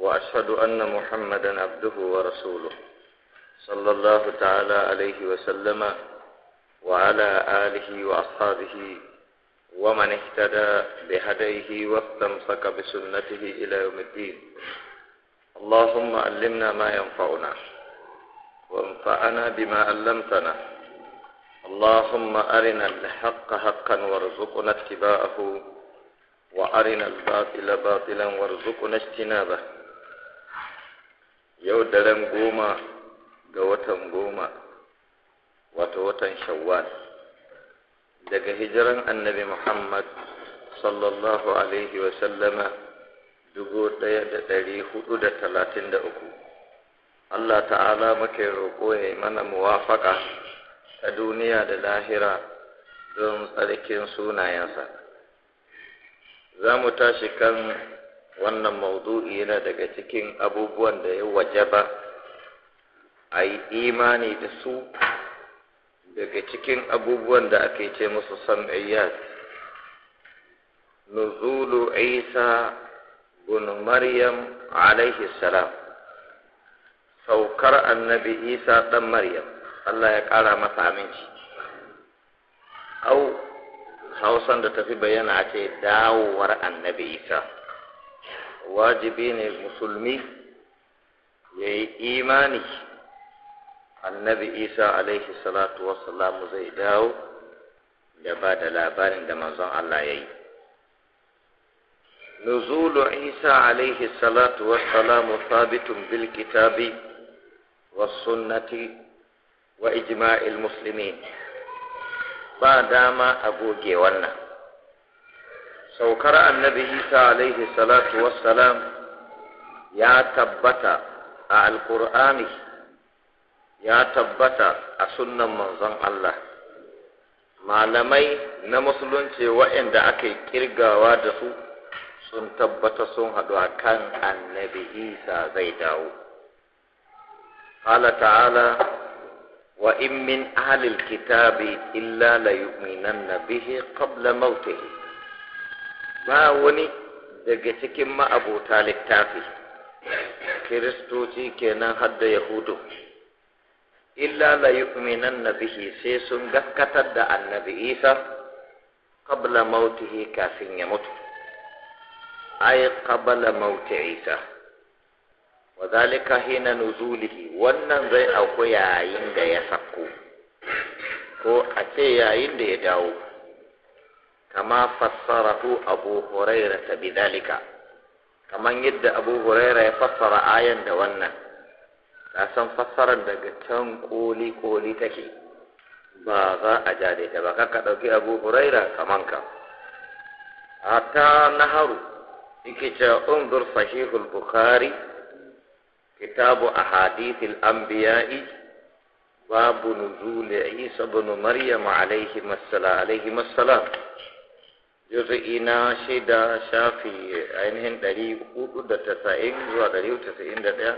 وأشهد أن محمدا عبده ورسوله صلى الله تعالى عليه وسلم وعلى آله وأصحابه ومن اهتدى بهديه واستمسك بسنته إلى يوم الدين اللهم علمنا ما ينفعنا وانفعنا بما علمتنا اللهم أرنا الحق حقا وارزقنا اتباعه وأرنا الباطل باطلا وارزقنا اجتنابه yau daren goma ga watan goma wato watan shawwal daga hijiran annabi muhammad sallallahu alaihi wa sallama dubu ɗaya da ɗari hudu da talatin da uku allah ta'ala muke roƙo ya yi mana muwafaƙa ta duniya da lahira don tsarkin sunayensa za mu tashi kan wannan maudu'i yana daga cikin abubuwan da ya wajaba a yi imani da su daga cikin abubuwan da ake ce musu sam'iyyat nuzulu isa bin maryam alaihi salam saukar annabi isa dan maryam allah ya kara masa aminci au hausan da tafi bayyana a ce dawowar annabi isa wajibi ne musulmi ya yi imani annabi isa alaihi salatu wassalamu zai dawo da ba da labarin da manzon Allah ya yi نزول عيسى عليه الصلاة والسلام ثابت بالكتاب والسنة وإجماع المسلمين بعدما أبو جيوانا saukar annabi isa alaihi salatu wassalam ya tabbata a alkur'ani ya tabbata a sunnan manzon Allah malamai na musulunci waɗanda aka kirgawa da su sun tabbata sun haɗu a kan annabi isa zai dawo قال ta'ala وإن ahlil kitabi illa إلا ليؤمنن به قبل موته ba wani daga cikin ma'abota littafi kiristoci kenan hadda yahudu illa la yu'minan bihi sai sun gaskatar da annabi isa qabla mautihi kafin ya mutu ay qabla mauti isa wa zalika hina nuzulihi wannan zai akwai yayin da ya sakko ko a ce yayin da ya dawo kama fassaratu abu huraira ta bidalika kamar yadda abu huraira ya fassara ayan da wannan ta san fassarar daga can koli koli take ba za a ja da ita ba ka ɗauki abu huraira kaman ka ta naharu yake cewa unzur sahihul kitabu ahadithil an babu نزول isa بن maryam عليه السلام عليه juzu'i na shida shafi ainihin ɗari hudu da tasa'in zuwa ɗari hudu tasa'in da ɗaya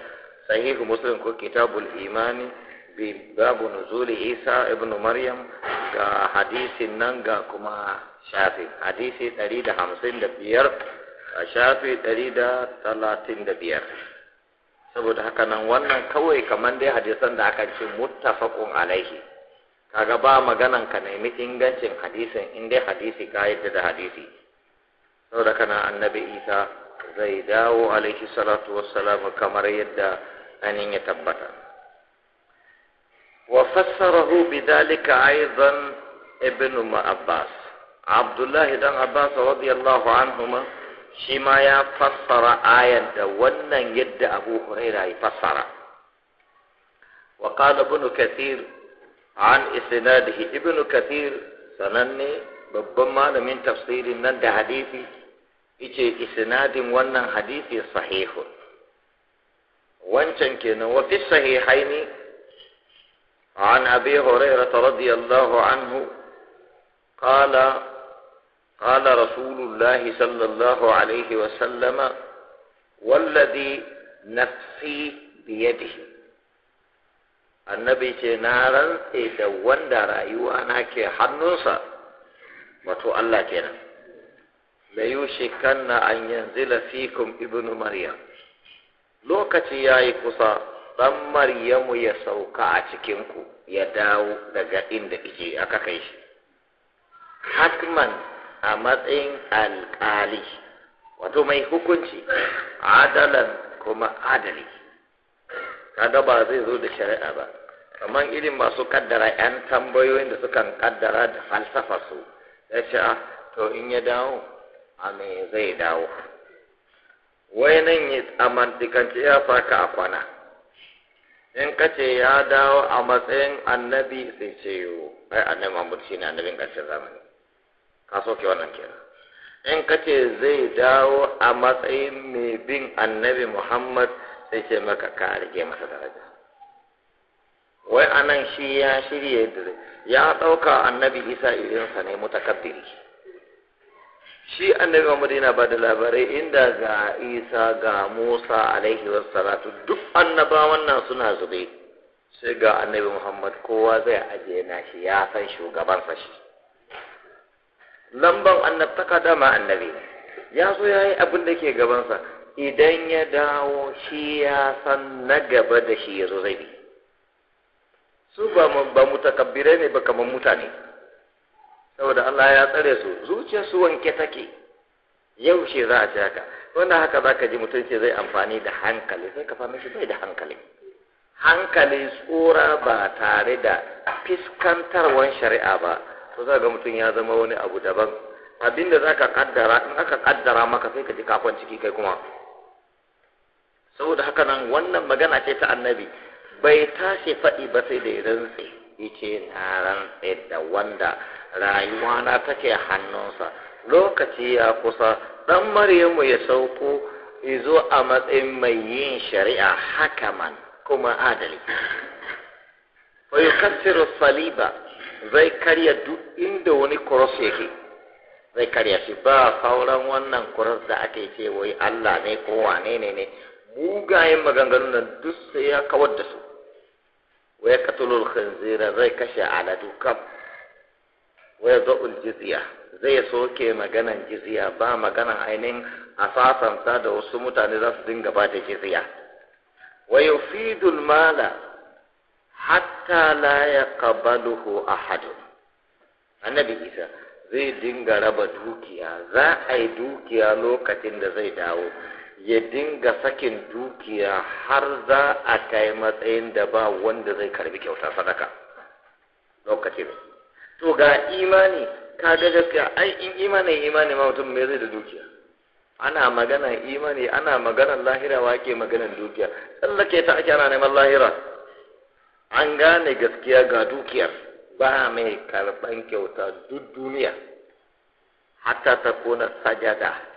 sahihu muslim ko kitabul imani bi babu nuzuli isa ibnu maryam ga hadisin nan ga kuma shafi hadisi ɗari da hamsin da biyar a shafi ɗari da talatin da biyar saboda haka nan wannan kawai kamar dai hadisan da aka ce muttafaqun alaihi kaga ba maganan ka nemi ingancin hadisin in dai hadisi ka yadda da hadisi saboda kana annabi isa zai dawo alaihi salatu wassalamu kamar yadda anin ya tabbata wa fassarahu bidhalika aidan ibn abbas abdullahi dan abbas radiyallahu anhuma shi ma ya fassara ayan da wannan yadda abu huraira ya fassara wa qala ibn kathir عن استناده ابن كثير سنني ببما من تفسير نن ده حديثي إيش استناد وانا حديثي صحيح وانشن كنا وفي الصحيحين عن أبي هريرة رضي الله عنه قال قال رسول الله صلى الله عليه وسلم والذي نفسي بيده annabi ce na rantse da wanda rayuwa na ke hannunsa wato Allah kenan la yushikanna an yanzila fikum ibnu maryam lokaci yayi kusa dan maryamu ya sauka a cikin ku ya dawo daga inda kike aka kai shi hatman a matsayin alƙali wato mai hukunci adalan kuma adali kaga ba zai zo da shari'a ba kamar irin masu kaddara 'yan tambayoyin da sukan kaddara da falsafa su ya sha, ah, to in ya dawo a me zai dawo wai nan yi amantikanci ya faka a kwana in ka ce ya dawo a matsayin annabi sai ce yiwu ai annabi mahmud shi ne annabin ƙarshen zamani ka soke wannan kenan in ka ce zai dawo a matsayin mai bin annabi muhammad sai ce maka ka rage masa daraja wai anan shi ya shirye ya ɗauka annabi isa irinsa ne mutakabbiri shi annabi Muhammad yana ba da labarai inda ga Isa ga Musa alaihi wassalatu duk annabawan nan suna zube sai ga annabi Muhammad kowa zai ajiye na shi ya san shugabansa shi lamban annabtaka dama annabi ya so ya yi abin da ke gabansa idan ya dawo shi ya san na gaba da shi ya zo zai bi su ba ba mutakabbirai ne ba kamar mutane saboda Allah ya tsare su zuciyar su wanke take yau ce za a ci haka wannan haka za ka ji mutum ce zai amfani da hankali sai ka fahimci bai da hankali hankali tsora ba tare da fiskantarwar shari'a ba to za ga mutum ya zama wani abu daban abinda za ka kaddara in aka kaddara maka sai ka ji kafan ciki kai kuma saboda haka nan wannan magana ce ta annabi bai tashi faɗi ba sai da ya rantse yace na rantse da wanda rayuwa na take hannunsa lokaci ya kusa dan maryamu ya sauko ya zo a matsayin mai yin shari'a hakaman kuma adali wa yukassiru saliba zai karya duk inda wani cross yake zai karya shi ba sauran wannan cross da ake ce wai Allah ne ko wane ne ne mugayen maganganun nan duk sai ya kawar da su wa yaqtulu al-khinzira zai kashe aladu kam. Wai yad'u al-jizya zai soke maganan jizya ba maganan ainihin asasanta da wasu mutane za su dinga ba da jizya wa yufidu mala hatta la yaqbaluhu ahad annabi isa zai dinga raba dukiya za a yi dukiya lokacin da zai dawo ya dinga sakin dukiya har za a kai matsayin da ba wanda zai karbi kyauta sadaka lokaci ne to ga imani ka ga gaskiya ai in imani imani ma mutum me zai da dukiya ana magana imani ana magana lahira wa ke magana dukiya tsallake ta ake ana neman lahira an gane gaskiya ga dukiyar ba mai karban kyauta duk duniya hatta ta kona sajada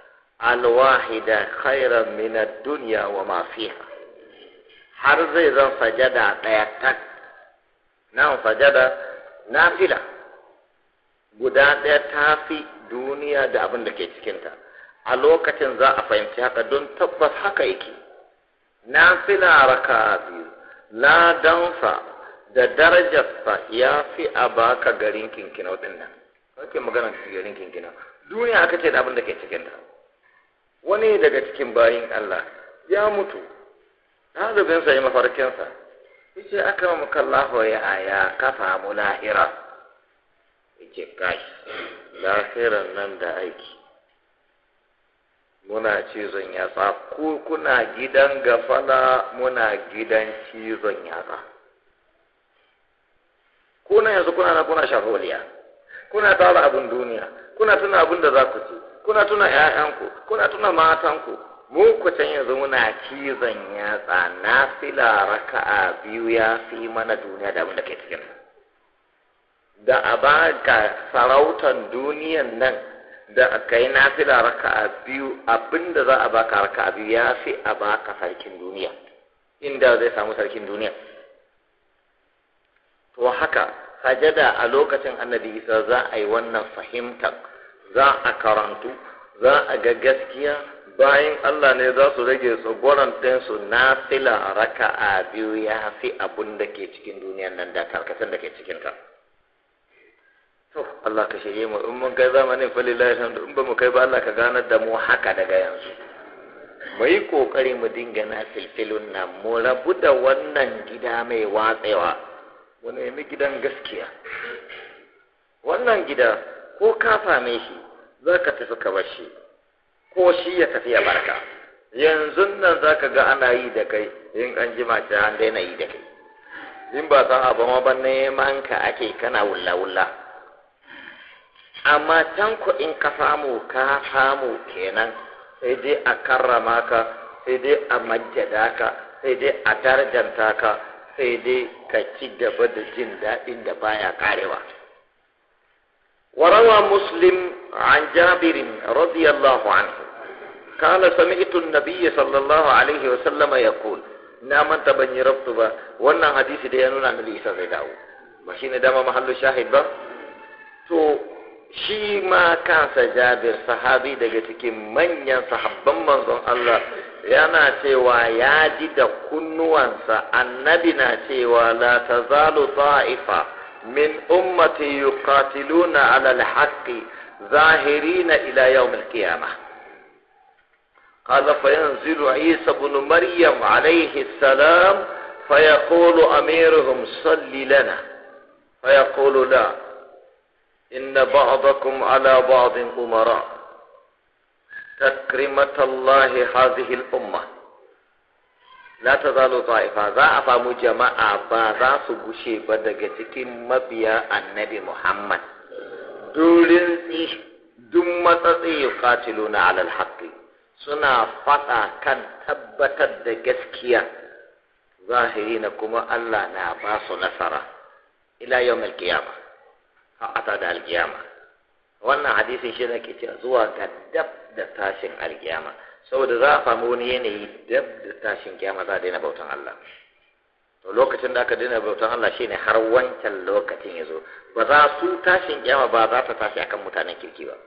alwahida khairan min ad-dunya wa ma fiha har zai zan sajada daya tak nan sajada nafila guda daya tafi duniya da abin da ke cikinta a lokacin za a fahimci haka don tabbas haka yake nafila raka biyu danfa da darajarsa ya fi a baka garin kinkinau din nan kake magana garin kinkinau duniya aka ce da abin da ke cikinta wani daga cikin bayin Allah ya mutu ɗalibinsa ya mafarkinsa yace aka maka Kallahu ya aya ka samu lahira yace kai lahiran nan da aiki muna cizon yatsa ko kuna gidan gafala muna gidan cizon yatsa kuna yanzu kuna na kuna shafoliya kuna tara abin duniya kuna tuna abin da za ku ci kuna tuna ‘ya'yanku, kuna tuna matanku, mu ku can yanzu muna cizon yatsa na fila a biyu ya fi mana duniya da abin da ke cikin da a ba ga sarautan duniyan nan da aka yi na fila a biyu abin da za a baka a biyu ya fi a baka sarkin duniya inda zai samu sarkin duniya to haka sajada a lokacin annabi isa za a yi wannan fahimtar za a karantu za a ga gaskiya bayan Allah ne za su rage tsogoron ɗinsu na fila raka a biyu ya fi abun da ke cikin duniyan nan da karkasin da ke cikin ka. To, Allah ka shirye mu in mun kai zamanin falila ya in ba mu kai ba Allah ka gane da mu haka daga yanzu. Mu yi ƙoƙari mu dinga na filfilun nan mu rabu da wannan gida mai watsewa. Mu nemi gidan gaskiya. Wannan gida ko ka same shi za ka tafi ka bar shi ko shi ya tafi ya barka yanzu nan za ka ga ana yi da kai in an jima ta an daina yi da kai in ba san abu ma ba neman ka ake kana wulla-wulla amma can ku in ka samu ka samu kenan sai dai a karrama ka sai dai a majjada ka sai dai a darjanta ka sai dai ka ci gaba da jin daɗin da baya karewa. وروى مسلم عن جابر رضي الله عنه قال سمعت Sallallahu alaihi wa عليه ya يقول na manta ban yi rabtu ba wannan hadisi da ya nuna mini isa zai dawo ba shi ne dama mahallu shahid ba to shi ma kansa jabir sahabi daga cikin manyan sahabban manzon Allah yana cewa ya ji da kunnuwansa annabi na cewa la tazalu ta'ifa من أمتي يقاتلون على الحق ظاهرين إلى يوم القيامة قال فينزل عيسى بن مريم عليه السلام فيقول أميرهم صل لنا فيقول لا إن بعضكم على بعض أمراء تكرمة الله هذه الأمة la ta zalo ta'ifa za a samu jama'a ba za su gushe ba daga cikin mabiya annabi Muhammad durin dun matsatsi na alal haƙƙi suna faɗa kan tabbatar da gaskiya zahiri na kuma Allah na ba su nasara ila yawmil kiyama. a da alkiyama wannan hadisin shi ne ke cewa zuwa ga dab da tashin alkiyama saboda za a samu wani yanayi da tashin kiyama za a daina bautan Allah to lokacin da aka daina bautan Allah shine har wancan lokacin ya zo ba za su tashin kyama ba za ta tashi akan mutanen kirki ba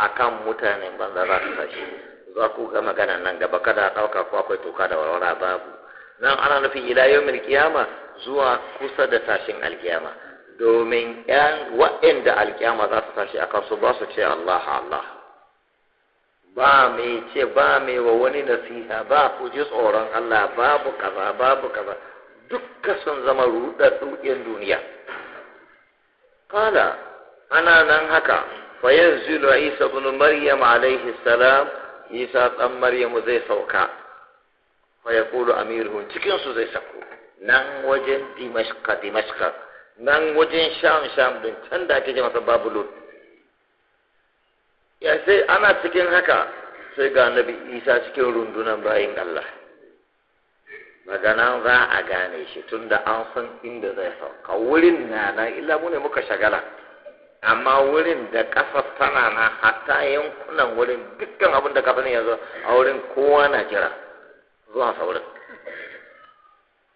akan mutanen banza za ta tashi za ku ga magana nan gaba kada a ɗauka ko akwai toka da warwara babu nan ana nufin ila yawmil kiyama zuwa kusa da tashin alkiyama domin ƴan wa'inda alkiyama za ta tashi akan su ba su ce Allah Allah ba mai ce ba mai wa wani nasiha ba ku ji tsoron Allah babu kaza babu kaza dukka sun zama ruɗa yan duniya kala ana nan haka fa yanzilu Isa ibn Maryam alaihi salam Isa dan Maryamu zai sauka fa yaqulu amiruhu cikin su zai sauko nan wajen Dimashqa Dimashqa nan wajen Sham Sham din can da ake ce masa Babulon ya sai ana cikin haka sai ga nabi isa cikin rundunan bayin allah magana za a gane shi tun da an san inda zai sauka wurin na na illa mu ne muka shagala amma wurin da ƙasa tana na hatta yankunan wurin dukkan abin da kafin yanzu a wurin kowa na jira zuwa saurin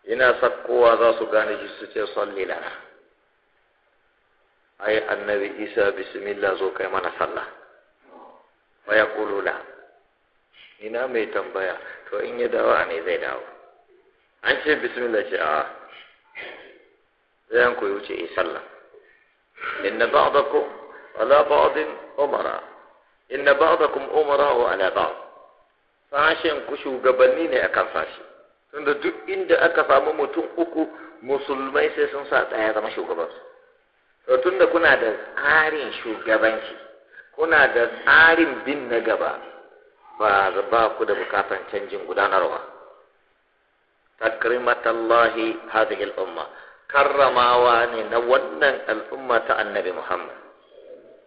ina kowa za su gane shi su ce salli lana ai annabi isa bismillah zo kai mana sallah wa ya la ina mai tambaya to in ya dawo ne zai dawo an ce bismillah ce a zayen koyi wuce yi eh, sallah inna ba'dakum ala ba'din umara inna ba'dakum umara wa ala ba'd sashen ku shugabanni ne akan sashi tunda duk inda aka samu mutum uku musulmai sai sun sa tsaya zama shugabansu to tunda kuna da tsarin shugabanci kuna da tsarin bin na gaba ba ba ku da bukatan canjin gudanarwa takrimatallahi hadhihi al-umma karramawa ne na wannan al'umma ta annabi Muhammad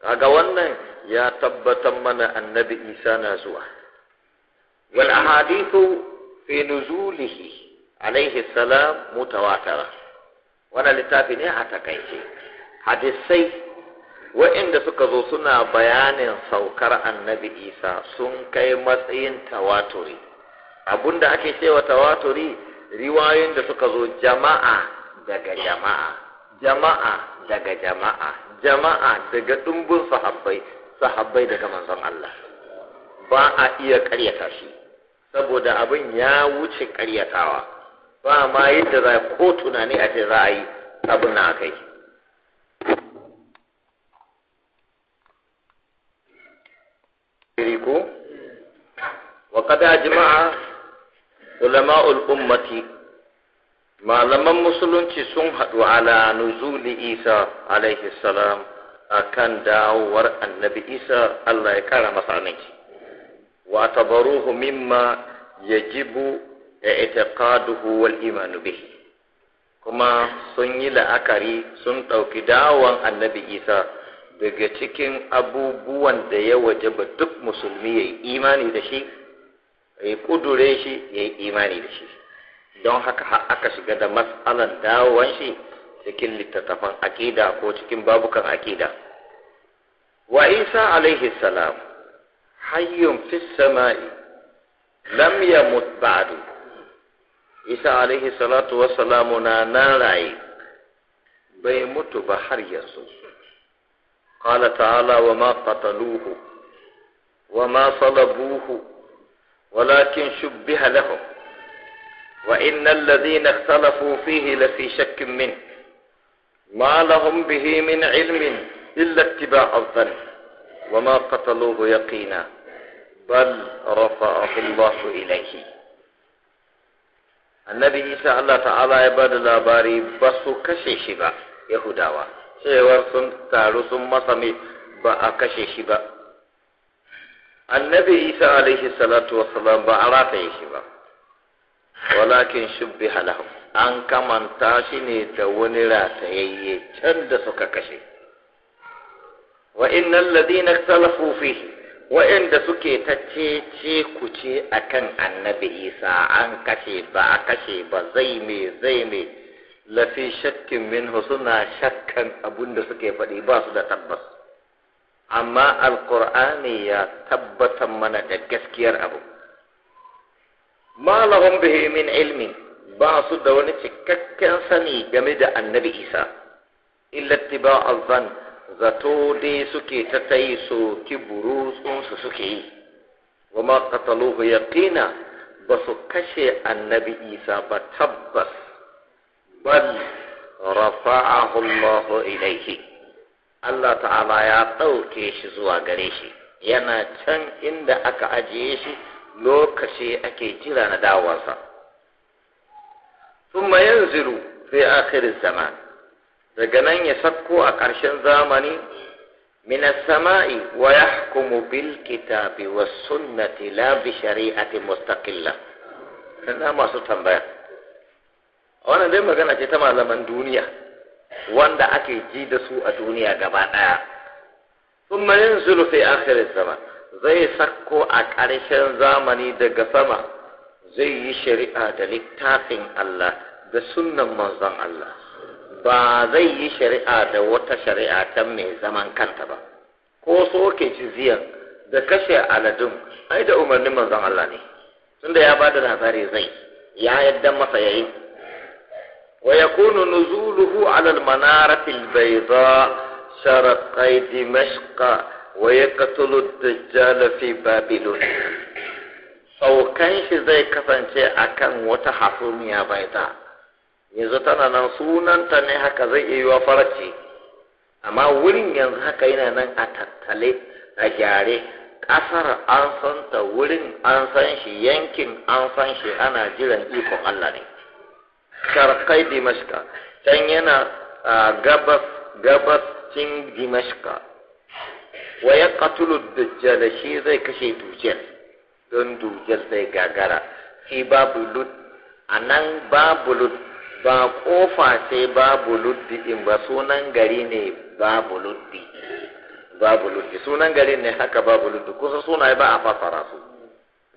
kaga wannan ya tabbatar mana annabi Isa na zuwa wal ahadithu fi nuzulihi alaihi salam mutawatara wannan littafi ne a takaice hadisai wa'inda suka zo suna bayanin saukar annabi isa sun kai matsayin tawaturi abunda ake cewa tawaturi riwayoyin da suka zo jama'a daga jama'a jama'a daga jama'a jama'a daga ɗumbin sahabbai sahabbai daga manzon Allah ba a iya karyata shi saboda abin ya wuce karyatawa. ba ma yadda za ko tunani a ce za a yi abin na kai. ko wa qad ajma'a ulama'ul ummati malaman musulunci sun haɗu ala nuzuli isa alaihi salam akan dawowar annabi isa Allah ya kara masa aminci wa ya mimma yajibu i'tiqaduhu wal imanu bihi kuma sun yi la'akari sun ɗauki dawon annabi isa daga cikin abubuwan da ya wajaba duk musulmi ya yi imani da shi ya kudure shi ya yi imani da shi don haka aka shiga da matsalan dawowan shi cikin littattafan akida ko cikin babukan akida wa isa alaihi salam hayyun fi sama'i lam yamut ba'du isa alaihi salatu wassalamu na nan raye bai mutu ba har yanzu قال تعالى وما قتلوه وما صلبوه ولكن شبه لهم وإن الذين اختلفوا فيه لفي شك منه ما لهم به من علم إلا اتباع الظن وما قتلوه يقينا بل رفعه الله إليه النبي صلى الله عليه وسلم ba da labari ba cewar sun taru sun masa mai ba a kashe shi ba annabi isa alaihi salatu wassalam ba a rataye shi ba walakin shubbi halahu an kamanta shi ne da wani ratayayye can da suka kashe wa innal ladina ikhtalafu fihi wa'inda suke ta ce ku ce akan annabi isa an kashe ba a kashe ba zai me zai me lafi shakkin minhu suna shakkan abun da suke faɗi ba su da tabbas amma alkur'ani ya tabbatar mana da gaskiyar abu Malaman lahum bihi min ba su da wani cikakken sani game da annabi isa illa alzan zato dai suke ta tayi so kiburu tsunsu suke yi wa ma qataluhu yaqina ba su kashe annabi isa ba tabbas bal rafa'ahu Allah ilayhi Allah ta'ala ya ɗauke shi zuwa gare shi yana can inda aka ajiye shi lokaci ake jira na dawarsa thumma sai fi akhir zaman daga nan ya sakko a ƙarshen zamani من السماء ويحكم بالكتاب والسنة لا بشريعة مستقلة. هذا masu tambaya. wannan dai magana ce ta malaman duniya wanda ake ji da su a duniya gaba ɗaya sun mayin zulu fi akhirin sama zai sakko a ƙarshen zamani daga sama zai yi shari'a da littafin Allah da sunan manzon Allah ba zai yi shari'a da wata shari'a ta mai zaman kanta ba ko soke jiziyar da kashe aladun ai da umarnin manzon Allah ne tunda ya bada labari zai ya yadda masa yayi ويكون نزوله على المنارة البيضاء شرقي دمشق ويقتل الدجال في بابلون saukan shi zai kasance a kan wata hasumiya bai ta yanzu tana nan sunanta ne haka zai iya yiwa farace amma wurin yanzu haka yana nan a tattale a gyare ƙasar an ta wurin an san shi yankin an san shi ana jiran ikon Allah ne sharqai dimashka can yana gabas gabas cin dimashka wa ya katulu dajjal shi zai kashe dujjal don dujjal zai gagara fi babu lud a nan babu lud ba kofa sai babu luddi in ba sunan gari ne babu luddi babu luddi sunan gari ne haka babu luddi kusa sunaye ba a fasara su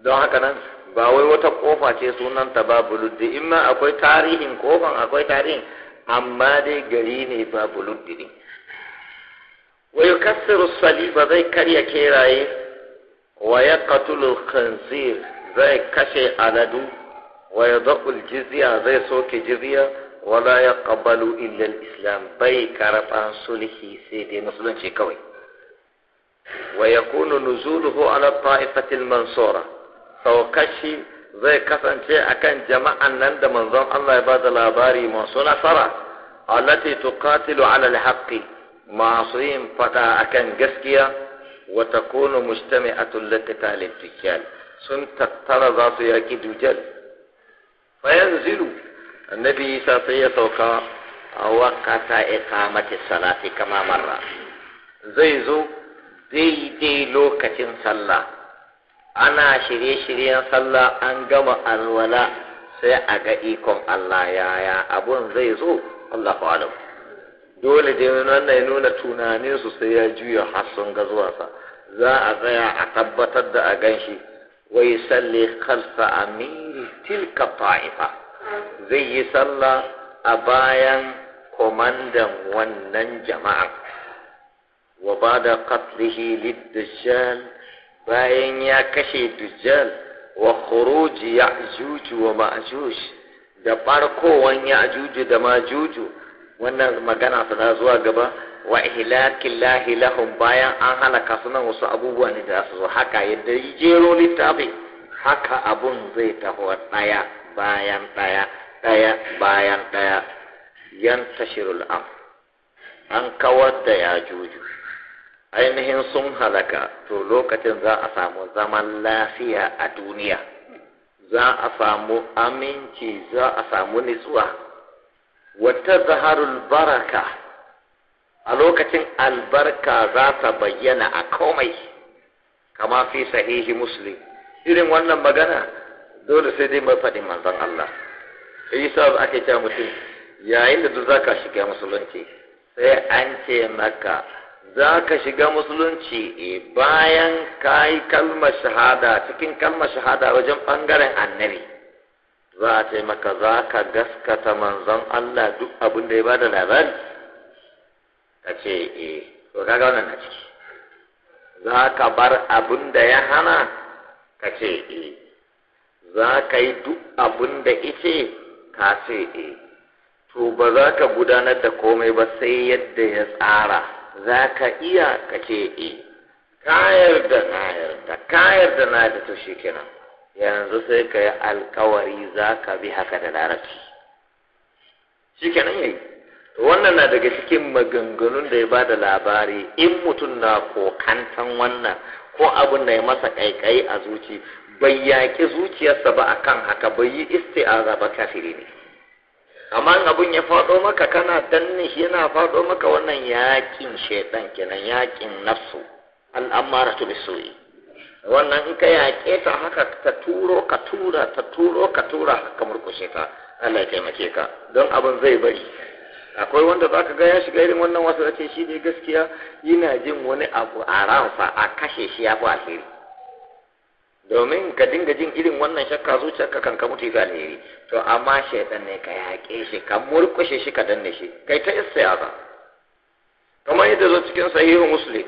don haka nan ba wai wata kofa ce sunanta babu luddi in ma akwai tarihin kofan akwai tarihin amma dai gari ne babu luddi ne wa yukassiru saliba zai karya keraye wa yaqtulu khanzir zai kashe aladu wa yadhu jizya zai soke jizya wa la yaqbalu illa al-islam bai karban sulhi sai dai musulunci kawai wa yakunu nuzuluhu ala ta'ifatil mansura saukashi zai kasance akan jama'an nan da manzon Allah ya ba da labari masu nasara allati tuqatilu ala alhaqi masu yin fada akan gaskiya wa takunu mujtami'atul liqital dujjal sun tattara za su yaki dujal. fa yanzilu annabi Isa sai ya sauka a wakata iqamati salati kama marra zai zo daidai lokacin sallah ana shirye-shiryen sallah an gama alwala sai a ga ikon Allah yaya abun zai zo Allah alam dole dai wannan ya nuna tunanin su sai ya juya har sun ga zuwansa za a tsaya a tabbatar da a ganshi wai salli khalfa amiri tilka ta'ifa zai yi sallah a bayan komandan wannan jama'a wa ba da qatlihi lid-dajjal bayan ya kashe dujjal wa khuruji juju wa ma'ajuj da barkowan juju da ma'juju wannan magana ta zuwa gaba wa lahi lahum bayan an halaka suna wasu abubuwa ne da su haka yadda jero littafin haka abun zai taho daya bayan daya daya bayan daya yan tashirul am an kawar da ya ya'juju ainihin sun halaka to lokacin za a samu zaman lafiya a duniya za a samu aminci za a samu nitsuwa wata zaharul baraka a lokacin albarka za ta bayyana a komai kama fi sahihi muslim irin wannan magana dole sai dai mafaɗin manzon Allah isa ake cewa mutum yayin da duk za ka shiga musulunci sai an ce maka za ka shiga musulunci eh, bayan ka yi kalmar shahada cikin kalmar shahada wajen ɓangaren annabi za a ce maka za ka gaskata manzon Allah duk abin da ya bada labari ka ce e to kaga wannan na ciki za ka bar abin da ya hana ka ce e za ka yi duk abin da ice ka ce e to ba za ka gudanar da komai ba sai yadda ya tsara za ka iya ka ce e kayar da na yarda kayar da na da to yanzu sai ka yi alkawari za ka bi haka da larabci shi kenan yayi wannan na daga cikin maganganun da ya ba da labari in mutum na kokantan wannan ko abin da ya masa ƙaiƙayi a zuci bai yaƙi zuciyarsa ba akan haka bai yi isti'aza ba kafiri ne kamar abun ya faɗo maka kana danne shi yana faɗo maka wannan yaƙin shaiɗan, kenan yaƙin nafsu bi bisu'i wannan in ka yaƙe ta haka ta turo ka tura ta turo ka tura haka murkushe ta Allah ya taimake ka don abin zai bari akwai wanda za ka ga ya shiga irin wannan wasu da ce shi ne gaskiya yana jin wani abu a ransa a kashe shi ya fi alheri domin ka dinga jin irin wannan shakka zuciyarka kan ka mutu alheri to amma shaidan ne ka yaƙe shi ka murƙushe shi ka danne shi kai ta ba kamar yadda zo cikin sahihu muslim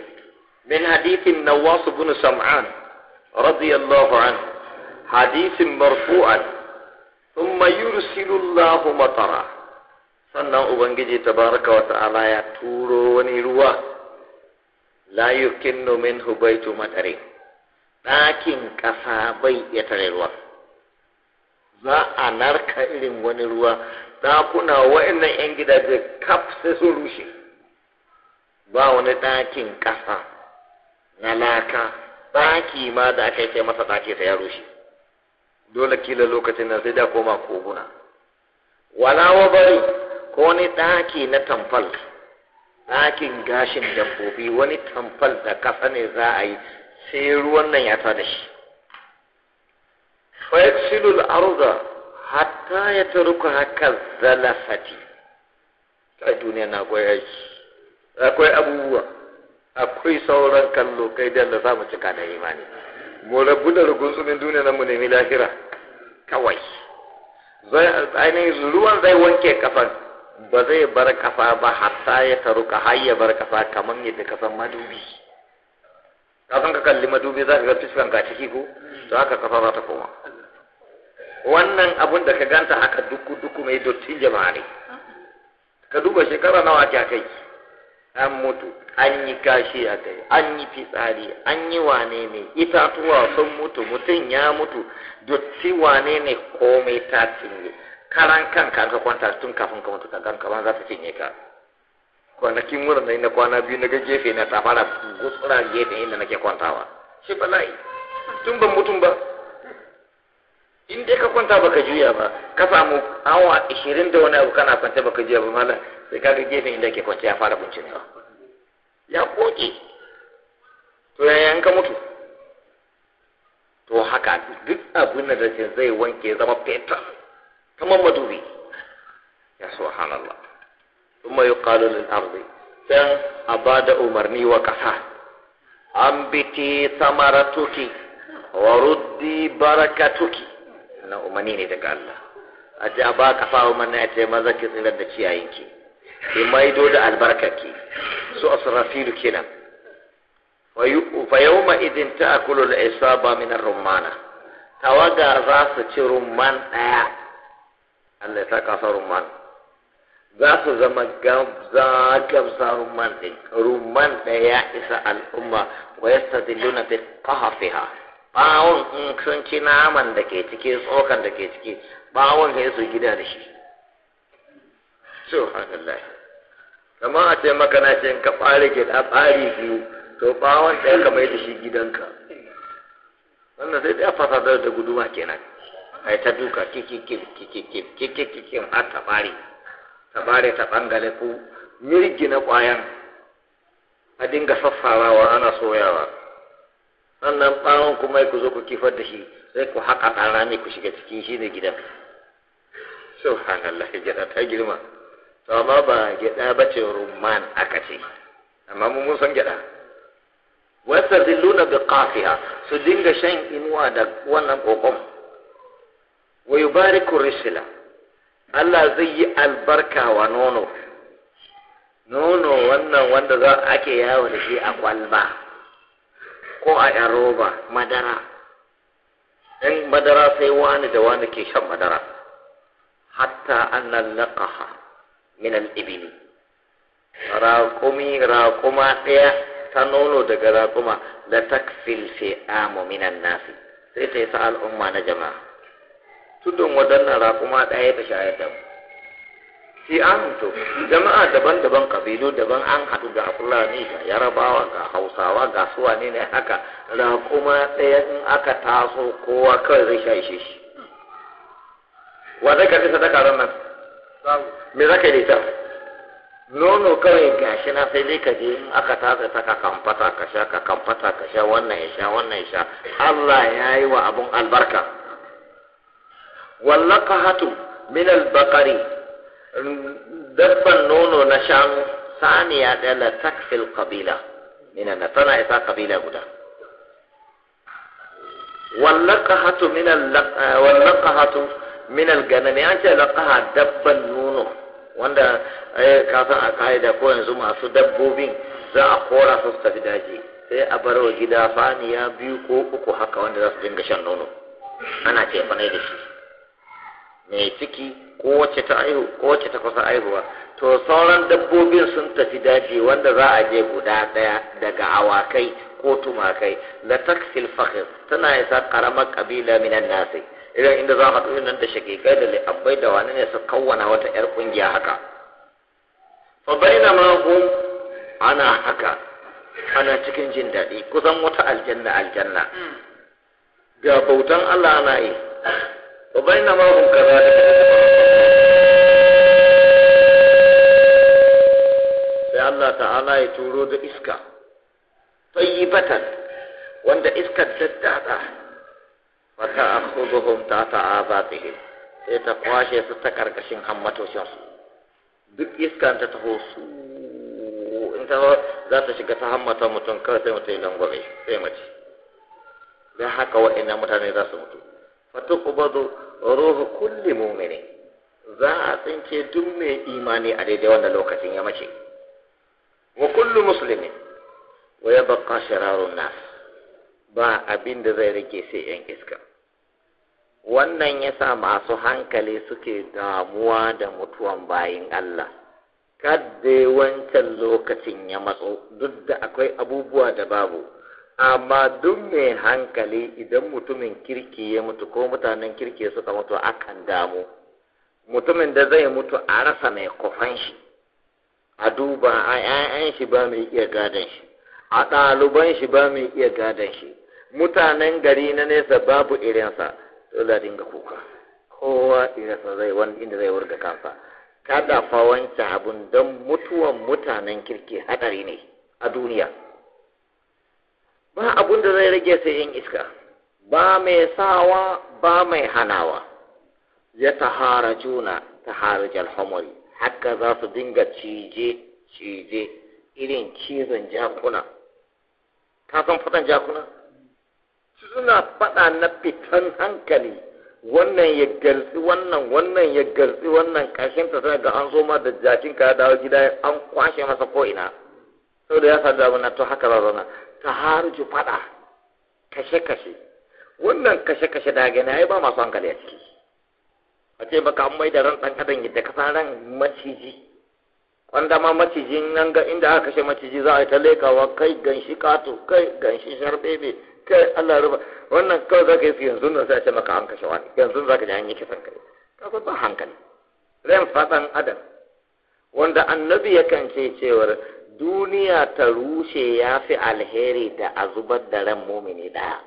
min hadithin nawas bin sam'an radiyallahu an hadithin marfu'an thumma yursilu Allah matara sannan ubangiji tabaraka wa ta'ala ya turo wani ruwa la yukinnu minhu baytu matarin ɗakin ƙasa bai iya tare ruwa za a narka irin wani ruwa ɗakuna waɗannan 'yan gidaje kaf sai sun rushe ba wani ɗakin ƙasa na laka ɗaki ma da aka yi masa ɗaki ta ya rushe dole kila lokacin nan sai da koma koguna wala wa bari ko wani ɗaki na tamfal ɗakin gashin dabbobi wani tamfal da ƙasa ne za a yi sai ruwan nan ya tada shi fa yaksilu al-arda hatta yatruka haka zalafati a duniya na goya shi akwai abubuwa akwai sauran kallo kai da za mu cika da imani mu rabu da rugunsumin duniya nan mu nemi lahira kawai zai ainihin ruwan zai wanke kafan ba zai bar kafa ba hatta ya taruka har ya bar kafa kamar yadda kasan madubi kafin ka kalli madubi za ka ga fuskan ka ciki ko to haka kafa za ta koma wannan abun da ka ganta haka duku duku mai dottin jama'a ne ka duba shekara nawa ta kai an mutu an yi kashi a kai an yi fitsari an yi wane ne itatuwa sun mutu mutum ya mutu dotti wane ne komai ta cinye karan kanka ka kwanta tun kafin ka mutu ka ganka ban za ta cinye ka kwanakin wurin nan na kwana biyu na ga gefe na ta fara gutsura gefe inda nake kwantawa shi bala'i tun ban mutum ba in dai ka kwanta baka juya ba ka samu awa ishirin da wani abu kana kwanta baka juya ba mala sai ka ga gefen inda ke kwanta ya fara ba ya koke to yaya ka mutu to haka duk abin da zai wanke zama fetur kamar madubi ya subhanallah kuma yi kalulun arzi don a ba da umarni wa ƙasa an biti samaratuki wa ruddi barakatuki na umarni ne daga Allah a ji a ba ƙasa a ce maza ki tsirar da ciyayenki ki maido da albarkaki su asrafilu kenan fa yawma idin ta'kulu al-isaba min ar-rumana tawaga za ci rumman daya Allah ya saka rumman za su zama gabza rumman ɗin rumman da ya isa al'umma wa ya sa nuna bi kahafiha bawon in sun ci naman da ke ciki tsokan da ke ciki bawon sai su gida da shi subhanallah kamar a ce maka na ce ka ɓare gida ɓari biyu to bawon ɗaya ka mai da shi gidanka wannan sai ɗaya fasa da guduma kenan ai ta duka kikikin, kikikin, kikikin, har ta ɓare Ka bare ta bangare ku Mirgi na kwayan a dinga sassarawa ana soyawa sannan bawon kuma ku zo ku kifar da shi sai ku haƙa ɗana ne ku shiga cikin shi ne gidan subhanallah gida ta girma to amma ba gida ba ce rumman aka ce amma mun san gyaɗa wasa zilluna bi qafiha su dinga shan inuwa da wannan kokon wa yubariku risala Allah zai yi albarka wa nono nono wannan wanda za ake yawo da shi a kwalba ko a yan roba madara in madara sai wani da wani ke shan madara hatta annan laqaha min minan ibil Raƙumi raƙuma ɗaya ta nono daga raƙuma da takfil fi amu minan nasi sai ta yi sa al'umma na jama'a tudun waɗannan raƙuma ɗaya da shayar da mu sai an to jama'a daban-daban kabilu daban an haɗu ga fulani ga yarabawa ga hausawa ga suwane ne haka raƙuma ɗaya in aka taso kowa kawai zai sha ishe shi wa zai karɓi sadaka ran nan me za ka yi ta nono kawai gashi na sai dai ka je in aka tasa ta ka kamfata ka sha ka kamfata ka sha wannan ya sha wannan ya sha Allah ya yi wa abun albarka wallaqahatu min al dabban nono na shanu saniya da la takfil qabila min tana isa qabila guda wallaqahatu min al-wallaqahatu min al-ganami an ce laqaha dabban nono wanda eh, kasan a ka'ida ko yanzu masu dabbobin za a kora su su tafi daji sai a bar wa gida faniya biyu ko uku haka wanda za su dinga shan nono ana ce da shi mai ciki ko wacce ta aihu ko kusa aihuwa to sauran dabbobin sun tafi daji wanda za a je guda daya daga awakai ko tumakai da taksil fakhir tana isa karamar kabila minan nasi idan inda za mu nan da kai da li'abbai da wani ne su kawwana wata yar kungiya haka fa ma hum ana haka ana cikin jin daɗi kusan wata aljanna aljanna hmm. ga bautan Allah ana yi وبينما هم كذلك sai Allah ta'ala ya turo da iska tayyibatan wanda iskar ta dada fata akhuduhum ta ta'azatihim sai ta kwashe su ta karkashin hammatocin su duk iskan ta taho su in ta za ta shiga ta hammata mutum kawai sai mutum ya langwame sai mace don haka wa'annan mutane za su mutu fatuqbadu ruhu kulli mu'minin za a tsince duk mai imani a daidai wannan lokacin ya mace wa kullu muslimin wa baka shirarun nas ba abin da zai rike sai yan iska wannan yasa masu hankali suke damuwa da mutuwan bayin Allah kadda wancan lokacin ya matso duk da akwai abubuwa da babu amma duk mai hankali idan mutumin kirki ya mutu ko mutanen kirki suka mutu akan damu mutumin da zai mutu a rasa mai kofan shi a duba a 'ya'yan shi ba mai iya gadon shi a ɗaluban shi ba mai iya gadon shi mutanen gari na nesa babu irinsa dole dinga kuka kowa irinsa zai wani inda zai wurga kansa kada fa wancan abun don mutuwan mutanen kirki hadari ne a duniya ba abun da zai rage sai yin iska ba mai sawa ba mai hanawa ya tahara juna taharajar homori haka za su dinga cije cije irin cizon jakuna ka san fatan jakuna suna faɗa na fitan hankali wannan ya garsi wannan wannan ya garsi wannan kashin ta sai ga an zo ma da jakin ka dawo gida an kwashe masa ko ina da ya sa damu na to haka zazzana ta harju fada kashe-kashe wannan kashe-kashe da gani ai ba masu hankali a ciki a ce baka an mai da ran ɗan adam yadda ka san ran maciji wanda ma macijin nan ga inda aka kashe maciji za a yi ta lekawa kai ganshi kato kai ganshi sharbebe kai Allah ruba wannan kawai za ka yi yanzu nan sai a ce maka an kashe wani yanzu za ka ji an yi kisan kai kawai ba hankali ran faɗan adam wanda annabi yakan ce cewar duniya ta rushe ya fi alheri da a zubar da ran mumini ɗaya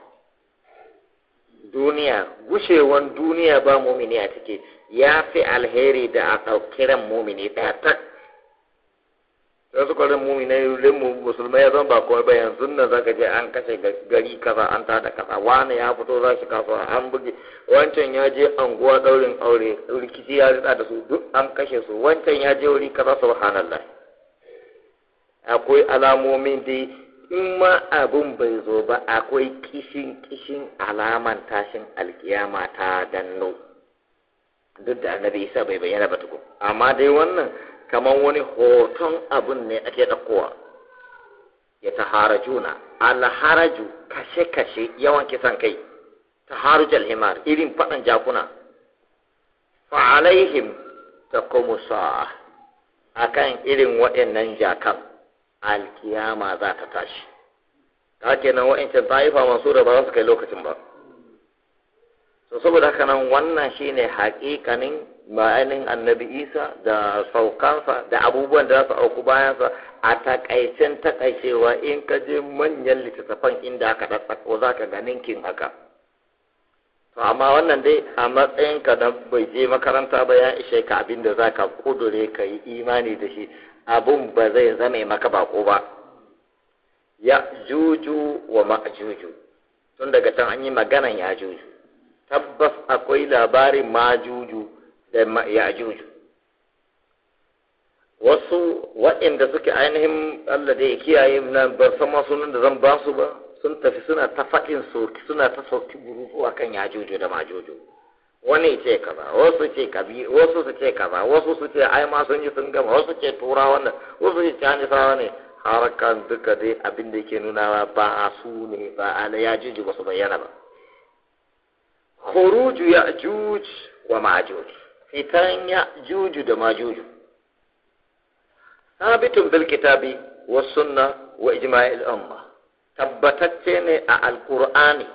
duniya gushewan duniya ba mumini a ciki ya fi alheri da a ɗauki ran mumini ɗaya ta sai su ran mumini ran musulmai ya zan ba kuma ba yanzu nan zaka je an kashe gari kaza an ta da kaza wani ya fito za shi kasuwa an buge wancan ya je anguwa daurin aure rikici ya rika da su duk an kashe su wancan ya je wuri kaza subhanallah akwai alamomin dai in ma abin bai zo ba akwai kishin kishin alaman tashin alkiyama ta danno duk da annabi isa bai bayyana ba tukun amma dai wannan kamar wani hoton abin ne ake ɗaukowa ya juna. alharaju kashe-kashe yawan kisan kai taharuj alhimar irin faɗan jakuna fa'alaihim ta kuma sa'a akan irin waɗannan jakan alkiyama za ta tashi ta kenan wa'ancan ta'ifa masu da ba za su kai lokacin ba saboda haka nan wannan ne haƙiƙanin ma'anin annabi isa da saukansa da abubuwan da za su auku bayansa a takaicen takaicewa in ka je manyan littattafan inda aka ɗaɗɗako za ka ga ninkin haka to amma wannan dai a matsayinka da bai je makaranta ba ya ishe ka abin da za ka kudure ka yi imani da shi abun ba zai zame maka bako ba ya juju wa ma'juju tun daga can an yi maganan ya juju tabbas akwai labarin ma juju da ya juju wasu waɗanda suke ainihin Allah da ya kiyaye na ba san sunan da zan ba su ba sun tafi suna ta faɗin soki suna ta soki zuwa akan ya juju da ma juju wani ce kaza wasu ce kabi wasu su ce kaza wasu su ce ai ma sun yi sun gama wasu ce tura wannan, wasu ce canisawa ne harkan duka dai abin da ke nuna ba a su ne ba a na ya jiji ba su bayyana ba khuruju ya juj wa juj fitan ya juju da majuju sabitun bil kitabi wa sunna wa ijma'il umma tabbatacce ne a alqur'ani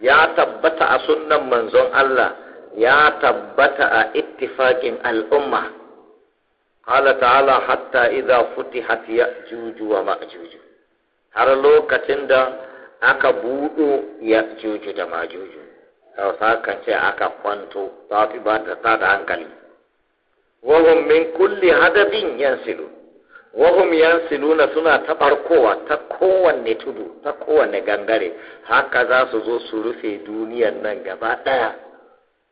ya tabbata a sunnan manzon Allah ya tabbata a ittifakin al'umma qala ta'ala hatta idza futihat ya'juj wa ma'juj har lokacin da aka buɗo ya'juj da ma'juj hausa kan ce aka kwanto ta fi ba da ta da hankali wahum min kulli hadabin yansilu wahum yansiluna suna ta ta kowanne tudu ta kowanne gangare haka za su zo su rufe duniyar nan gaba ɗaya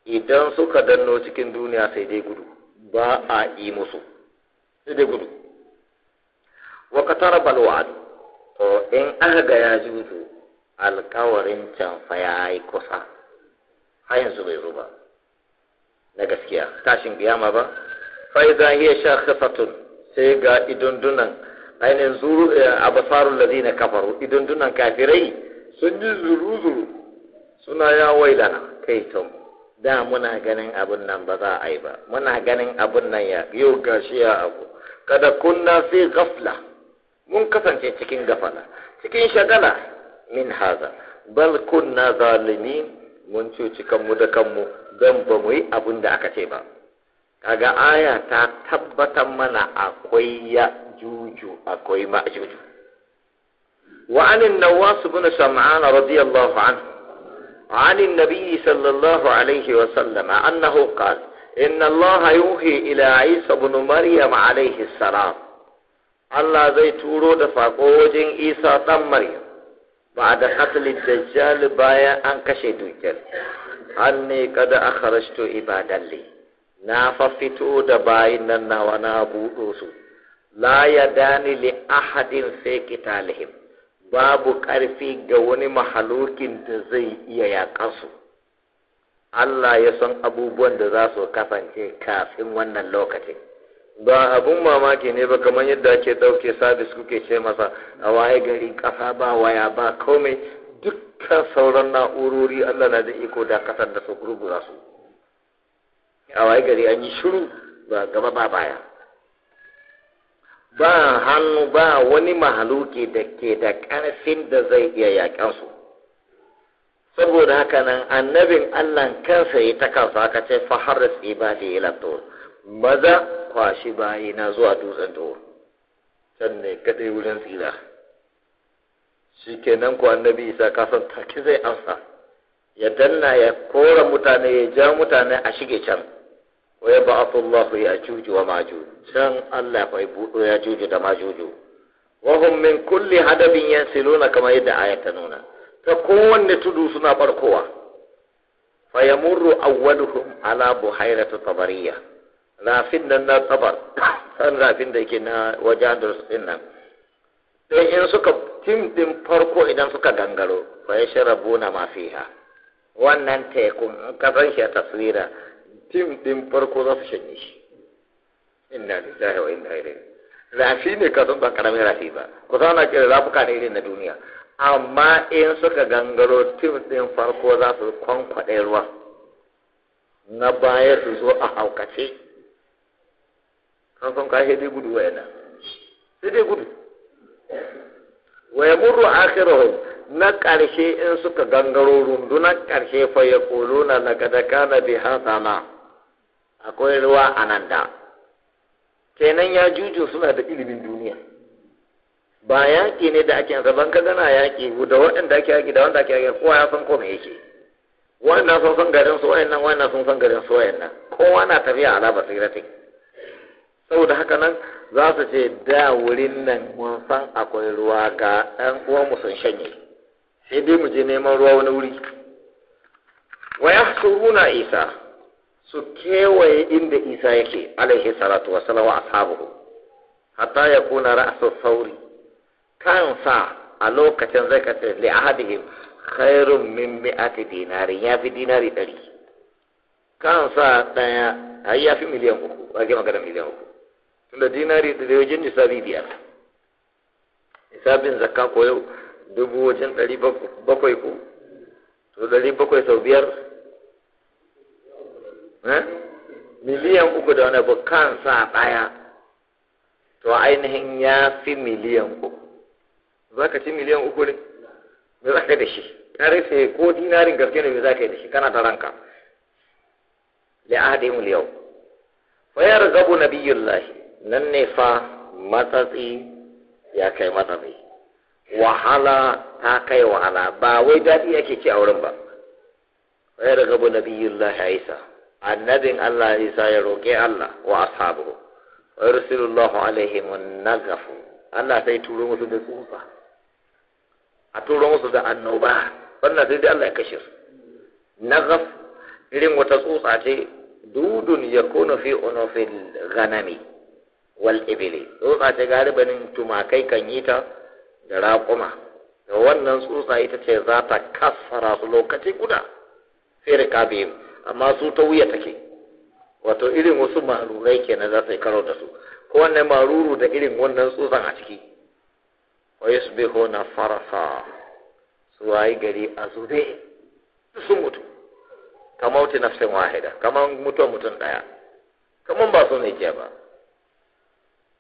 idan suka danno cikin duniya sai dai gudu ba a yi musu sai dai gudu wa katara balwa'd to in aka ga ya juju alkawarin can fa yi kusa har yanzu bai zo ba na gaskiya tashin kiyama ba fa idza hiya shakhsatun sai ga idundunan ainihin zuru eh, abasarul ladina kafaru idundunan kafirai sun ji zuru zuru suna ya wailana kai tamu da muna ganin abun nan ba za a yi ba muna ganin abun nan ya yau gashi ya abu kada kunna fi gafla mun kasance cikin gafala cikin shagala min haza bal kunna zalimi mun cuci kanmu da kanmu don ba mu yi abun da aka ce ba kaga aya ta tabbatar mana akwai ya juju akwai ma juju wa anin nawas ibn sam'ana radiyallahu anhu عن النبي صلى الله عليه وسلم أنه قال إن الله يوحي إلى عيسى بن مريم عليه السلام Allah zai turo da saƙo wajen Isa ɗan Maryam ba da hatlin dajjal bayan an kashe dukiyar. An ne kada a kharashto ibadalli, na faffito da bayin nan nawa na buɗo su, la ya dani li ahadin sai kitalihim. babu ƙarfi ga wani mahalukin da zai iya yaƙansu Allah ya san abubuwan da za su kasance kafin wannan lokacin ba abun mamaki ne ba kamar yadda ake ɗauke sabis kuke ce masa a waye gari ƙasa ba waya ba komai dukkan sauran na'urori Allah na da iko da kasar da su gurgura su a waye gari an yi shiru ba gaba ba baya ba hannu ba wani mahaluki da ke da ƙarfin da zai iya yaƙansu saboda haka nan annabin allah kansa ya ta kansa aka ce faharis ibadi ila tur maza kwashi bayi na zuwa dutsen tur can ne kaɗai wurin tsira shi kenan ku annabi isa kasan take zai amsa ya danna ya kora mutane ya ja mutane a shige can wa ya ba'atu Allahu juju wa ma'juj san Allah fa budo juju da ma'juj wa hum min kulli hadabin yansiluna kama yadda ayata nuna ta kowanne tudu suna barkowa fa yamurru awwaluhum ala buhayrat tabariya rafin nan na tabar san rafin da yake na wajen da su nan sai in suka tim din farko idan suka gangaro fa yashrabu na ma fiha wannan tekun kasan shi a taswira tim ɗin farko za su shanye shi inna lillahi wa inna ilaihi rafi ne ka san ba karamin rafi ba ku san na kira rafuka ne irin na duniya amma in suka gangaro tim ɗin farko za su kwankwaɗe ruwa na baya su zo a haukace kan san ka dai gudu wayana sai dai gudu wa yamurru akhiruhum na ƙarshe in suka gangaro rundunar ƙarshe fa ya kuluna na kada kana bi hasana akwai ruwa a nan da kenan ya juju suna da ilimin duniya ba yaƙi ne da ake yanzu, ban ka gana yaƙi da waɗanda ake yaƙi da wanda ake yaƙi kowa ya san kome yake wanda sun san garin su nan wanda sun san garin su wayannan kowa na tafiya labar sigaratin saboda haka nan za su ce da wurin nan mun san akwai ruwa ga ɗan uwan mu sun shanye sai dai mu je neman ruwa wani wuri wa yahsuruna isa su kewaye inda isa yake alaihi salatu wa salamu ashabu hatta ya kuna ra'su sauri kansa a lokacin zai kace li ahadihim khairun min mi'ati dinari ya fi dinari ɗari kansa ɗaya ai ya fi miliyan uku ake magana miliyan uku tunda dinari da wajen nisabi biyar nisabin zakka ko yau dubu wajen ɗari bakwai ku to ɗari bakwai sau biyar Eh? miliyan uku da wani bukan sa ɗaya to ainihin ya fi miliyan uku za ka ci miliyan uku ne me za ka da shi ka rufe ko dinarin gaske ne me za ka da shi kana da ranka mu yau fa yarghabu nabiyullahi nan ne fa matsatsi ya kai matsatsi wahala ta kai wahala ba wai daɗi ake ci a wurin ba fa yarghabu a isa annabin Allah Isa ya roƙe Allah wa ashabu wa yursilullahu alaihim nagafu Allah sai turo musu da tsufa a turo musu da annoba wannan sai dai Allah ya kashe su nagaf irin wata tsutsa ce dudun yakunu fi unufil ganami. wal ibili tsutsa ce galibanin tumakai kan yi ta da raƙuma da wannan tsutsa ita ce za ta kasara su lokaci guda firka biyu amma su ta wuya take wato irin wasu marurai kenan za su yi karo da su ko wannan maruru da irin wannan tsutsan a ciki su yusbihu na farasa su wayi gari a zube su mutu kamar na fitin wahida kamar mutuwa mutum ɗaya kamar ba su ne jiya ba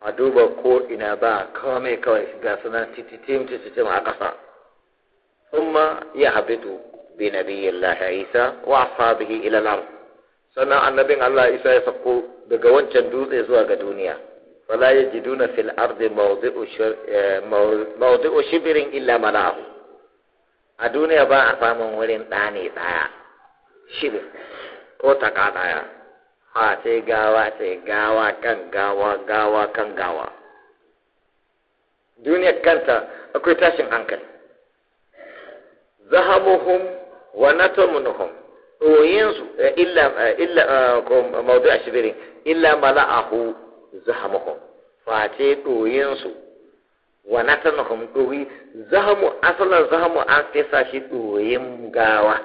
a duba ko ina ba kawai kawai ga suna tititim tititim a ƙasa sun ma ya habitu بنبي الله عيسى وأصحابه إلى الأرض ya النبي الله عيسى يسقو بقوان جندوز إزواج دنيا فلا يجدون في الأرض موضع, شبر إلا ملاه الدنيا با أفهم ولين ثاني ثايا شبر ko taka ɗaya a ce gawa ce gawa kan gawa gawa kan gawa duniyar kanta akwai tashin hankali zahabuhum wa natamunuhum ɗoyinsu eh, illa eh, illa eh, maudu a shibirin illa mala'ahu zahamuhum face ɗoyinsu wa natamunuhum ɗoyi zahamu asalin zahamu an fesa shi ɗoyin gawa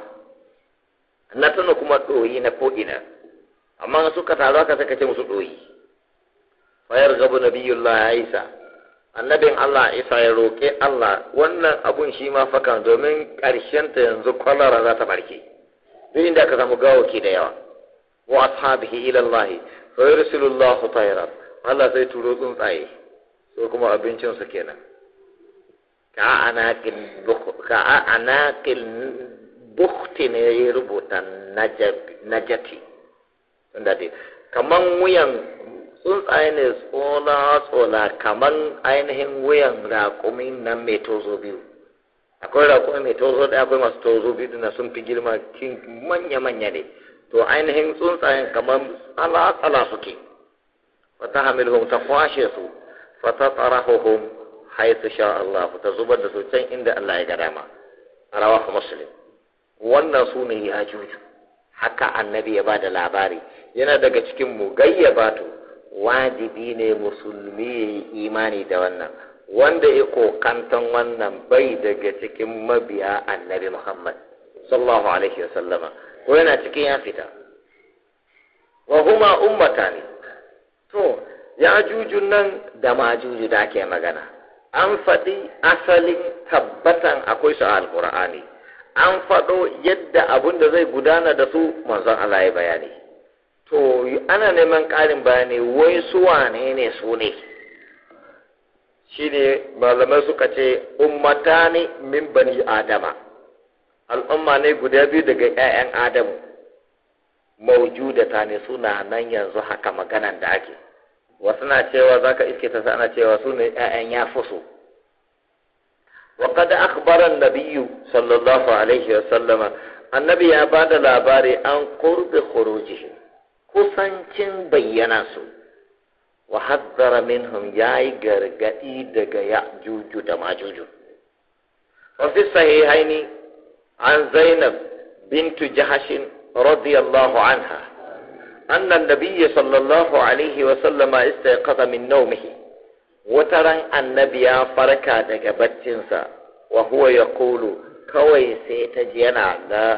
natanu kuma ɗoyi na ko'ina amma suka taru aka saka ce musu ɗoyi fayar gabu nabiyullah sa. annabin Allah Isa ya roƙe Allah wannan abun shi ma fakan domin ƙarshen ta yanzu kwalara za ta barke duk inda ka samu ke da yawa wa ashabihi ila Allah fa yursilullahu tayran Allah sai turo tsuntsaye so kuma abincin su kenan ka anaqil ka anaqil bukti ne ya rubuta najati kaman wuyan tsuntsaye ne tsona-tsona kamar ainihin wuyan raƙumi nan mai tozo biyu akwai raƙumi mai tozo ɗaya akwai masu tozo biyu na sun fi girma manya-manya ne to ainihin tsuntsayen kamar tsala-tsala suke wata hamilhum ta kwashe su fata tsarahuhum haisu sha Allah ta zubar da su can inda Allah ya ga dama a ka musulun wannan su ne ya juju haka annabi ya ba da labari yana daga cikin mugayyabatu wajibi ne musulmi ya yi imani da wannan wanda ya kokantan wannan bai daga cikin mabiya annabi muhammad sallallahu alaihi wa sallama ko yana cikin ya fita wa huma ummata ne to ya jujun nan da majuju da ake magana an faɗi asali tabbatan akwai su a qurani an faɗo yadda abun da zai gudana da su manzon Allah ya bayani to ana neman ƙarin bayani wai su wane ne su ne shi ne malamai suka ce ummata ne min bani adama al'umma ne guda biyu daga 'ya'yan adamu maujudata ne suna nan yanzu haka maganan da ake wasu na cewa za ka iske ta ana cewa su ne 'ya'yan ya fuso وقد أخبر النبي صلى الله عليه وسلم النبي أباد labari عن قرب خروجهم kusancin bayyana su wa haddara minhum yayi gargadi daga ya'juju da majuju wa fi sahihaini an zainab bintu jahashin radiyallahu anha anna nabiyya sallallahu alaihi wa sallama istayqadha min nawmihi wataran annabi ya farka daga baccinsa wa ya yaqulu kawai sai ta yana la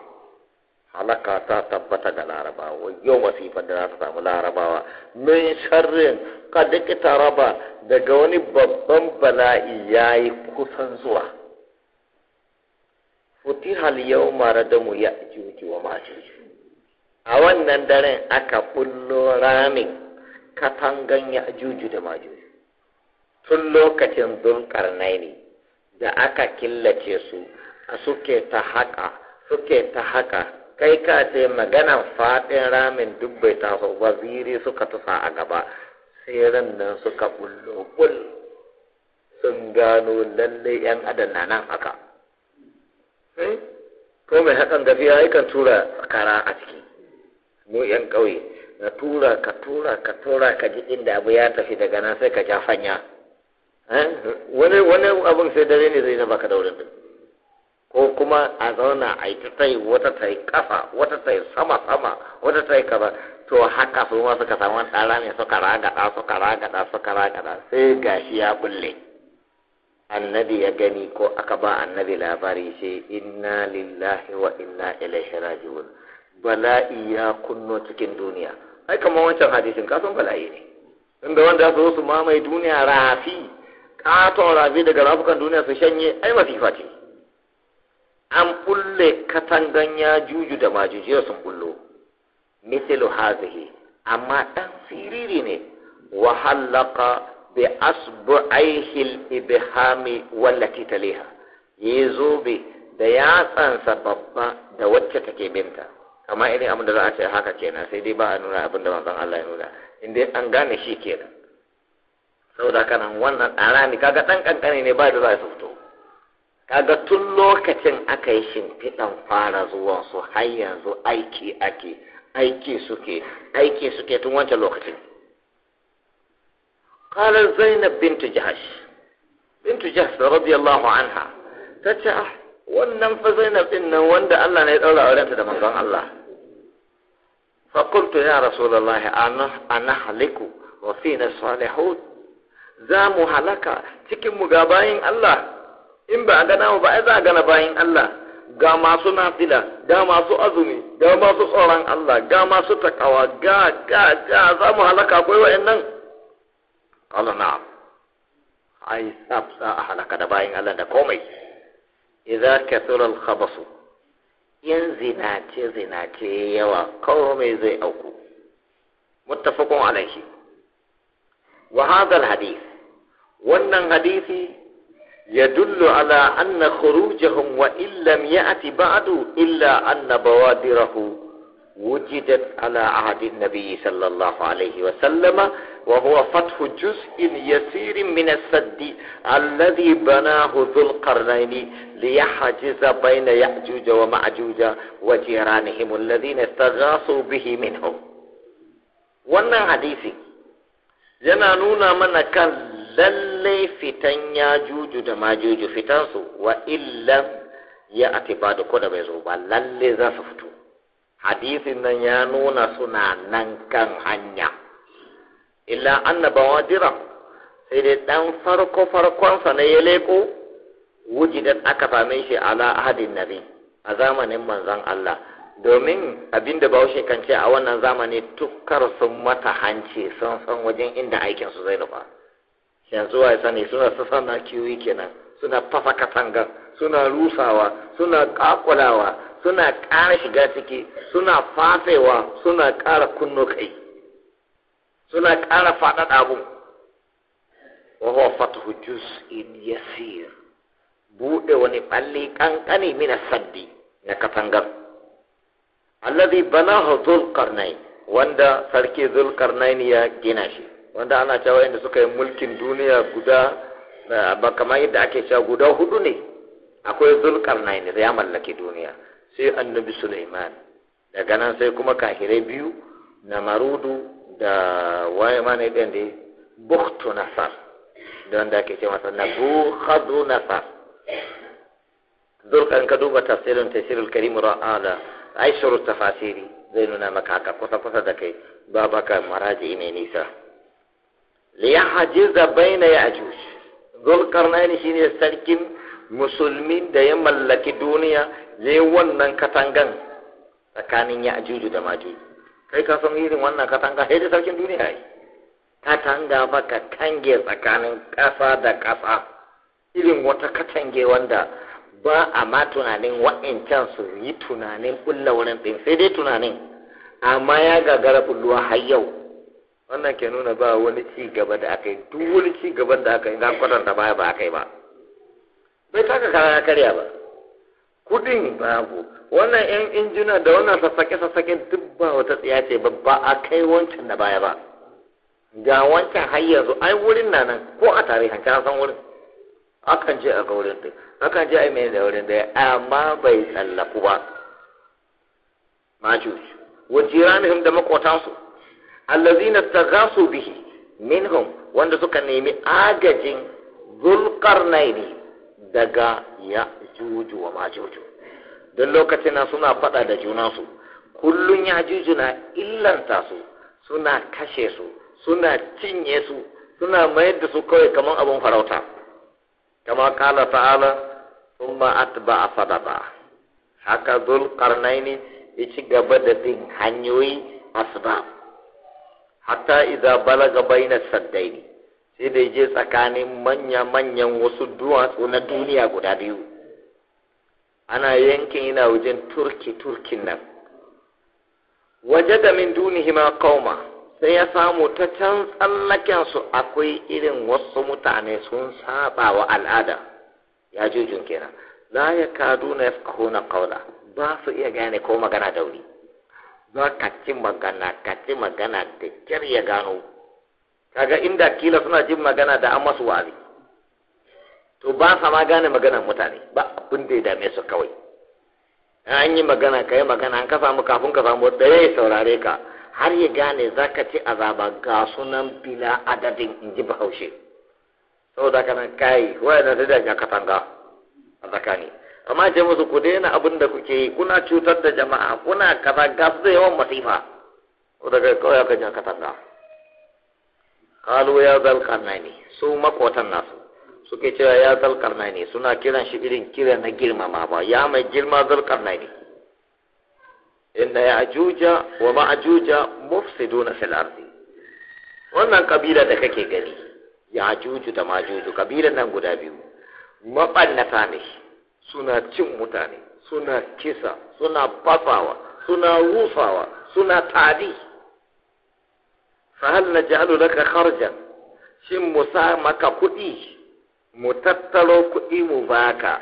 halaka ta tabbata ga larabawa yau masifar da za ta samu larabawa min sharrin kadikita raba daga wani babban bala'i ya yi kusan zuwa futihal yau mara da mu ya juji wa majuju a wannan daren aka bullo ramin katangan ya juju da majuju tun lokacin dunkarnai ne da aka killace su a suke ta haka suke ta haka kai ka ce maganan faɗin ramin duk bai taso ba ziri suka tusa a gaba sai ran nan suka bullo bul sun gano lalle yan adam na nan haka ko hmm? mai hakan gafiya kan tura kara a ciki mu yan ƙauye na tura ka tura ka tura ka ji inda abu ya tafi daga nan sai ka ja fanya hmm? wani abin sai dare ne zai na baka daurin wurin ko kuma a zauna a yi ta yi wata ta yi kafa wata ta yi sama-sama wata ta yi kaza to haka su ma suka samu tsara ne suka ragada suka ragada suka ragada sai gashi ya bulle annabi ya gani ko aka ba annabi labari ce inna lillahi wa inna ilaihi raji'un bala'i ya kunno cikin duniya ai kamar wancan hadisin kasan bala'i ne inda wanda su su mamaye duniya rafi katon rafi daga rafukan duniya su shanye ai masifa ce an bulle katangan ya juju da majujiya sun bullo mithlu hazihi amma ɗan siriri ne wa hallaka bi asbu'aihi al-ibhami wallati taliha yazo bi da yatsansa babba da wacce take binta amma irin abin da za a ce haka kenan sai dai ba a nuna abin da manzon Allah ya nuna inda an gane shi kenan saboda kana wannan tsara ne kaga dan kankane ne ba da za su fito kaga tun lokacin aka yi shimfiɗan fara zuwan su har yanzu aiki ake aiki suke aiki suke tun wancan lokacin قالت زينب بنت جهش بنت جهش رضي الله عنها تتعه wannan fa Zainab din nan wanda Allah ne ya daura aurenta da manzon Allah fa qultu ya rasulullahi ana ana haliku wa fina salihun za mu halaka cikin mu gabayin Allah in ba a gana ba ai za a gana bayan Allah ga masu nafila ga masu azumi ga masu tsoron Allah ga masu takawa ga ga ga za mu halaka akwai wa'annan Allah na ai tsaf a halaka da bayan Allah da komai idza kathura al-khabasu yan zinace zinace yawa komai zai auku muttafaqun alaihi wa hadha al-hadith wannan hadisi يدل على أن خروجهم وإن لم يأتي بعد إلا أن بوادره وجدت على عهد النبي صلى الله عليه وسلم وهو فتح جزء يسير من السد الذي بناه ذو القرنين ليحجز بين يأجوج ومأجوج وجيرانهم الذين استغاثوا به منهم وانا حديثي جنانونا من كان lallai fitan ya juju da majuju fitansu wa illam ya atiba da ko da bai zo ba lalle za su fito hadisin nan ya nuna suna nan kan hanya illa annabawa jira sai dai dan farko farkonsa na ya leko wujidan aka same shi ala ahadin nabi a zamanin manzon Allah domin abinda baushe kan ce a wannan zamani tukkar sun mata hanci sun san wajen inda aikinsu zai nufa. yanzu wa sani suna sassa na kiwi kenan suna fasa katanga suna rusawa suna kakulawa suna ƙara shiga ciki suna fasewa suna ƙara kunno kai suna ƙara faɗa abu wa huwa fathu juz'in yasir buɗe wani ɓalli ƙanƙani mina saddi na katangar alladhi banahu dhulqarnain wanda sarki dhulqarnain ya gina shi wanda ana cewa inda suka yi mulkin duniya guda eh, ba kamar yadda ake cewa guda hudu ne akwai na da ya mallaki duniya sai annabi Sulaiman daga nan sai kuma kahire biyu na marudu da waye ma ne ɗin da buktu nasar da wanda ake ce masa na buhadu nasar zulkar ka duba tafsirin tafsirin karimu ra'ala shuru tafasiri zai nuna maka haka kusa kusa da kai ba baka maraji ne nisa bai na liyahajiza baina ya'juj zulqarnaini shine sarkin musulmin da ya mallaki duniya ne wannan katangan tsakanin ya'juj da majuj kai ka san irin wannan katanga sai da sarkin duniya yi katanga ba ka tange tsakanin kasa da kasa. irin wata katange wanda ba a ma tunanin wa'incan su yi tunanin kulla wurin ɗin dai tunanin amma ya gagara bulluwa har yau wannan ke nuna ba wani ci gaba da aka yi duk wani ci gaba da aka yi na da baya ba aka yi ba bai taka kara karya ba kudin babu wannan yan injina da wannan sassake sassake duk ba wata tsiya ce ba ba a kai wancan da baya ba ga wancan har yanzu ai wurin na nan ko a tarihin ka san wurin akan je a ga wurin ɗin akan je a yi mai da wurin ɗin amma bai tsallaku ba majus wajiranihim da makotansu allazina taghasu bihi minhum wanda suka nemi agajin zulqarnaini daga ya juju wa majuju don lokacin na suna faɗa da junansu kullum ya juju na illanta su suna kashe su suna cinye su suna mayar da su kawai kamar abin farauta kama kala ta'ala thumma atba sadaba haka zulqarnaini qarnaini ya ci gaba da bin hanyoyi asbab hatta iza balaga baina saddaini sai da je tsakanin manya-manyan wasu duwatsu na duniya guda biyu ana yankin yana wajen turki turkin nan waje da min dunihima kauma sai ya samu ta can tsallaken su akwai irin wasu mutane sun saba wa al'ada ya jujun kenan za ya kaduna ya na kauna ba su iya gane ko magana da wuri. za ka ci magana ka ci magana da kyar ya gano kaga inda kila suna jin magana da an masu wari. to ba sa ma gane maganar mutane ba abin da ya dame su kawai an yi magana ka yi magana an ka samu kafin ka samu da ya saurare ka har ya gane za ka ci azaba ga sunan bila adadin in ji bahaushe saboda kana kai wayan da daga katanga a tsakani amma ce musu ku daina abin da kuke yi kuna cutar da jama'a kuna kaza ga su yawan masifa daga kawai aka ji aka tanga kalu ya zalkarna ne su makotan nasu suke cewa ya zalkarna ne suna kiran shi irin kira na girmama ba ya mai girma zalkarna ne Inda ya ajuja wa ma'ajuja mufsiduna fil ardi wannan kabila da kake gani ya ajuju da majuju kabilan nan guda biyu na ne suna cin mutane suna kisa suna bafawa, suna rufawa suna tari fahal na ja'alu laka harja, shin mu sa maka kuɗi mu tattaro kuɗi mu baka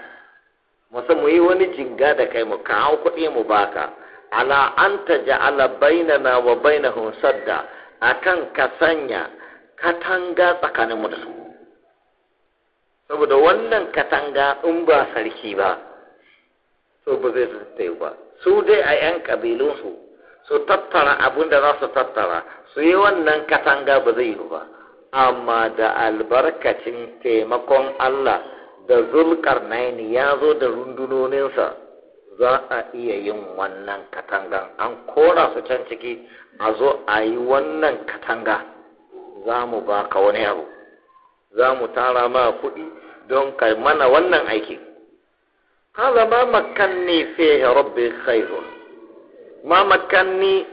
mu yi wani jinga da kai mu kawo kuɗi mu baka ala an ta ja'ala bainana wa bainahum sadda akan ka sanya katanga tsakaninmu da su saboda wannan katanga in ba sarki ba so ba zai tattayu ba su dai a 'yan kabilunsu su tattara abin da za su tattara su yi wannan katanga ba zai yi ba amma da albarkacin taimakon Allah da zulkar naini ya zo da rundunoninsa za a iya yin wannan katangan an kora su can ciki a zo a yi wannan katanga za mu baka wani abu za mu tara ma kuɗi don kai mana wannan aiki haza ma makanni fihi rabbi khairun ma makanni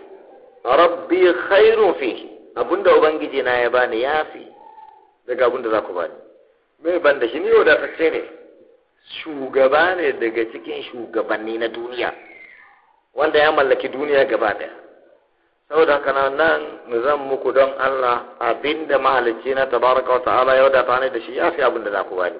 rabbi khairun fihi abinda ubangiji na ya bani ya fi daga abinda za ku bani mai ban da shi ni wadatacce ne shugaba ne daga cikin shugabanni na duniya wanda ya mallaki duniya gaba daya saboda kana nan zan muku don Allah abinda mahalicci na tabaraka wa ta'ala ya wadata ne da shi ya fi abinda za ku bani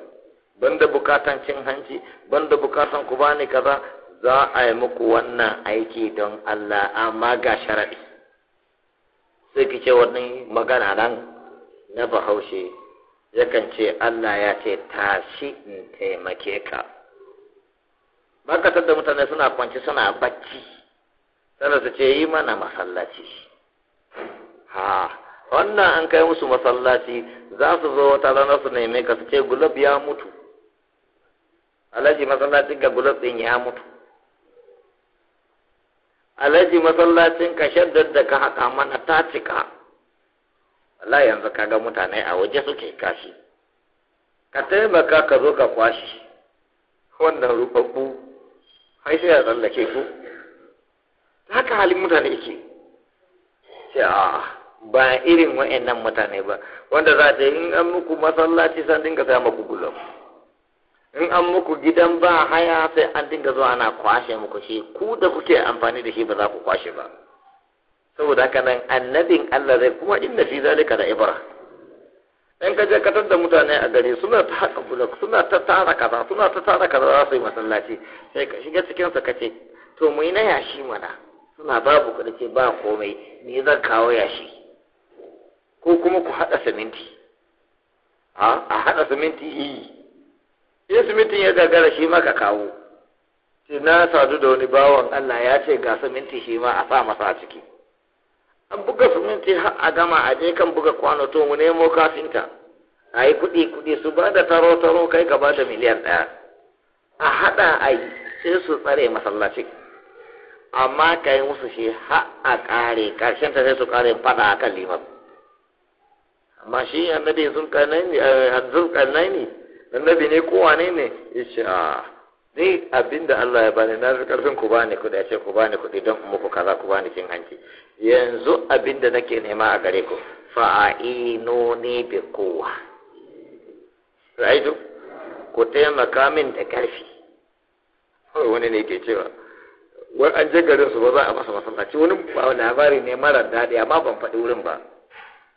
banda bukatan cin hanci banda bukatan ku bani kaza za a yi muku wannan aiki don Allah amma ga sharaɗi sai ki ce wani magana nan na bahaushe yakan ce Allah ya ce tashi in taimake ka baka da mutane suna kwanci suna bacci sannan su ce yi mana masallaci ha wannan an kai musu masallaci za su zo wata rana su neme ka su ce gulab ya mutu alaji masallacin ga gulab din ya mutu alaji masallacin ka shaddar da ka haka mana ta cika Allah yanzu ka ga mutane a waje suke kashi ka taimaka ka zo ka kwashi wannan rufaffu har sai ya tsallake ku haka halin mutane yake sai a ah, ba irin wa'annan mutane ba wanda za ta in an muku masallaci san dinga sai muku gulam in an muku gidan ba haya sai an dinga zuwa ana kwashe muku shi ku da kuke amfani da shi ba za ku kwashe ba saboda haka nan annabin Allah zai kuma inna fi zalika da ibra in ka je katar da mutane a gari suna ta haka bulok suna ta tara kaza suna ta tara kaza za su yi masallaci sai ka shiga cikin sa kace to mu yi na yashi mana suna babu ku ce ba komai ni zan kawo yashi ko kuma ku haɗa siminti a haɗa siminti yi in simintin ya gagara shi ma ka kawo na sadu da wani bawan Allah ya ce ga siminti shi ma a sa masa a ciki an buga siminti har a gama a je kan buga kwano to mu nemo kafinta a yi kuɗi kuɗi su ba da taro taro kai gaba da miliyan ɗaya a haɗa a yi sai su tsare masallacin amma ka yi musu shi ha' a ƙare ƙarshen ta sai su ƙare faɗa a kan liman amma shi annabi zulƙarnai eh, ne annabi ne kowa ne ne ya ce a ah, ni abinda Allah ya bani na fi ƙarfin ku bani kuɗi a ce ku bani kuɗi don muku kaza ku bani cin hanci yanzu abinda nake nema a gare ku fa'a'inoni bi kowa ra'aitu ku taimaka min da ƙarfi wani ne ke cewa wai an je garin su ba za a masa masallaci wani labari ne mara daɗi amma ban faɗi wurin ba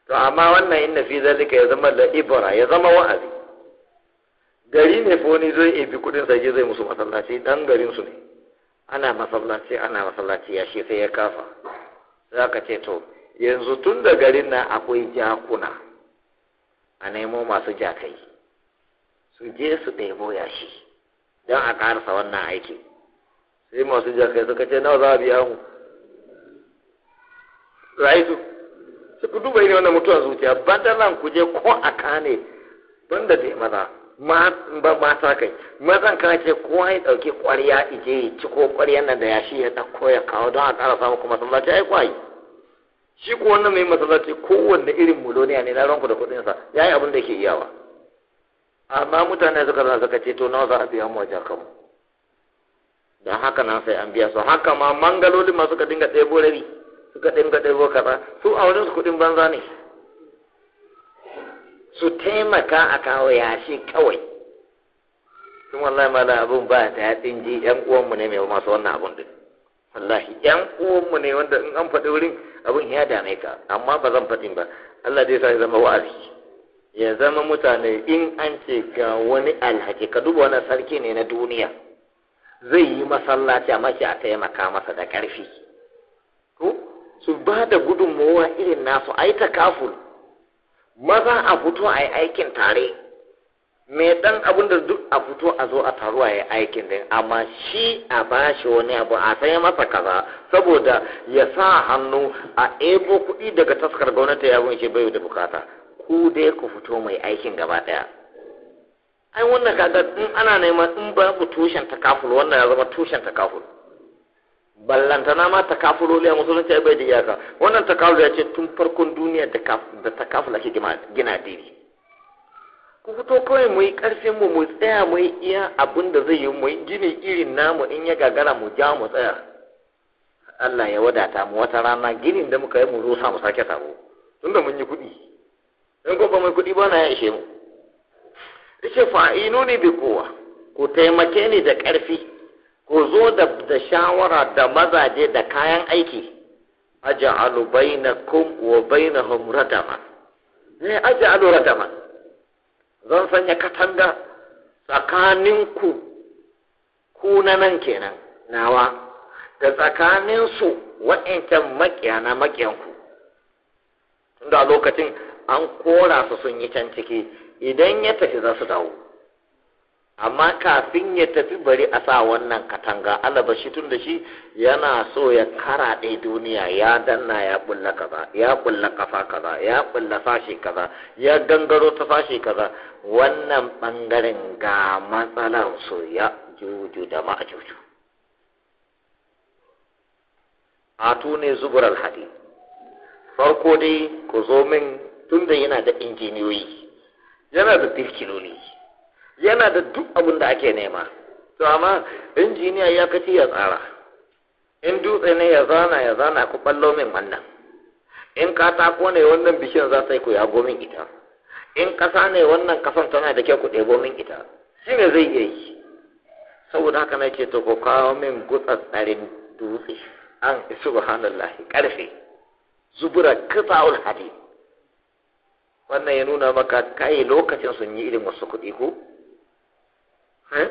to amma wannan inna fi zalika ya zama da ibra ya zama wa'azi gari ne fa wani zai ibi kuɗin sa je zai musu masallaci dan garin su ne ana masallaci ana masallaci ya shi sai ya kafa za ka ce to yanzu tun da garin nan akwai jakuna a nemo masu jakai su je su ɗebo yashi don a ƙarasa wannan aikin sai masu jakai suka ce nawa za a biya mu raitu su ku duba ne wannan mutuwa zuciya nan ku je ko a kane banda da maza ba mata kai mazan ka ce ko ai ɗauki ƙwariya ije ya ci ko ƙwaryan nan da ya shi ya ɗauko ya kawo don a ƙara samu kuma masallaci ai ƙwai. shi ko wannan mai masallaci kowanne irin muloniya ne na ranku da kudin ya yi abin da ke iyawa amma mutane suka zan suka ce to nawa za a biya mu a jakanmu da haka nan sai an biya su haka ma mangaloli ma suka dinga ɗebo rabi suka dinga ɗebo kaza su a wurin su kuɗin banza ne su taimaka a kawo yashi kawai sun wallahi ma abun ba ta yaɗin ji yan uwanmu ne mai masu wannan abun din wallahi yan uwanmu ne wanda in an faɗi wurin abun ya dame ka amma ba zan faɗin ba Allah zai sa ya zama wa'azi ya zama mutane in an ce ga wani alhaki ka duba wani sarki ne na duniya zai yi masallaci a mace a taimaka masa da ƙarfi to su ba da gudunmowa irin nasu ai ta kafun. maza a fito a yi aikin tare mai ɗan abin da duk a fito a zo a taru a yi aikin din amma shi a bashi wani abu a sai masa kaza saboda ya sa hannu a ebo kuɗi daga taskar gwamnati ya shi bai da bukata ku dai ku fito mai aikin gaba ɗaya ai wannan kaga in ana nema in ba babu tushen takaful wannan ya zama tushen takaful na ma takafuloli a musulunci bai da iyaka wannan takaful ya ce tun farkon duniya da takaful ake gina dini ku fito kawai mu yi karfin mu mu tsaya mu yi iya abin da zai yi mu yi gini irin namu in ya gagara mu ja mu tsaya Allah ya wadata mu wata rana ginin da muka yi mu rusa mu sake sabo tunda mun yi kuɗi in ko ba mai kuɗi ba na ya ishe mu yace fa'inu ne bi kowa ku taimake ni da ƙarfi ku zo da da shawara da mazaje da kayan aiki aj'alu bainakum wa bainahum radama ne aj'alu radama zan sanya katanga tsakaninku ku na nan kenan nawa da tsakaninsu waɗancan maƙiya na makiyanku tunda a lokacin an kora su sun yi can ciki idan ya tafi za su dawo amma kafin ya tafi bari a sa wannan katanga alabashi shi tun da shi yana so ya karaɗe duniya ya danna ya bulla kaza ya bulla kafa kaza ya bulla fashi kaza ya gangaro ta fashi kaza wannan bangaren ga matsalar so ya juju da ma'ajuju a tune zuburar hadi farko dai ku zo min tun da yana da injiniyoyi yana da tirkiloli yana da duk abin da ake nema to amma injiniya ya kaci ya tsara in dutse ne ya zana ya zana ku ballo min wannan in katako ne wannan bishiyar za ta yi ku ya gomin ita in ƙasa ne wannan kasan tana da kyau ku ɗebo min ita shi ne zai iya yi saboda haka na ce to ku kawo min tsarin dutse an subhanallahi ƙarfe zubura kasa'ul hadid wannan ya nuna maka kai lokacin sun yi irin wasu kuɗi ko eh?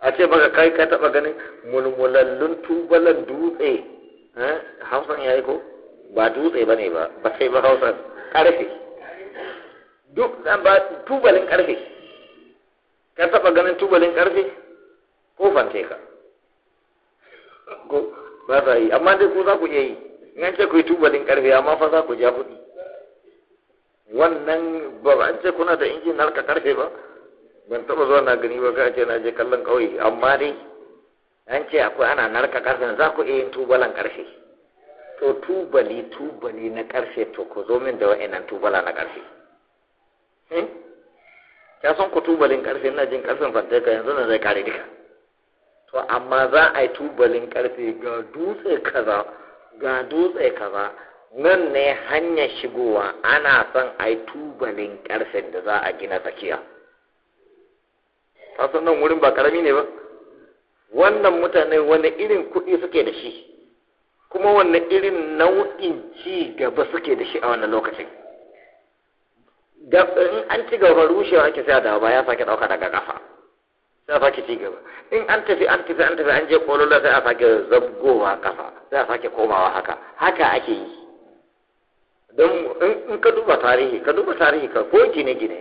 a ce baka kai ka taɓa ganin mulmulallun tubalan dutse eh? hausan ya yi ko ba dutse ba ne ba ba sai ba hausan ƙarfe duk ba tubalin ƙarfe ka taɓa ganin tubalin ƙarfe ko fante ka ko ba za yi amma dai ko za ku iya yi in an ce ku yi tubalin ƙarfe amma fa za ku ja kuɗi wannan ba an ce kuna da injin narka karfe ba ban taba zuwa na gani ba ka ce na je kallon kauye amma dai an ce akwai ana narka karfe za ku iya yin tubalan karfe to tubali tubali na karfe to ku zo min da wa'annan tubala na karfe ya hmm? san ku tubalin karfe ina jin karfen ka yanzu na zai kare duka to amma za a yi tubalin karfe ga dutse kaza ga dutse kaza nan ne hanyar shigowa ana son a yi tubalin ƙarfin da za a gina tsakiya san nan wurin ba karami ne ba wannan mutane wani irin kuɗi suke da shi kuma wani irin nau'in ci gaba suke da shi a wannan lokacin in an ci gaba rushewa ake sai da ba ya sake ɗauka daga ƙafa sai a sake ci gaba in an tafi an tafi an tafi an je kololo sai a sake zabgowa ƙafa sai a sake komawa haka haka ake yi don in ka duba tarihi ka duba tarihi ka ko gine-gine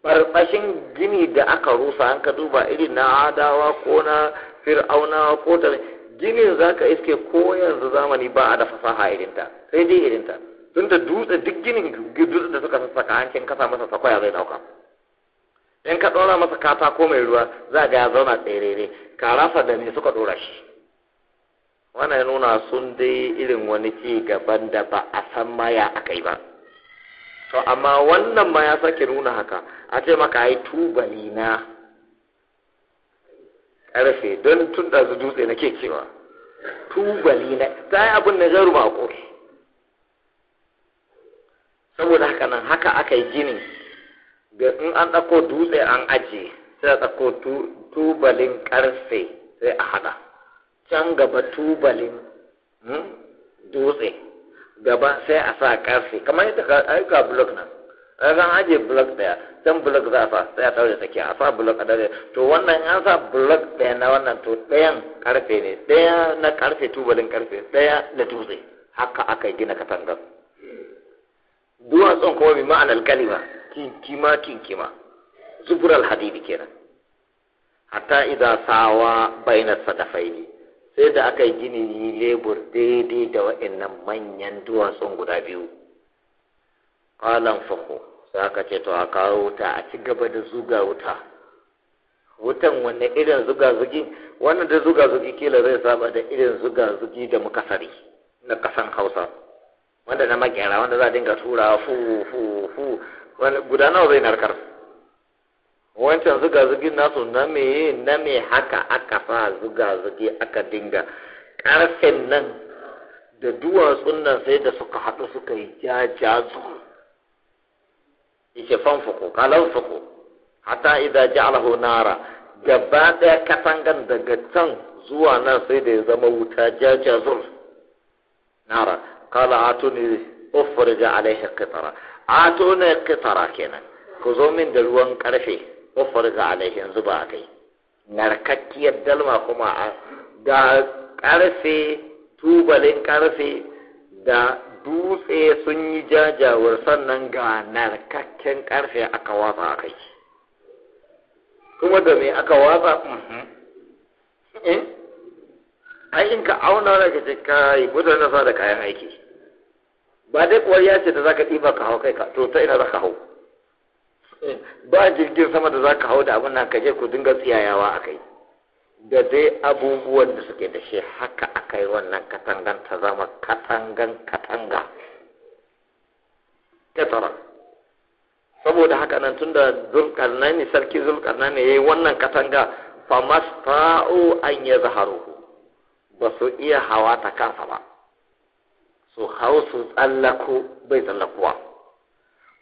barbashin gini da aka rusa an ka duba irin na adawa ko na fir'auna ko ta ginin za ka iske ko yanzu zamani ba a da fasaha irinta sai dai irinta tun da dutse duk ginin dutse da suka sassaka hancin kasa masa sakwaya zai dauka in ka ɗora masa katako mai ruwa za ga ya zauna tserere karasa Karasa da me suka dora shi wannan nuna sun dai irin wani ci gaban da ba a san ma ya aka yi ba to amma wannan ma ya sake nuna haka a ce maka ai tubali na ƙarfe don tun da dutse na ke cewa tubali na ta yi abin na garu mako saboda haka nan haka aka yi gini ga in an ɗauko dutse an ajiye sai a ɗauko tubalin ƙarfe sai a haɗa can gaba tubalin hmm, dutse gaba sai a sa karfe kamar yadda ayyuka blok nan ran aje blok daya dan blok za a sa sai a daure tsakiya a sa blok a dare to wannan an sa blok daya na wannan to dayan karfe ne daya na karfe tubalin karfe daya na dutse haka aka gina katangar duwatsun kuma bi ma'anar kalima kinkima kinkima zubur hadidi kenan hatta idan sawa sadafai ne sai da aka yi gini lebur daidai da wa'annan manyan duwatsun guda biyu kwalan faho sai aka ce to a kawo wuta a ci gaba da zuga wuta wutan wanne irin zuga zugi wannan da zuga zugi kila zai saba da irin zuga zugi da muka sari na kasan hausa wanda na makera wanda za a dinga turawa fu fu fu guda nawa zai narkar wancan zuga-zugin nasu na meye na me haka aka fa zuga-zugi aka dinga ƙarfen nan da duwatsun nan sai da suka haɗu suka yi jaja zuwa yake fanfuku fuku, hata idan ja'alahu nara gaba ɗaya katangan daga can zuwa nan sai da ya zama wuta jaja zur nara kala atuni ofurja alaihi qitara atuni qitara kenan ku zo min da ruwan karfe ufarga alaihin zuba a kai narkakkiyar dalma kuma a da karfe tubalin karfe da dutse sun yi jajawar sannan ga narkakken karfe aka watsa a kai kuma da me aka watsa ai in ka auna da ka cika yi mutane sa da kayan aiki ba dai kuwa ya ce da za ka ɗiba ka hau kai ka to ta ina za ka hau ba jirgin sama da za ka hau da abin nan ka je ku dinga tsiyayawa a kai da dai abubuwan da suke da shi haka aka yi wannan katangan ta zama katangan katanga katara saboda haka nan tun da zulkarnani sarki zulkarnani ya yi wannan katanga famasta'u an ya zaharu ba su iya hawa ta kansa ba su hau su tsallako bai tsallakuwa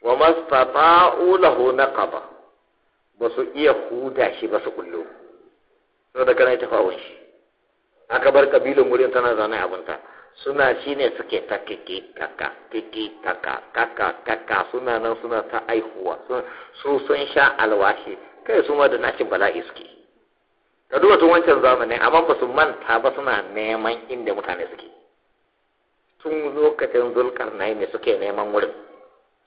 wa mastata'u lahu naqaba ba su iya huda shi ba su kullu da kana ta fawo shi aka bar kabilan wurin tana zane abunta suna shi ne suke ta kiki kaka kiki kaka kaka kaka suna nan suna ta aihuwa su sun sha alwashi kai su ma da nacin bala'i suke ka duba tun wancan zamani amma ba su manta ba suna neman inda mutane suke tun lokacin zulkar ne suke neman wurin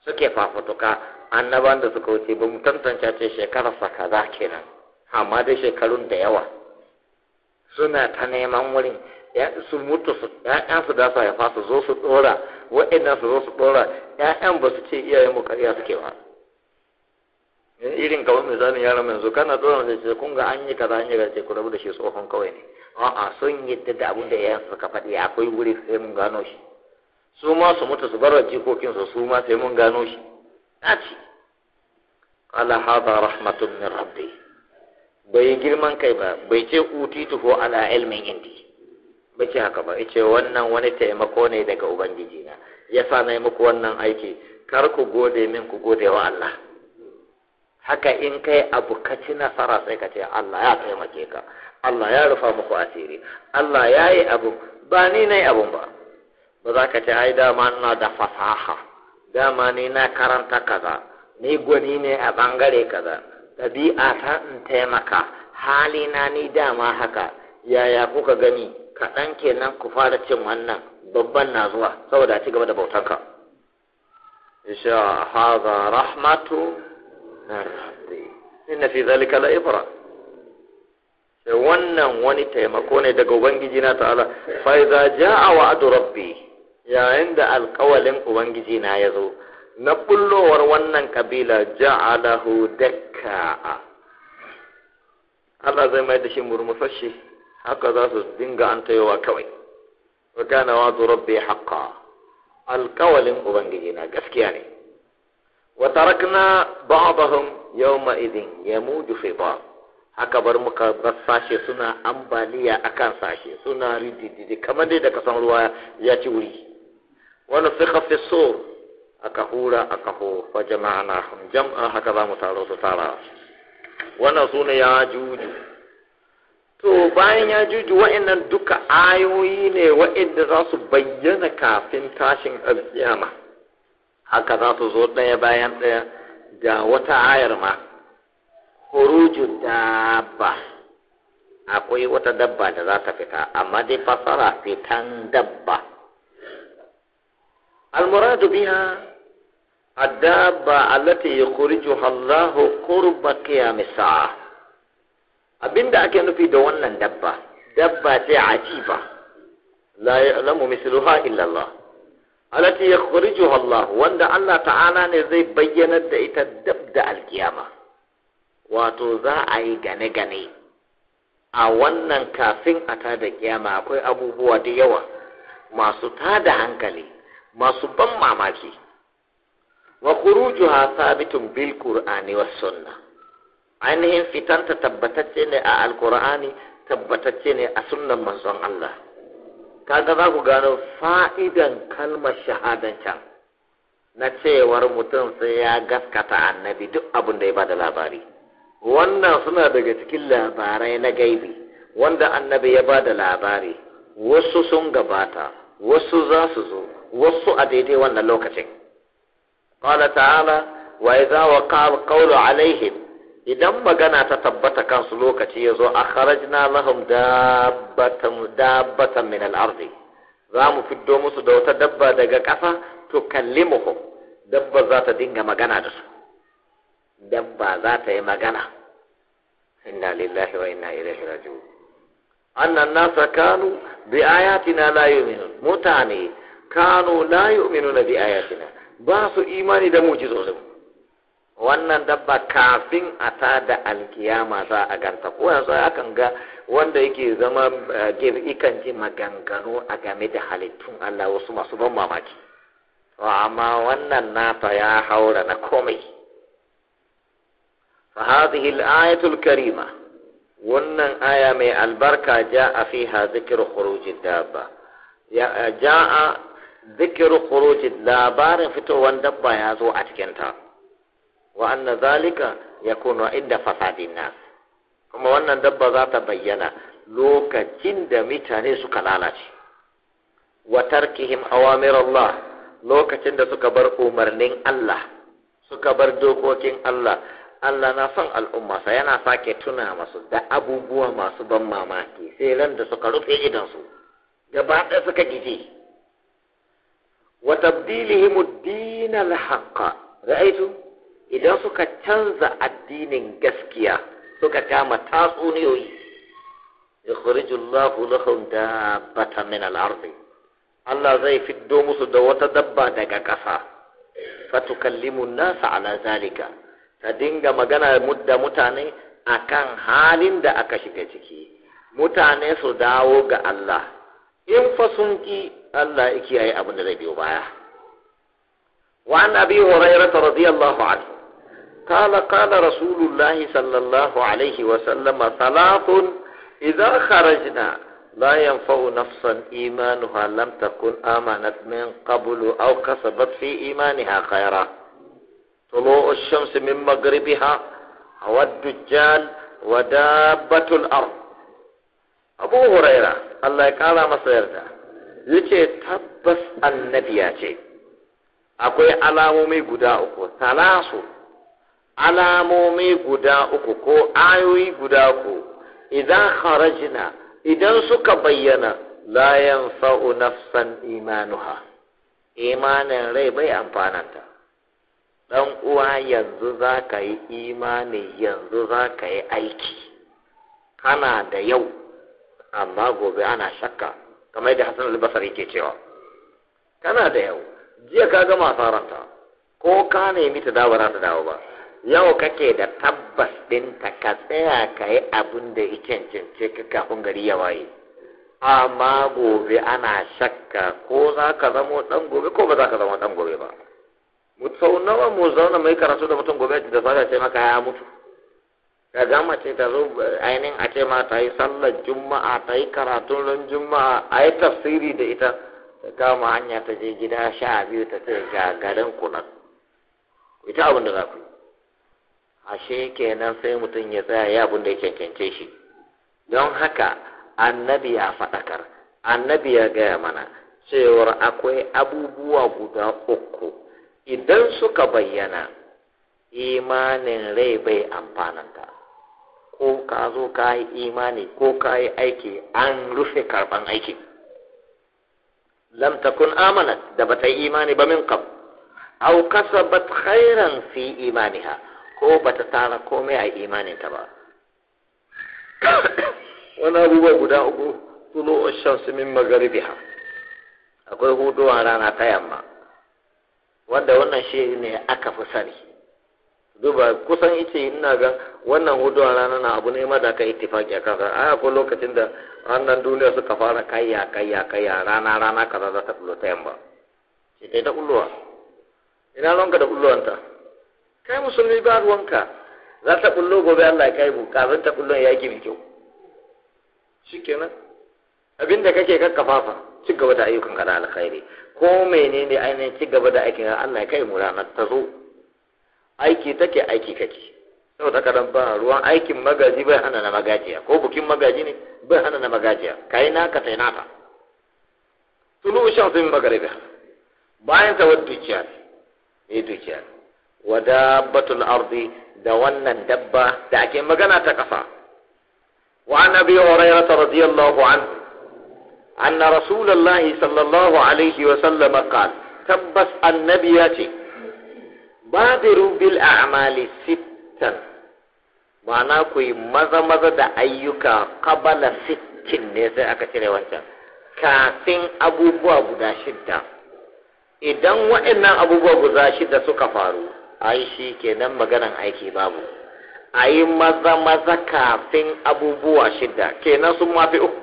suke fafutuka annaban da suka wuce ba mu tantance ce za kaza kenan amma dai shekarun da yawa suna ta neman wurin su mutu su ƴaƴan su dasa ya fasa zo su ɗora waɗannan su zo su ɗora ƴaƴan ba su ce iyayen mu kariya suke ba irin kawai misalin yaron yanzu kana dora da ce kun ga an yi kaza an yi kaza ce ku rabu da shi tsohon kawai ne a'a sun yadda da abin da su suka faɗi akwai wuri sai mun gano shi su ma su mutu su bar jikokinsu su ma sai mun gano shi naci ala hada rahmatun min rabbi bai girman kai ba bai ce utitu ko ala ilmin indi ba ce haka ba ce wannan wani taimako ne daga ubangiji na ya sa na yi muku wannan aiki kar ku gode min ku gode wa Allah haka in kai abu ka ci nasara sai ka ce Allah ya taimake ka Allah ya rufa muku asiri Allah ya yi abu ba ni na yi abun ba ba za ka ce ai dama ina da fasaha dama ni na karanta kaza ni gwani ne a bangare kaza ɗabi'a ta in taimaka halina ni dama haka yaya kuka gani kaɗan kenan ku fara cin wannan babban na zuwa saboda ci gaba da bautanka insha haza rahmatu na rabbi inna fi zalika la ibra wannan wani taimako ne daga ubangiji na ta'ala fa iza jaa wa'du rabbi yayin da alkawalin ubangiji na ya zo na bullowar wannan kabila ja'alahu dakka Allah zai mai da shi murmufashi. haka za su dinga an tayowa kawai wa kana wa'du rabbi haqqan alkawalin ubangiji na gaskiya ne wa tarakna ba'dahum yawma idin yamuju fi ba. Haka bar muka bar sashe suna ambaliya akan sashe suna ridididi kamar dai da kasan ruwa ya ci wuri wani suka fi so aka hura aka ho fa kan jam'a haka za mu taro su tara Wani su ne ya juju to bayan ya juju wa'annan duka ayoyi ne wa'inda za su bayyana kafin tashin alkiyama haka za su zo ɗaya bayan ɗaya Da wata ayar ma hurujun dabba akwai wata dabba da za ta fita amma dai fasara fitan dabba المراد بها الدابة التي يخرجها الله قرب قيام الساعة abinda ake nufi da wannan dabba dabba ce ajiba la ya'lamu misluha illa Allah allati yakhrijuha Allah wanda Allah ta'ala ne zai bayyana da ita dab da alkiyama wato za a yi gane gane a wannan kafin a tada kiyama akwai abubuwa da yawa masu tada hankali masu ban mamaki wa khurujuha sabitun bil qur'ani was sunna ainihin fitanta tabbatacce ne a alqur'ani tabbatacce ne a sunnan manzon Allah kaga za ku gano fa'idan kalmar shahadan can na cewar mutum sai ya gaskata annabi duk abin da ya bada labari wannan suna daga cikin labarai na gaibi wanda annabi ya bada labari wasu sun gabata wasu za su zo wasu a daidai wannan lokacin Kwana ta'ala wa idza waqa kawo alaihim idan magana ta tabbata kansu lokaci ya kharaj na lahum dabbatan min al'arzi za mu fiddo musu da wata dabba daga ƙasa to kallimuhum dabba za ta dinga magana da su dabba za ta yi magana inna lillahi wa inna ilaihi raji'un annan nasa kanu bi ayatina la yu'minun mutane kanu la yu'minu bi ayatina ba su imani da mujizozin wannan dabba kafin a ta da alkiyama za a ganta ko yanzu akan ga wanda yake zama ikan eh, ji maganganu a game da halittun Allah wasu masu ban mamaki amma wannan nata ya haura na komai fa hadhihi al-ayatul karima wannan aya mai albarka ja'a fiha zikru khurujid dabba eh, ja'a zikiru khuruji labarin fitowar dabba ya zo a cikin ta wa zalika ya yakunu inda fasadin nas kuma wannan dabba za ta bayyana lokacin da mutane suka lalace wa tarkihim awamir Allah lokacin da suka bar umarnin Allah suka bar dokokin Allah Allah na son al'umma sa yana sake tuna masu da abubuwa masu ban mamaki sai ran da suka rufe idansu gaba ɗaya suka gije wa tabdilihim ad-din al-haqq ra'aytu idan suka canza addinin gaskiya suka kama tatsuniyoyi yukhriju Allahu lahum dabbatan min al-ardi Allah zai fiddo musu da wata dabba daga ƙasa fatukallimu nasa ala zalika ta dinga magana da mutane akan halin da aka shiga ciki mutane su dawo ga Allah in fa sun ki Allah ya kiyaye abin da zai biyo baya. Wa an abi Hurairah ta radiyallahu anhu. Kala kala Rasulullah sallallahu alaihi wa sallama salatun idan kharajna la yanfa'u nafsan imanuha lam takun amanat min qablu aw kasabat fi imaniha khaira. طلوع الشمس من مغربها والدجال ودابة الأرض أبو هريرة Allah ya kara masa yarda yace tabbas annabiya ce akwai alamomi guda uku talasu alamomi guda uku ko ayoyi guda uku idan kharajna idan suka bayyana la yanfa'u nafsan imanuha imanin rai bai amfananta dan uwa yanzu za ka yi imani yanzu za ka yi aiki kana da yau amma gobe ana shakka kamar yadda Hassan al-Basri ke cewa kana da yau jiya ka gama asaranta ko ka nemi ta dawo ta dawo ba yau kake da tabbas ɗinta ka tsaya ka yi abin da ya cancance ka kafin gari ya waye amma gobe ana shakka ko za ka zamo ɗan gobe ko ba za ka zama ɗan gobe ba mu sau nawa mu zauna mai karatu da mutum gobe da ka ce maka ya mutu ka zama ce ta zo ainihin a ce ma ta yi sallar juma'a ta yi karatun ran juma'a a yi tafsiri da ita ta kama hanya ta je gida sha biyu ta ce ga garin kunan ita abin da za ku ashe kenan sai mutum ya tsaya ya abin da ya cancance shi don haka annabi ya faɗakar annabi ya gaya mana cewar akwai abubuwa guda uku idan suka bayyana imanin rai bai amfananta. ko ka zo ka yi imani ko ka yi aiki an rufe karban aikin lam takun amanat da bata yi imani ba min qab aw kasabat khairan fi imaniha ko bata tara komai a imanin ta ba wani abubuwa guda uku tulo shamsu min magaribiha akwai hudu a rana ta yamma wanda wannan shi ne aka fi sani duba kusan ice ina ga wannan hudu a rana na abu ne ma da aka ittifaki a kansa a akwai lokacin da wannan duniya suka fara kayya kayya kayya rana rana kaza za ta kullo ta yamma shi yi ta kullowa ina ranka da kulluwanta kai musulmi ba ruwanka za ta kullo gobe Allah ya kai mu zan ta kullun ya mai kyau abin da kake kakkafafa ci gaba da ayyukan ka da alkhairi ko menene ainihin ci gaba da aikin Allah ya kai mu ranar ta zo aiki take aiki kake saboda haka dan ba ruwan aikin magaji bai hana na magajiya ko bukin magaji ne bai hana na magajiya kai naka sai naka tulu shamsu min magariba bayan ta wadda dukiya ne e, dukiya wada batul ardi da wannan dabba da ake magana ta kafa wa annabi urayra radiyallahu anhu anna rasulullahi sallallahu alaihi wa sallam qala tabbas annabi ya ce badiru bil a'mali sittan ma'ana ku yi maza maza da ayyuka kabala sittin ne sai aka cire wancan kafin abubuwa guda shidda idan waɗannan abubuwa guda shidda suka faru ai shi kenan maganan aiki babu a yi maza maza kafin abubuwa shidda kenan sun mafi uku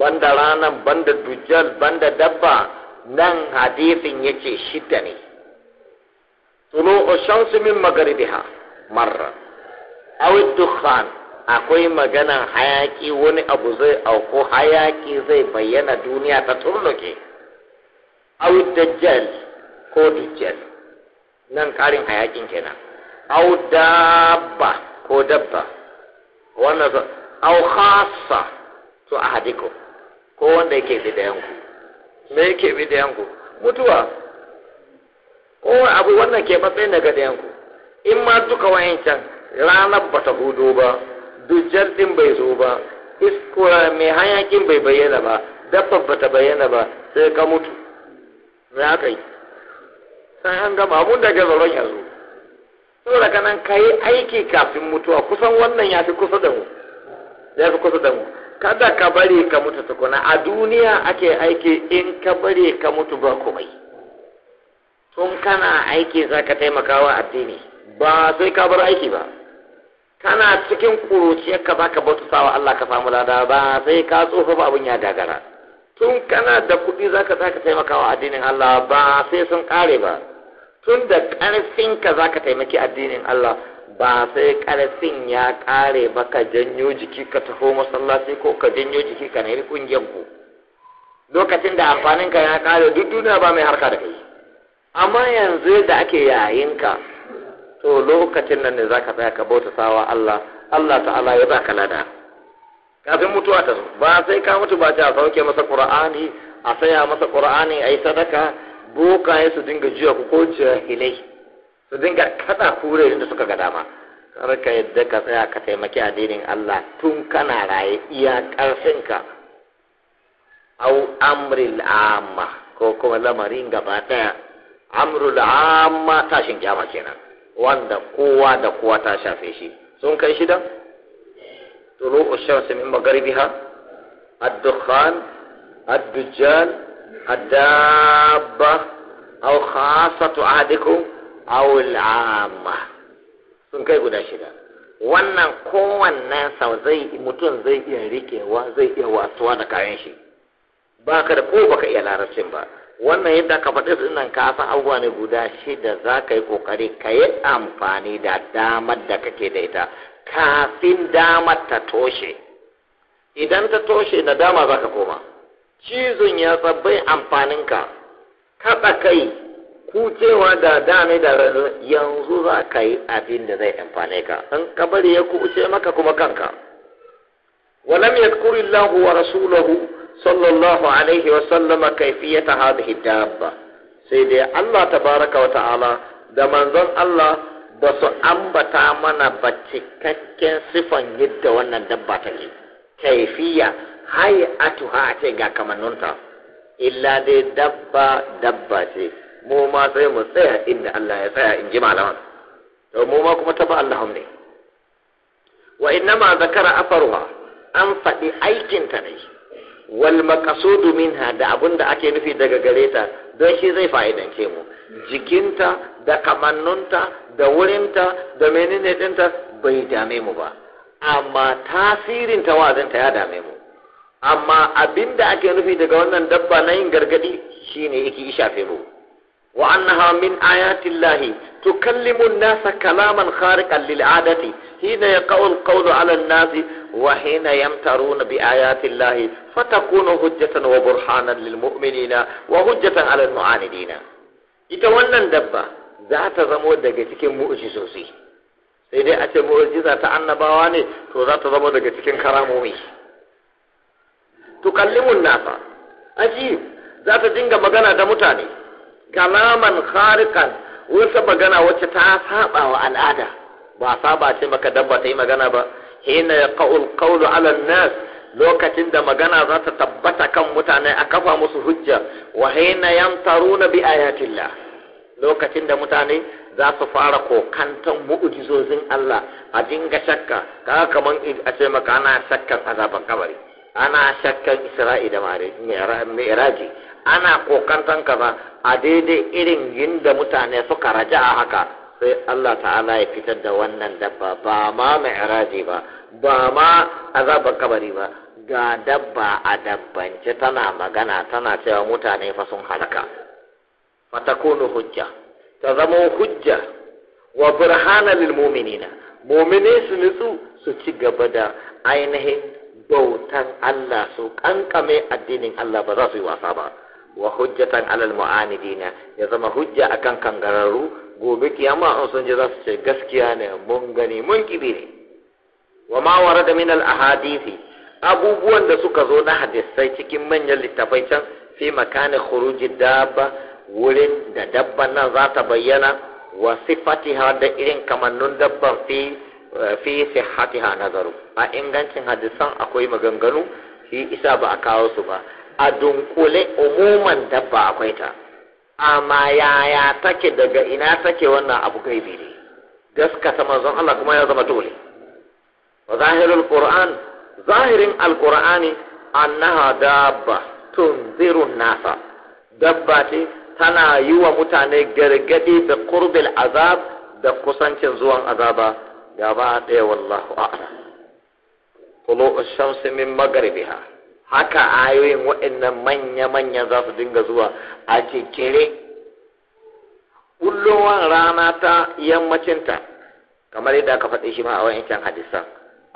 banda ranar banda dujjal banda dabba nan hadisin yace shidda ne طلوع الشمس من مغربها مرة أو الدخان akwai magana hayaki wani abu zai auku hayaki zai bayyana duniya ta turloke au dajjal ko dajjal nan karin hayakin kenan au dabba ko dabba wannan au khassa to ahadikum ko wanda yake bi da yanku me yake bi da yanku mutuwa ko abu wannan ke matsayin daga ɗayan ku in ma duka wayancan ranar ba ta hudu ba dujjar ɗin bai zo ba iskura mai hayakin bai bayyana ba dabbar ba ta bayyana ba sai ka mutu me aka yi sai an gama abun daga zauren yanzu. so daga kanan ka yi aiki kafin mutuwa kusan wannan ya fi kusa da mu ya fi kusa da mu kada ka bari ka mutu tukuna a duniya ake aiki in ka bari ka mutu ba komai tun kana aiki za ka taimakawa addini ba sai ka bar aiki ba kana cikin kuruciyarka za ka bauta wa Allah ka samu lada ba sai ka tsofa ba abin ya gagara tun kana da kuɗi za ka taimaka taimakawa addinin Allah ba sai sun ƙare ba tun da ƙarfinka za ka taimaki addinin Allah ba sai ƙarfin ya ƙare ba ka janyo jiki ka taho masallaci ko ka janyo jiki ka nemi ƙungiyar ku lokacin da amfaninka ya ƙare duk duniya ba mai harka da kai amma yanzu da ake yayinka to lokacin nan ne za ka tsaya ka bauta sawa Allah Allah ta'ala ya baka lada kafin mutuwa ta zo ba sai ka mutu ba ta sauke masa qur'ani a saya masa qur'ani ayi sadaka ya su dinga jiya ku ko jahilai su dinga kada kurerin da suka ga dama kar ka yadda ka tsaya ka taimaki addinin Allah tun kana raye iya karfinka au amril amma ko kuma lamarin gaba daya amrul amma tashin kyama kenan wanda kowa da kowa ta shafe shi sun kai shida طلوع الشمس من مغربها الدخان الدجال الدابة أو خاصة عهدكم أو العامة sun kai guda shida wannan kowannen sau zai mutum zai iya rikewa zai iya wasuwa da kayan shi ba ka da ko baka iya larabcin ba wannan yadda ka faɗi su nan ka san abubuwa ne guda shida za ka yi ƙoƙari ka yi amfani da damar da kake da ita kafin damar ta toshe idan ta toshe na dama za ka koma cizon ya tsabbai amfaninka kaɗa kai kucewa da dame da yanzu za ka yi abin da zai amfane ka in bari ya kuce maka kuma kanka walam yadkuri wa rasulahu sallallahu alaihi wa sallama kaifiyata hadhihi dabba sai dai Allah tabaraka wa ta'ala da manzon Allah ba su ambata mana ba cikakken sifan yadda wannan dabba take kaifiya hay'atuha ce ga kamannunta Ila dai dabba dabba ce mu ma sai mu tsaya inda Allah ya tsaya in ji malaman to mu ma kuma taba Allahum ne wa innama zakara afarwa an faɗi aikinta ne wal minha da abunda ake nufi daga gareta, ta don shi zai fa'idance mu jikinta da kamannunta da wurinta da menene dinta bai dame mu ba amma tasirin ta tawazinta ya dame mu amma abinda ake nufi daga wannan dabba na yin gargadi shine yake shafe mu wa annaha min ayati llahi tukallimu an-nasa kalaman khariqan lil'adati. adati حين يقع القول على الناس وحين يمترون بآيات الله فتكون حجة وبرهانا wa وحجة على المعاندين ita wannan dabba za ta zamo daga cikin sosai, sai dai a ce mu'jiza ta annabawa ne to za ta zamo daga cikin karamomi to mun nasa aji za ta dinga magana da mutane kalaman kharikan wata magana wacce ta saɓa wa al'ada ba saba ce maka dabba ta yi magana ba hina ya ƙa'ul ƙa'ulu alal nas lokacin da magana za ta tabbata kan mutane a kafa musu hujja wa hina na bi ayatillah lokacin da mutane za su fara kokantan mu'ujizozin Allah a dinga shakka kaga kaman a ce maka ana shakkan azaban kabari ana shakkan isra'i da mi'raji ana kokantan kaza a daidai irin yin da mutane suka raja a haka sai Allah ta'ala ya fitar da wannan dabba ba ma mai ba ba ma azabar kabari ba ga dabba a dabbance tana magana tana cewa mutane fa sun halaka fatakunu hujja ta zama hujja wa burhana lil mu'minina mu'mini su nutsu su ci gaba da ainihin bautan Allah su kankame addinin Allah ba za su yi wasa ba wa hujjatan alal mu'anidina ya zama hujja akan kangararru gobe kiyama an sun za su ce gaskiya ne mun gani mun kibi ne wa ma da min al ahadisi abubuwan da suka zo na hadisai cikin manyan littafai can fi makanin khuruji dabba wurin da dabba nan za ta bayyana wa sifatiha da irin kamannun dabban fi fi sihhatiha nazaru a ingancin hadisan akwai maganganu shi isa ba a kawo su ba a dunkule umuman dabba akwai ta amma yaya take daga ina take wannan abu bi ne ta manzon Allah kuma ya zama dole wa zahirul qur'an zahirin alqur'ani annaha dabba tunziru nasa dabba ce tana yi wa mutane gargadi da qurbil azab da kusancin zuwan azaba gaba ɗaya wallahu a'lam طلوع الشمس من مغربها haka ayoyin waɗannan manya-manya za su dinga zuwa a kekere kullowar rana ta yammacinta kamar yadda aka faɗi shi ma a wancan hadisan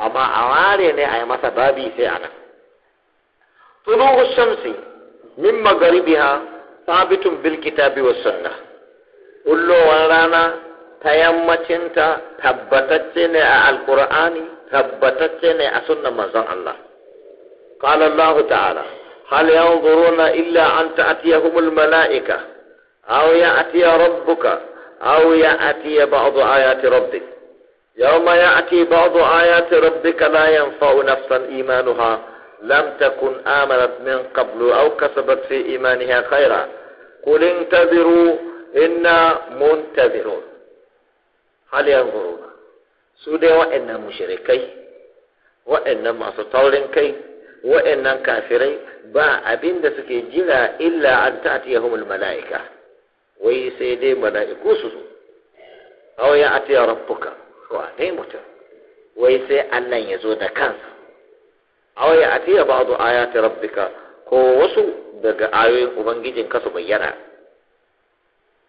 amma a ware ne a yi masa babi sai a nan tuluhu shamsi min ha sabitun bilkita biyu wa sunna kullowar rana ta yammacinta tabbatacce ne a alkur'ani tabbatacce ne a sunnan manzon Allah قال الله تعالى هل ينظرون إلا أن تأتيهم الملائكة أو يأتي ربك أو يأتي بعض آيات ربك يوم يأتي بعض آيات ربك لا ينفع نفسا إيمانها لم تكن آمنت من قبل أو كسبت في إيمانها خيرا قل انتظروا إنا منتظرون هل ينظرون سودة وإن مشركي وإن ما كي wa'annan kafirai ba abin da suke jira illa an ta'tiyahumul mala'ika wai sai dai mala'iku su zo aw ya atiya rabbuka wa dai mutum wai sai Allah ya zo da kansa aw ya atiya ba'du ayati rabbika ko wasu daga ayoyin ubangijin ka su bayyana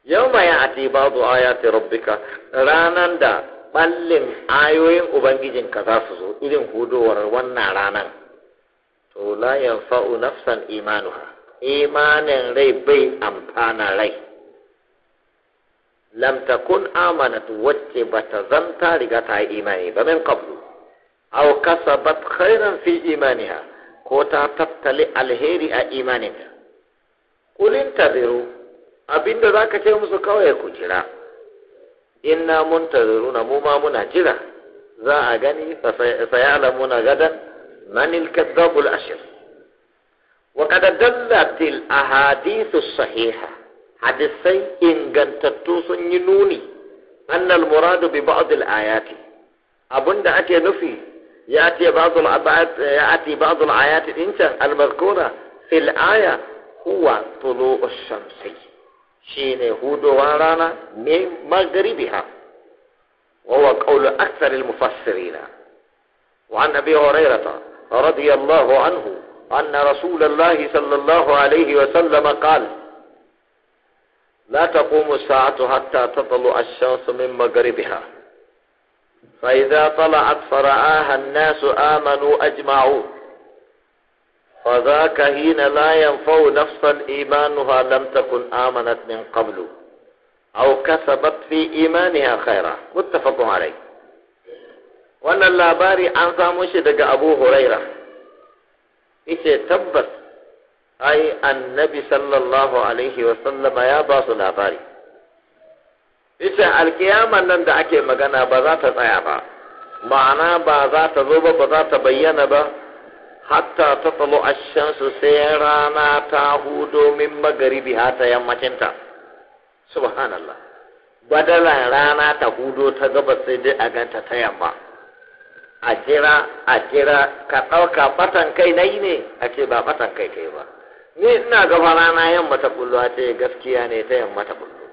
yawma ya ati ba'du ayati rabbika ranan da ballin ayoyin ubangijin ka za su zo irin hudowar wannan ranan to la yanfa'u nafsan imanuha imanin rai bai amfana rai lam takun amanatu wacce bata zanta riga ta yi imani ba min qablu aw kasabat khairan fi imaniha ko ta tattali alheri a imaninta kulin tabiru abinda zaka ce musu kawai ku jira In inna muntaziruna mu ma muna jira za a gani fa na gadan من الكذاب الأشر وقد دلت الأحاديث الصحيحة حدثي إن قنتتوس ينوني أن المراد ببعض الآيات أبن أتي نفي يأتي بعض الآيات يأتي بعض الآيات الإنسان المذكورة في الآية هو طلوع الشمس شين هود ورانا من مغربها وهو قول أكثر المفسرين وعن أبي هريرة رضي الله عنه أن رسول الله صلى الله عليه وسلم قال لا تقوم الساعة حتى تطلع الشمس من مغربها فإذا طلعت فرآها الناس آمنوا أجمعوا فذاك حين لا ينفع نفسا إيمانها لم تكن آمنت من قبل أو كسبت في إيمانها خيرا متفق عليه wannan labari an samo shi daga abu huraira yace tabbas ai annabi sallallahu alaihi wasallama ya ba su labari yace alkiyaman nan da ake magana ba za ta tsaya ba ma'ana ba za ta zo ba ba za ta bayyana ba hatta ta tsalo ashansu sai rana ta hudo min magaribi ha ta yammacinta subhanallah badalan rana ta hudo ta gabas sai dai a ganta ta yamma a kira a kira ka ɗauka fatan kai na yi ne a ce ba fatan kai kai ba ni ina gaba rana yamma ta kullu a ce gaskiya ne ta yamma ta kullu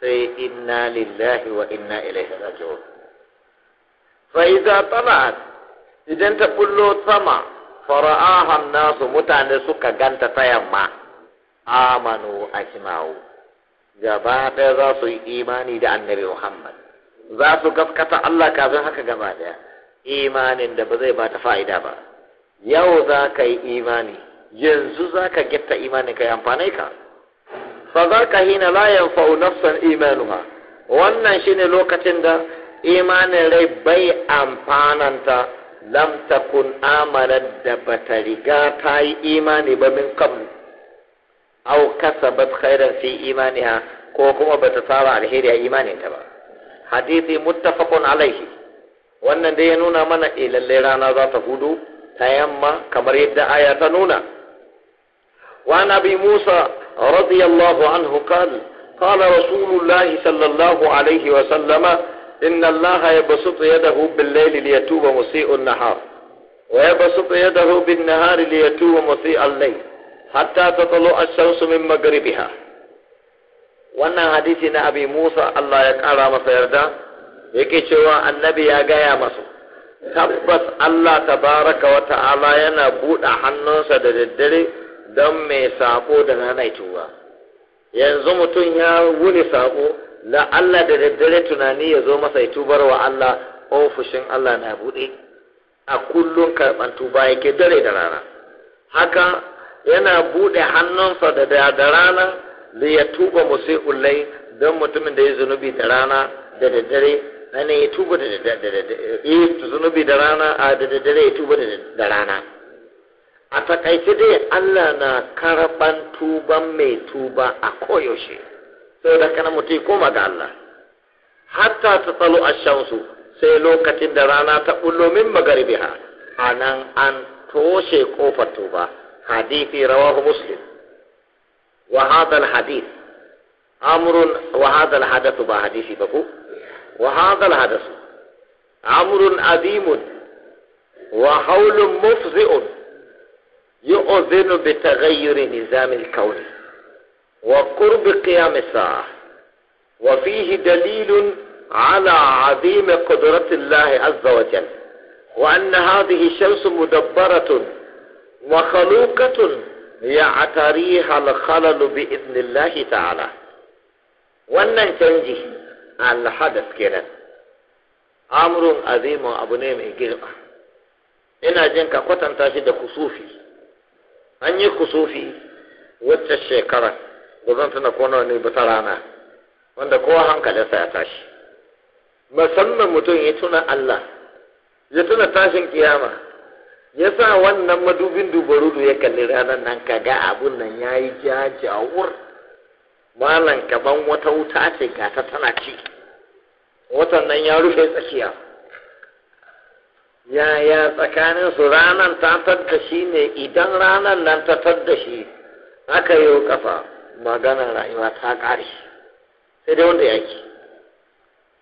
sai inna lillahi wa inna ilaihi raji'un fa idza tala'at idan ta kullu sama fara'aha nasu mutane suka ganta ta yamma amanu ajma'u gaba ɗaya za su yi imani da annabi Muhammad za su gaskata Allah kafin haka gaba ɗaya imanin da ba zai ba fa'ida ba yau za ka yi imani yanzu za ka gitta imanin ka yi amfani ka fa za ka hina layan fa'u nafsan imanuha wannan shine lokacin da imanin rai bai amfananta lamtakun takun da ba ta riga ta yi imani ba min kablu au ta khairan fi imaniya ko kuma ba ta tsara alheri a imaninta ba Hadithi muttafaqun alaihi wannan dai ya nuna mana eh lalle rana za ta hudu ta yamma kamar yadda aya ta nuna wa nabi Musa radiyallahu anhu qala قال رسول الله صلى الله عليه وسلم إن الله يبسط يده بالليل ليتوب مسيء النهار ويبسط يده بالنهار ليتوب مسيء الليل حتى تطلع الشمس من مغربها wannan hadisi na abi musa allah ya kara masa yarda yake cewa annabi ya gaya masu tabbas Allah tabaraka wa ta'ala yana buɗe hannunsa da daddare don mai sako da ranai tuwa. yanzu mutum ya wuni saƙo la Allah da daddare tunani ya zo masa tubar wa Allah ofishin Allah na buɗe a kullum karɓar tuba yake dare da rana haka yana buɗe hannunsa da da rana da ya tuba musi'ullai don mutumin da ya zunubi da rana da daddare nan ya tuba eh, da zunubi da rana a da dare ya tuba da rana a takaice dai Allah na karban tuban mai tuba a koyaushe sai da kana mutai koma ga Allah hatta ta tsalo a shamsu sai lokacin da rana ta bullo min magaribiha a nan an toshe kofar tuba hadithi rawahu muslim wa hadha al hadith amrun wa hadha hadathu ba hadisi ba ku وهذا الحدث أمر أديم وحول مفزئ يؤذن بتغير نظام الكون وقرب قيام الساعة وفيه دليل على عظيم قدرة الله عز وجل وأن هذه الشمس مدبرة وخلوقة يعتريها الخلل بإذن الله تعالى وأن تنجي suke nan. Amurin azimun abu ne mai girma ina jin ka kwatanta shi da kusufi an yi kusufi wacce shekara ba zan tuna ko ne ba ta rana wanda kowa hankalinsa ya tashi musamman mutum ya tuna Allah ya tuna tashin kiyama ya sa wannan madubin dubarudu ya kalli ranar nan ka ga abun nan ya yi jajawur malan gaban wata wuta ce ga ta tana ci watan nan ya rufe tsakiya yaya tsakanin su ranar ta da shi ne idan ranar nan ta da shi aka yi kafa maganar rayuwa ta ƙare sai dai wanda yaki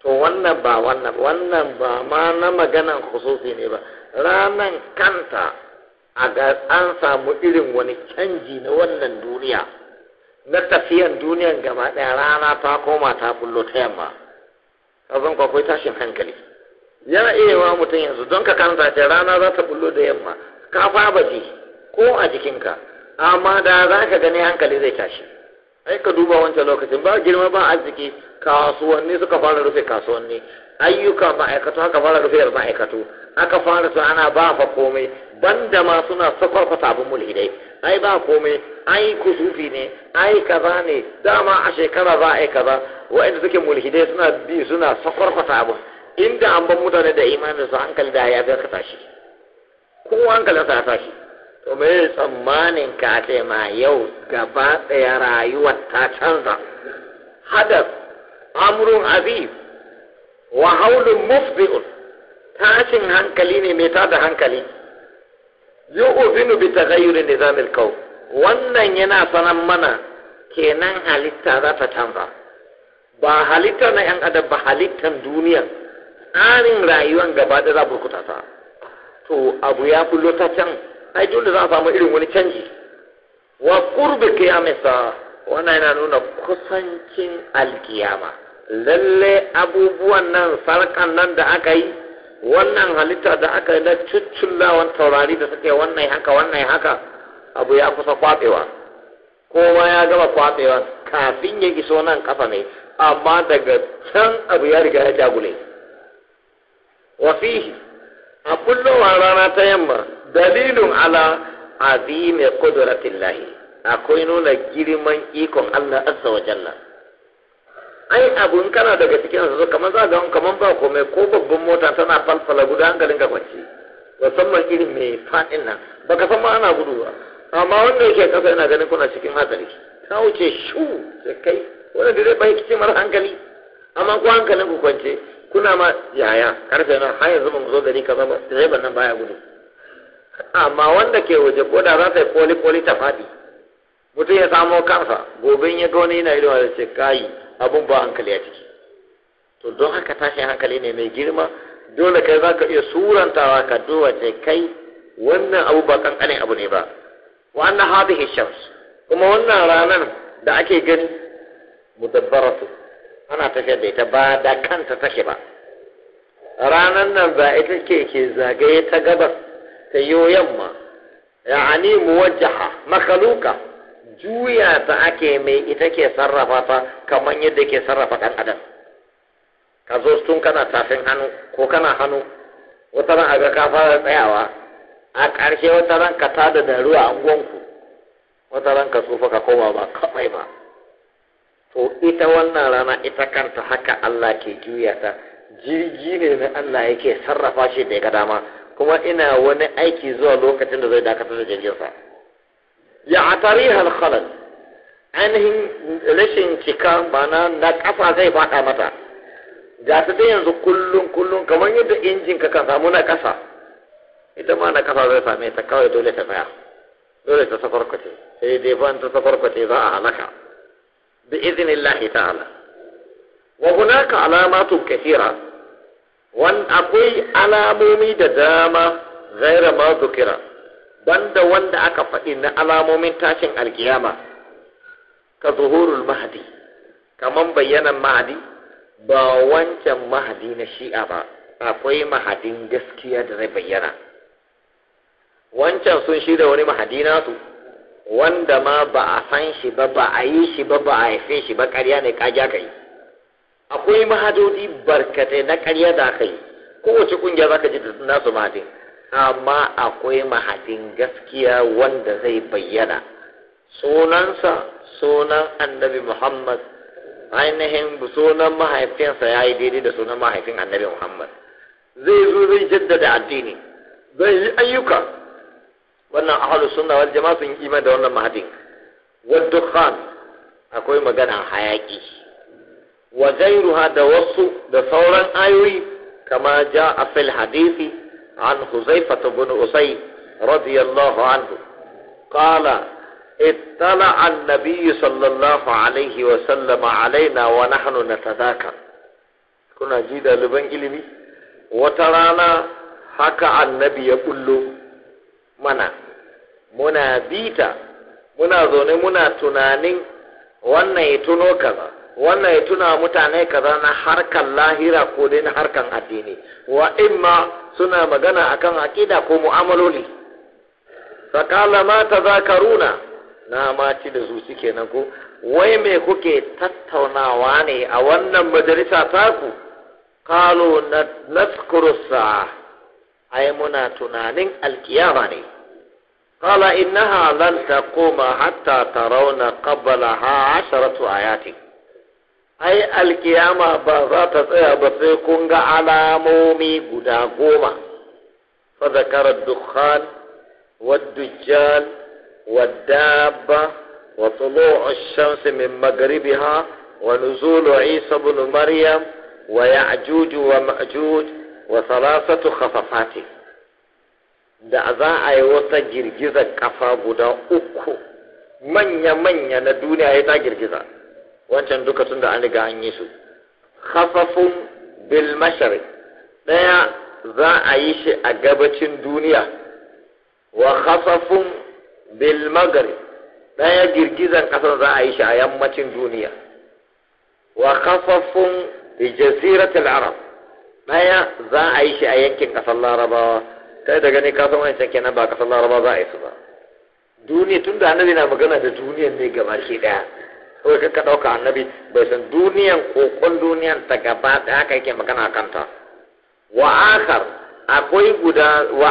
to wannan ba wannan wannan ba ma na maganan khususi ne ba ranan kanta a ga an samu irin wani canji na wannan duniya na tafiyan duniyan gaba ɗaya rana ta koma ta bullo ta yamma kazan kwakwai tashin hankali yana iya wa mutum yanzu don ka kanta ce rana za ta bullo da yamma ka faba ji ko a jikinka amma da za ka gani hankali zai tashi ai ka duba wancan lokacin ba girma ba arziki kasuwanni suka fara rufe kasuwanni ayyuka ma'aikatu haka fara rufiyar ma'aikatu aka fara su ana ba fa komai banda ma suna sakwarfa sabon mulhidai ai ba komai ai kusufi ne ai kaza ne dama a shekara za a yi kaza wa'anda suke mulhidai suna bi suna sakwarfa sabon inda an ban mutane da imanin su hankali da ya ka tashi kowa hankalin sa ya tashi to me tsammanin ka ce ma yau gaba ɗaya rayuwar ta canza hadas amrun azim wa haulun mufbi'un tashin hankali ne mai tada hankali yu'zinu bi taghayyuri nizamil kaw wannan yana sanan mana kenan halitta za ta canza ba halitta na yan adam ba halittan duniya tsarin rayuwan gaba da za burkuta ta to abu ya kullo ta can ai dole za a samu irin wani canji wa qurbi qiyamisa wannan yana nuna kusancin alkiyama lalle abubuwan nan sarkan nan da aka yi wannan halitta da aka yi na cuccullawan taurari da suke wannan haka wannan haka abu ya kusa kwabewa kowa ya gama kwabewa kafin ya iso nan kasa ne amma daga can abu ya riga ya jagule wafihi a kullowar rana ta yamma dalilun ala azimi qudratillahi akwai nuna girman ikon Allah azza wa jalla ai abun kana daga cikin su kamar za ga kamar ba komai ko babban mota tana falfala guda hankalin ka gabanci musamman irin mai fadin nan baka san ma ana gudu ba amma wanda yake kasa yana ganin kuna cikin hatsari ta wuce shu da kai wanda da bai kici mara hankali amma ko hankalin ku kwance kuna ma yaya karfe na, har yanzu ba mu zo gari kaza ba direban nan baya gudu amma wanda ke waje ko da za ta yi koli koli ta faɗi. mutum ya samo kansa gobe ya goni na yi da ce kayi abun ba hankali a ciki to don haka tashin hankali ne mai girma dole kai za ka iya surantawa ka duba ce kai wannan abu ba kankanin abu ne ba wa anna hadhihi shams kuma wannan ranar da ake gani mudabbaratu ana tafiyar da ita ba da kanta take ba ranar nan ba ita ke ke zagaye ta gabas ta yi yamma ya'ani muwajjaha makhluqa juya ta ake mai ita ke sarrafa ta kamar yadda ke sarrafa ɗan adam ka zo tun kana tafin hannu ko kana hannu wata ran aga ka fara tsayawa a ƙarshe wata ran ka tada da ruwa a gonku wata ran ka tsufa ka koma ba kaɓai ba to ita wannan rana ita kanta haka Allah ke juya ta jirgi ne na Allah yake sarrafa shi da ya ga dama kuma ina wani aiki zuwa lokacin da zai dakatar da jirgin sa يعتريها الخلل ainihin rashin cika mana na kafa zai fada mata ga ta yanzu kullum kullum kamar yadda injin ka kan samu na kasa ita ma na kasa zai same ta kawai dole ta tsaya dole ta sakwarkwace sai dai ban ta sakwarkwace za a halaka bi izini iznillahi ta'ala wa hunaka alamatu kathira wan akwai alamomi da dama ghaira ma zukira Wanda wanda aka faɗi na alamomin tashin alkiyama ka zuhurul mahadi kaman bayyanan mahadi ba wancan mahadi na shi'a ba akwai mahadin gaskiya da zai bayyana wancan sun shirya wani mahadi nasu wanda ma ba a san shi ba ba a yi shi ba ba a haife shi ba ƙarya ne kaja ka yi akwai mahadodi barkatai na ƙarya da aka yi kowace ƙungiya za ka ji da nasu mahadin amma akwai mahadin gaskiya wanda zai bayyana sunansa sunan annabi muhammad ainihin sunan mahaifinsa ya yi daidai da sunan mahaifin annabi muhammad zai zo zai jaddada addini zai yi ayyuka wannan ahalu suna wani jama'a sun yi da wannan mahadin waddukhan akwai magana hayaki wa da wasu da sauran ayoyi kama ja a fil hadisi عن خزيفة بن أسي رضي الله عنه قال اطلع النبي صلى الله عليه وسلم علينا ونحن نتذاكر كنا جيدا لبن إلمي وترانا حكى النبي يقول منا منا بيتا منا ظن منا تنانين وانا يتنو كذا وانا يتنو متعني كذا نحرك اللاهرة قولين حركا عديني وإما suna magana akan aƙida ko mu'amaloli fakala ma ta zakaruna na ma da zuci kenan ko wai me kuke tattaunawa ne a wannan majalisa taku kalo na sa'a ai muna tunanin alkiyama ne qala innaha lan taquma hatta tarawna qablaha asharatu ayatin ai alkiyama ba za ta tsaya ba sai kun ga alamomi guda goma fa zakara dukkan wa dujjal wa dabba wa tulu'u shamsi wa nuzulu isa ibn maryam wa ya'juj wa ma'juj wa thalathatu khafafati da za a yi wata girgizar kafa guda uku manya-manya na duniya ya ta girgiza wancan duka tun da an riga an yi su khafafun bil mashariq Ɗaya za a yi shi a gabacin duniya wa khafafun bil maghrib daya girgizan kasar za a yi shi a yammacin duniya wa khafafun bi jaziratil arab Ɗaya za a yi shi a yankin ƙasar larabawa kai daga ne kasan wancan kenan ba ƙasar larabawa za a yi su ba duniya tunda annabi na magana da duniya ne gaba ki ɗaya ko ka ɗauka annabi bai san duniyan kokon duniyan ta gaba da haka yake magana kanta wa akwai guda wa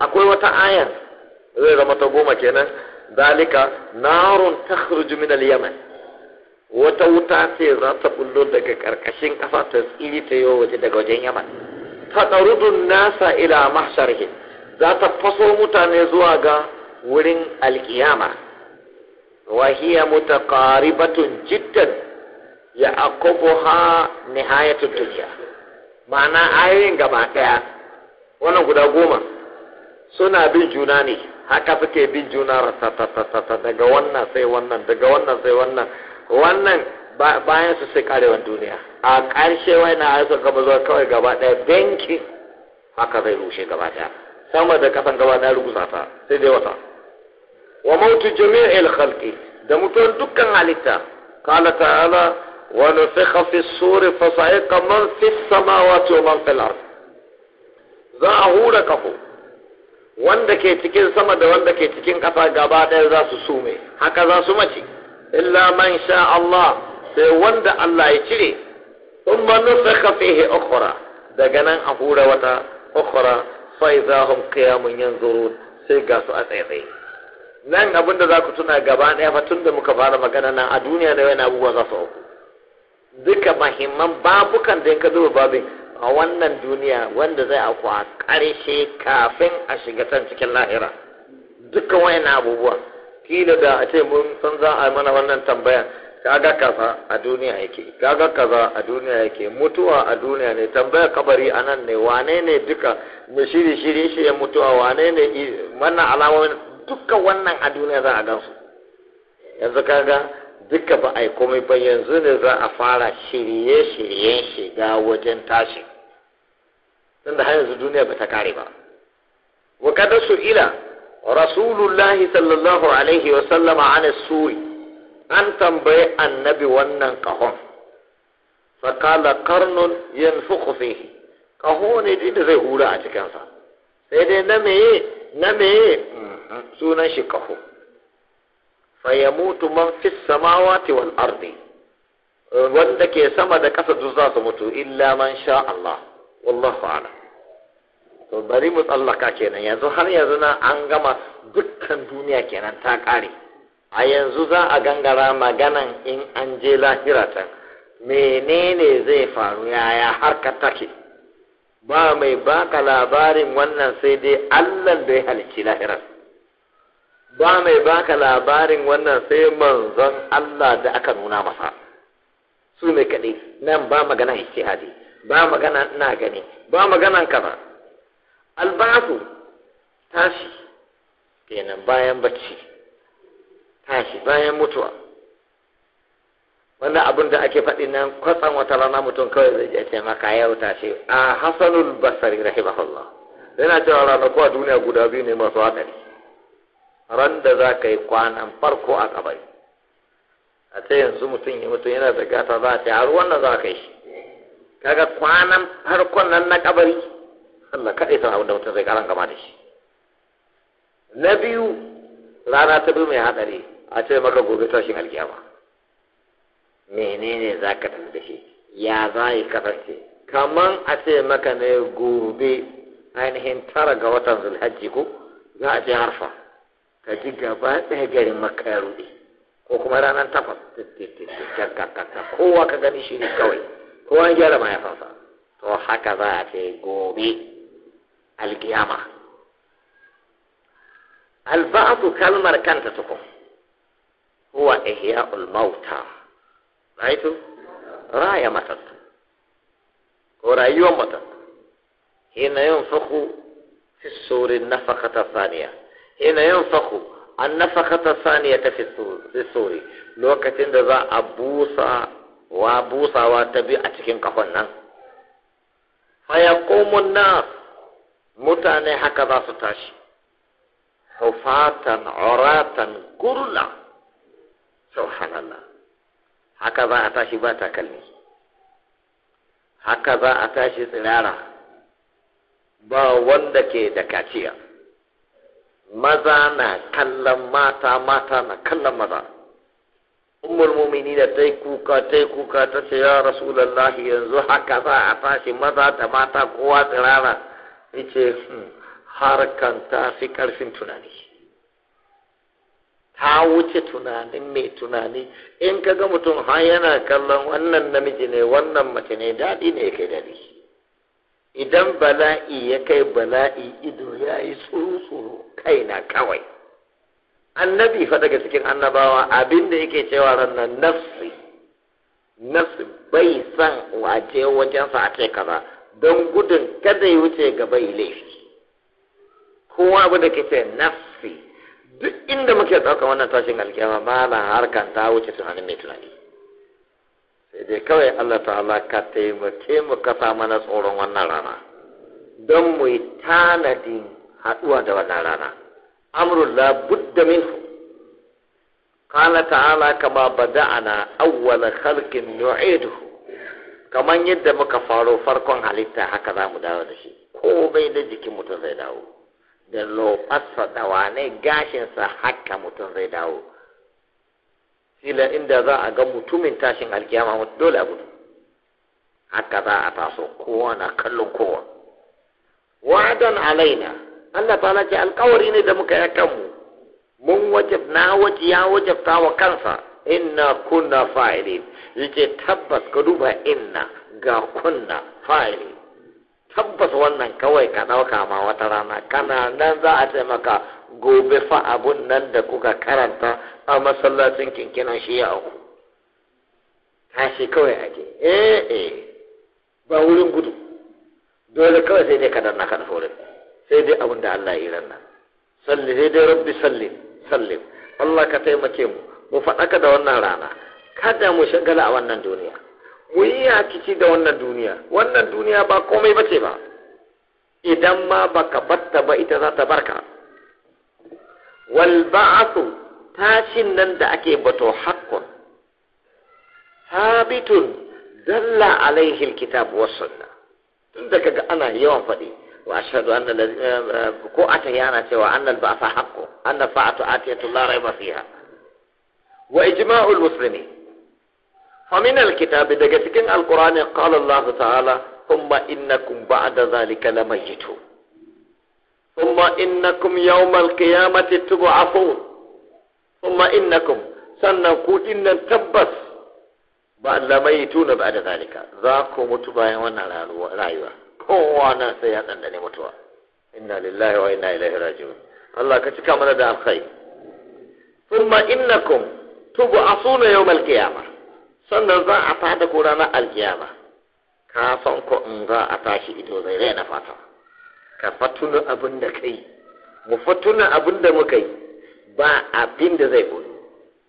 akwai wata aya zai zama ta goma kenan dalika narun ta min al-yaman wata wuta ce za ta bullo daga karkashin kasa ta tsiri ta yi waje daga wajen yaman ta ɗarudun nasa ila mahsharhi za ta faso mutane zuwa ga wurin alkiyama وهي متقاربة جدا يعقبها نهاية الدنيا معنى آيين gaba ɗaya wannan guda goma suna bin juna ne haka suke bin juna ratatatata daga wannan sai wannan daga wannan sai wannan wannan bayan su sai karewan duniya a ƙarshe wai na aisa gaba zuwa kawai gaba ɗaya benki haka zai rushe gaba ɗaya sama da kasan gaba ɗaya rugusa ta sai dai wata wa mautu jami'il khalqi da mutuwar dukkan halitta qala ta'ala wa nufikha fi suri fa sa'iqa man fi za a hura kafo wanda ke cikin sama da wanda ke cikin ƙasa gaba ɗaya za su sume haka za su mace illa man sha Allah sai wanda Allah ya cire thumma nufikha fihi ukhra daga nan a hura wata ukhra fa idahum qiyamun yanzurun sai ga su a tsaye nan abin da za ku tuna gaba ɗaya fa tunda da muka fara magana nan a duniya na yana abubuwa za su auku duka mahimman babukan da yanka ka duba babin a wannan duniya wanda zai auku a ƙarshe kafin a shiga can cikin lahira duka wayan abubuwa kila da a ce mun san za a mana wannan tambaya kaga kaza a duniya yake kaga kaza a duniya yake mutuwa a duniya ne tambaya kabari a nan ne wane ne duka mai shiri shiri shi ya mutuwa wane ne mana alamomin dukkan wannan a duniya za a gansu yanzu kaga duka ba a yi komai ba yanzu ne za a fara shirye-shiryen shiga wajen tashi tunda har yanzu duniya ba ta kare ba wa kada su ila rasulullahi sallallahu alaihi wa sallama an suri an tambaye annabi wannan kahon fakala karnun yin fihi kaho ne da zai hura a cikinsa sai dai na meye na meye hmm. sunan shi Faya mutu man fi samawati wal ardi wanda ke sama da kasa duk za su mutu illa man sha Allah wallahu ala to bari mu tsallaka kenan yanzu har yanzu na an gama dukkan duniya kenan ta kare a yanzu za a gangara maganan in an je lahira can menene zai faru yaya harka take ba mai baka labarin wannan sai dai Allah da ya halicci lahirar ba mai baka labarin wannan sai manzon Allah da aka nuna masa su ne kaɗai nan ba magana ijtihadi ba magana na gani ba magana kaza albasu tashi kenan bayan bacci tashi bayan mutuwa wannan abin da ake faɗi nan kwatsan wata rana mutum kawai zai je ce maka yau tashi a hasanul basari rahimahullah yana cewa ranaku a duniya guda biyu ne masu haɗari ran da za ka yi kwanan farko a kabari a ce yanzu mutum yi mutum yana da gata za a har wannan za ka yi shi kaga kwanan farkon nan na kabari Allah kaɗai san abin da mutum zai karan gama da shi na biyu rana ta biyu mai hatsari a ce maka gobe tashin alkiyama menene za ka tafi da shi ya za yi kasance kaman a ce maka ne gobe ainihin tara ga watan zulhajji ko za a ce harfa ka ji gaba ɗaya garin maka ya ruɗe ko kuma ranar takwas kowa ka gani shi ne kawai kowa ya gyara mahaifansa to haka za a ce gobe alkiyama alba'atu kalmar kanta tukun huwa ihya'ul mauta raitu raya matattu ko rayuwar matattu hina yin faku fi surin nafakata saniya yin yanfakhu an sani ya tafi suri lokacin da za a busa wa busawa ta bi a cikin kafan nan fayaqumun na. mutane haka za su tashi hufatan oratan gurla subhanallah haka za a tashi ba takalmi haka za a tashi tsirara ba wanda ke da kaciya maza na kallon mata mata na kallon maza da ta yi kuka ta yi kuka ta ce ya lallahi yanzu haka za a tashi maza da mata kowa tsirara ce hmm, harkan ta fi karfin tunani ta wuce tunanin mai tunani in ka ga mutum har yana kallon wannan namiji ne wannan mace ne daɗi ne kai daɗi idan bala'i ya kai bala'i ido ya yi tsuru kaina kawai annabi fa daga cikin annabawa abinda yake cewa ranar nafsi nafsi bai san wace wajensa a ce kaza don gudun kada ya wuce ga bai laifi kowa abu da ke nafsi duk inda muke ɗaukar wannan tashin alkiyama ba na harkan ta wuce tunanin mai tunani sai kawai Allah ta'ala ka taimake mu kasa mana tsoron wannan rana don mu yi tanadin haɗuwa da wannan rana amrul la budda minhu قال تعالى كما ana auwala خلق نعيده kaman yadda muka faro farkon halitta haka za mu dawo da shi komai da jikin mutum zai dawo da lobarsa da wane gashinsa haka mutum zai dawo ila inda za a ga mutumin tashin alkiyama dole a gudu haka za a taso kowa na kallon kowa wadan alaina Allah ta ce alkawari ne da muka yi kanmu mun wajab na waje ya wajabta wa kansa inna kunna fa'ili yace tabbas ka duba inna ga kunna fa'ili tabbas wannan kawai ka ɗauka ma wata rana kana nan za a taimaka. gobe fa abun nan da kuka karanta a masallacin kinkinan shi ya auku tashi kawai ake eh eh ba wurin gudu dole kawai sai dai kadan na kan forin sai dai abun da Allah yi ranna salli sai dai rabbi sallim sallim Allah ka taimake mu mu faɗaka da wannan rana kada mu shagala a wannan duniya mu yi kici da wannan duniya wannan duniya ba komai bace ba idan ma baka batta ba ita za ta barka wal ba'athu tashin nan da ake bato hakkun habitun dalla alaihi alkitab was sunna tun da kaga ana yawan faɗi wa ashhadu anna eh, eh, ko ata yana cewa an anna al ba'atha haqqu anna fa'atu atiyatu la rayba fiha wa ijma'u al muslimin fa min al kitab daga cikin alqur'ani qala allah ta'ala thumma innakum ba'da zalika lamayitun thumma innakum yawmal qiyamati tub'athun thumma innakum sannan ku dinnan tabbas ba lamai tuna ba da zalika za ku mutu bayan wannan rayuwa kowa nan sai ya dandane mutuwa inna lillahi wa inna ilaihi raji'un Allah ka cika da sannan za a tada ku ranar alkiyama ka san ko in za a tashi ido zai raina fata ka fatuna abin da kai mu fatuna abin da muka yi ba abin da zai koyo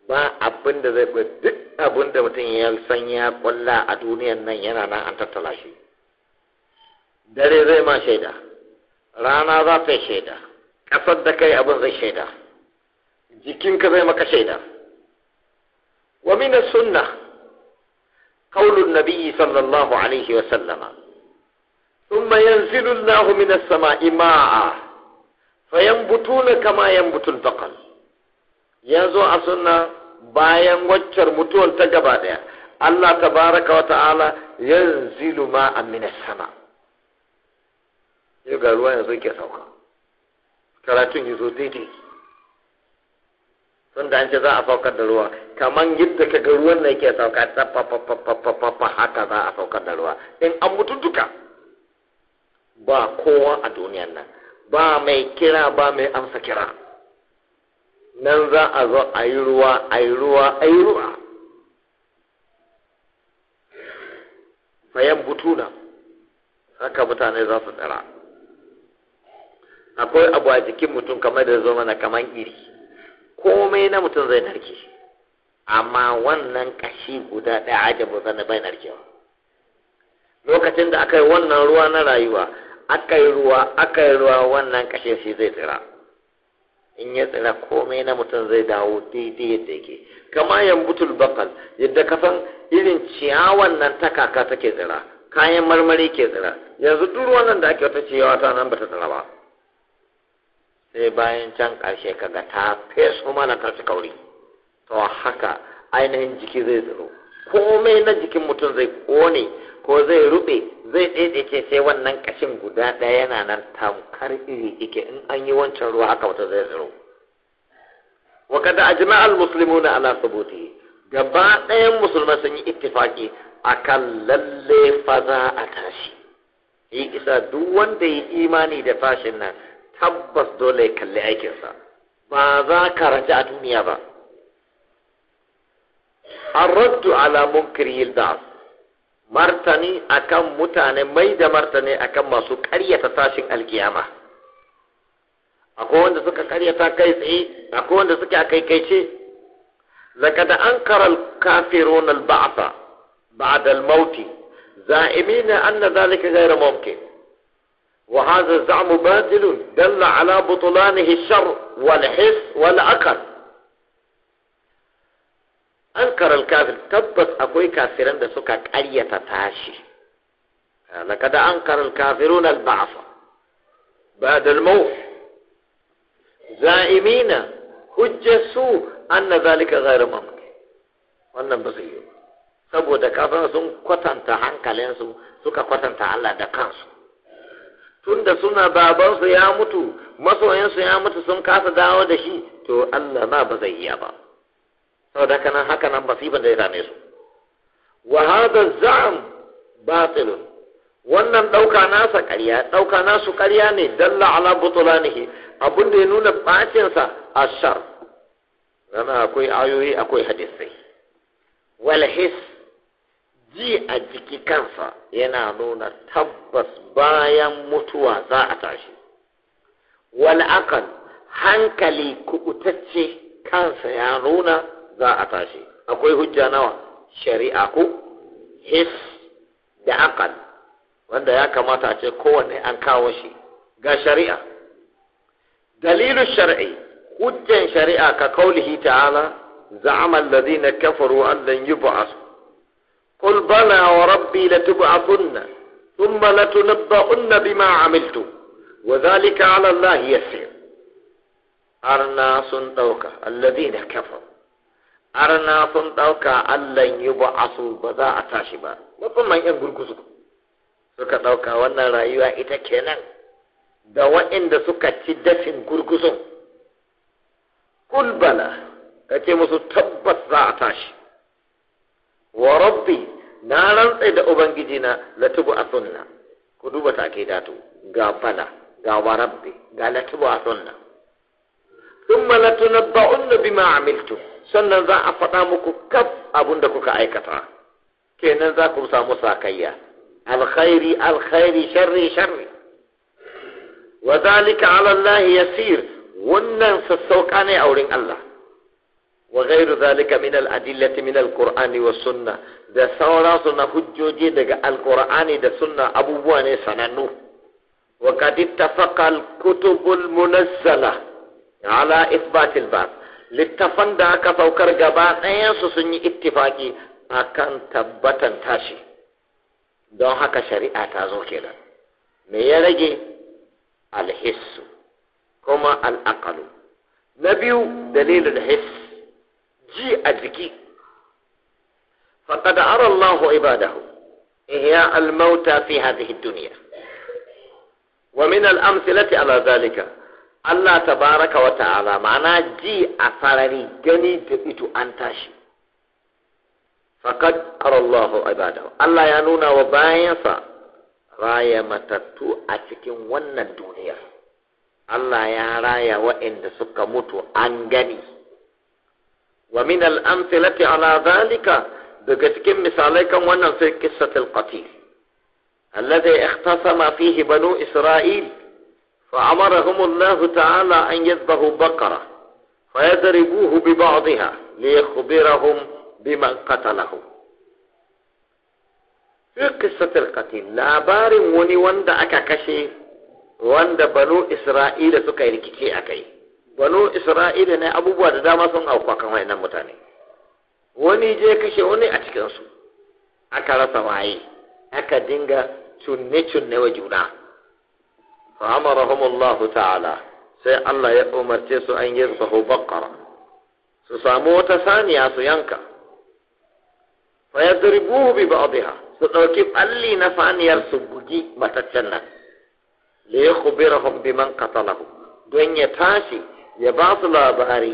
ba abin da zai koyo duk abin da mutum ya san ya kwalla a duniyan nan yana nan an tattala shi dare zai ma shaida rana za ta shaida ƙasar da kai abin zai shaida jikinka zai maka shaida wa min sunna qaulun nabiyyi sallallahu alaihi wa sallama ثم ينزل الله من السماء ماء فينبتون كما ينبت البقل يزو أسنة bayan waccar mutuwar ta gaba daya Allah ta baraka wa ta'ala yanzilu ma'an minas sama yau ga ruwa yanzu ke sauka karatun yazo daidai tun da an ce za a saukar da ruwa kamar yadda ka ga ruwan da yake sauka ta haka za a saukar da ruwa in an mutu duka ba kowa a duniyan nan ba mai kira ba mai amsa kira nan za a zo a yi ruwa a yi ruwa a yi ruwa fayan butuna haka mutane za su tsira akwai abu a jikin mutum kamar da zo mana kamar iri komai na mutum zai narke amma wannan kashi guda ɗaya ajabu zana bai narkewa lokacin da aka yi wannan ruwa na rayuwa aka yi ruwa aka yi ruwa wannan kashe shi zai tsira in ya tsira komai na mutum zai dawo daidai yadda yake kama 'yan butul bakal yadda kasan irin ciyawan nan ta kaka take tsira kayan marmari ke tsira yanzu duk wannan da ake wata ciyawa ta nan bata tsira ba sai bayan can karshe kaga ta feso mana ta fi kauri to haka ainihin jiki zai tsiro komai na jikin mutum zai kone ko zai rube zai ɗaiɗaike sai wannan kashin guda ɗaya yana nan tamkar iri ike in an yi wancan ruwa haka wata zai tsiro wa a ajma al na ala sabuti gaba ɗayan musulmai sun yi ittifaki kan lalle fa a tashi yi isa duk wanda ya imani da fashin nan tabbas dole ya kalli aikinsa ba za ka raja a duniya ba an raddu ala munkiri martani akan mutane mai da martani akan masu karyata tashin alkiyama akwai wanda suka karyata kai tsaye akwai wanda suka kaikaice لقد أنكر الكافرون البعث بعد الموت زائمين أن ذلك غير ممكن وهذا الزعم باطل دل على بطلانه الشر والحس والأكل an karal kafir tabbas akwai kafiran da suka ƙaryata tashi لقد أنكر الكافرون البعث بعد الموت زائمين hujjasu anna zalika zai rama wannan ba zai yi saboda kafin sun kwatanta hankalinsu suka kwatanta Allah da kansu tunda suna babansu ya mutu masoyansu ya mutu sun kasa dawo da shi to Allah ma ba zai iya ba saboda haka nan haka nan masifan da ya same su wa hada zam batil wannan ɗauka nasa ƙarya ɗauka nasu ƙarya ne dalla ala butulanihi abin da ya nuna bacin a shar rana akwai ayoyi akwai hadisai his ji a jiki kansa yana nuna tabbas bayan mutuwa za a tashi wal hankali kubutacce kansa ya nuna za a tashi akwai hujja nawa shari'a ku his da aqal wanda ya kamata a ce kowanne an kawo shi ga shari'a dalilu shar'i hujjan shari'a ka kaulihi ta'ala za'ama alladhina kafaru an lan yub'as qul bala wa rabbi latub'athunna thumma latunabba'unna bima amiltu wa dhalika 'ala allahi yasir arna sun dauka alladhina kafaru Har na sun ɗauka Allah yi ba asu ba za a tashi ba musamman yan gurguzu suka ɗauka wannan rayuwa ita kenan da waɗanda suka ci dafin gurguzun kulbala ka ce musu tabbas za a tashi wa rabbi na rantsai da ubangiji na latubu a sunna ku duba take datu ga bala ga wa rabbi ga latubu a sunna ثم لتنبؤن بما عملتم sannan za a faɗa muku kaf abin da kuka aikata kenan za ku samu sakayya alkhairi alkhairi sharri sharri wa zalika ala Allah yasir wannan sassauka ne a wurin Allah wa ghairu zalika min al-adillati min al-qur'ani wa sunna da sauransu na hujjoji daga al-qur'ani da sunna abubuwa ne sanannu wa qad ittafaqa al-kutubul munazzala ala ithbat al-ba'th littafan da aka saukar gaba ɗayansu sun yi ittifaki akan tabbatan tashi don haka shari'a ta zo kenan me ya rage alhissu kuma al'aqalu na biyu da his. ji a jiki faqad aron lahu ibadahu ihya al fi hadhihi ad wa min al-amthilati ala dhalika Allah ta baraka wa ta'ala ma'ana ji a sarari gani da ito an tashi Fakad qarallahu ibadahu Allah ya nuna wa bayansa raya matattu a cikin wannan duniyar Allah ya raya waɗanda suka mutu an gani wa min al ala zalika daga cikin misalai kan wannan sai qissatul qatil alladhi ikhtasama fihi banu isra'il fa amara humu lahu ta'ala an yi zahu bakara fa ya zari buhu bi ba ɔdi ha ne ya kubira hum bi ma kata lahu. kisa tirkati labarin wani wanda aka kashe wanda banu isra'ila suka yi rikice a kai banu isra'ila ne abubuwa da dama sun auku akan wani nan mutane wani je kashe wani a cikinsu aka rasa waye aka dinga cunne cunne wa juna فأمرهم الله ta'ala sai Allah ya umarce su an yi sahu bakara su samu wata saniya su yanka fa ya duribuhu bi ba'dha su dauki balli na saniyar su bugi mataccen nan li yukhbirahum biman don ya tashi ya basu su labari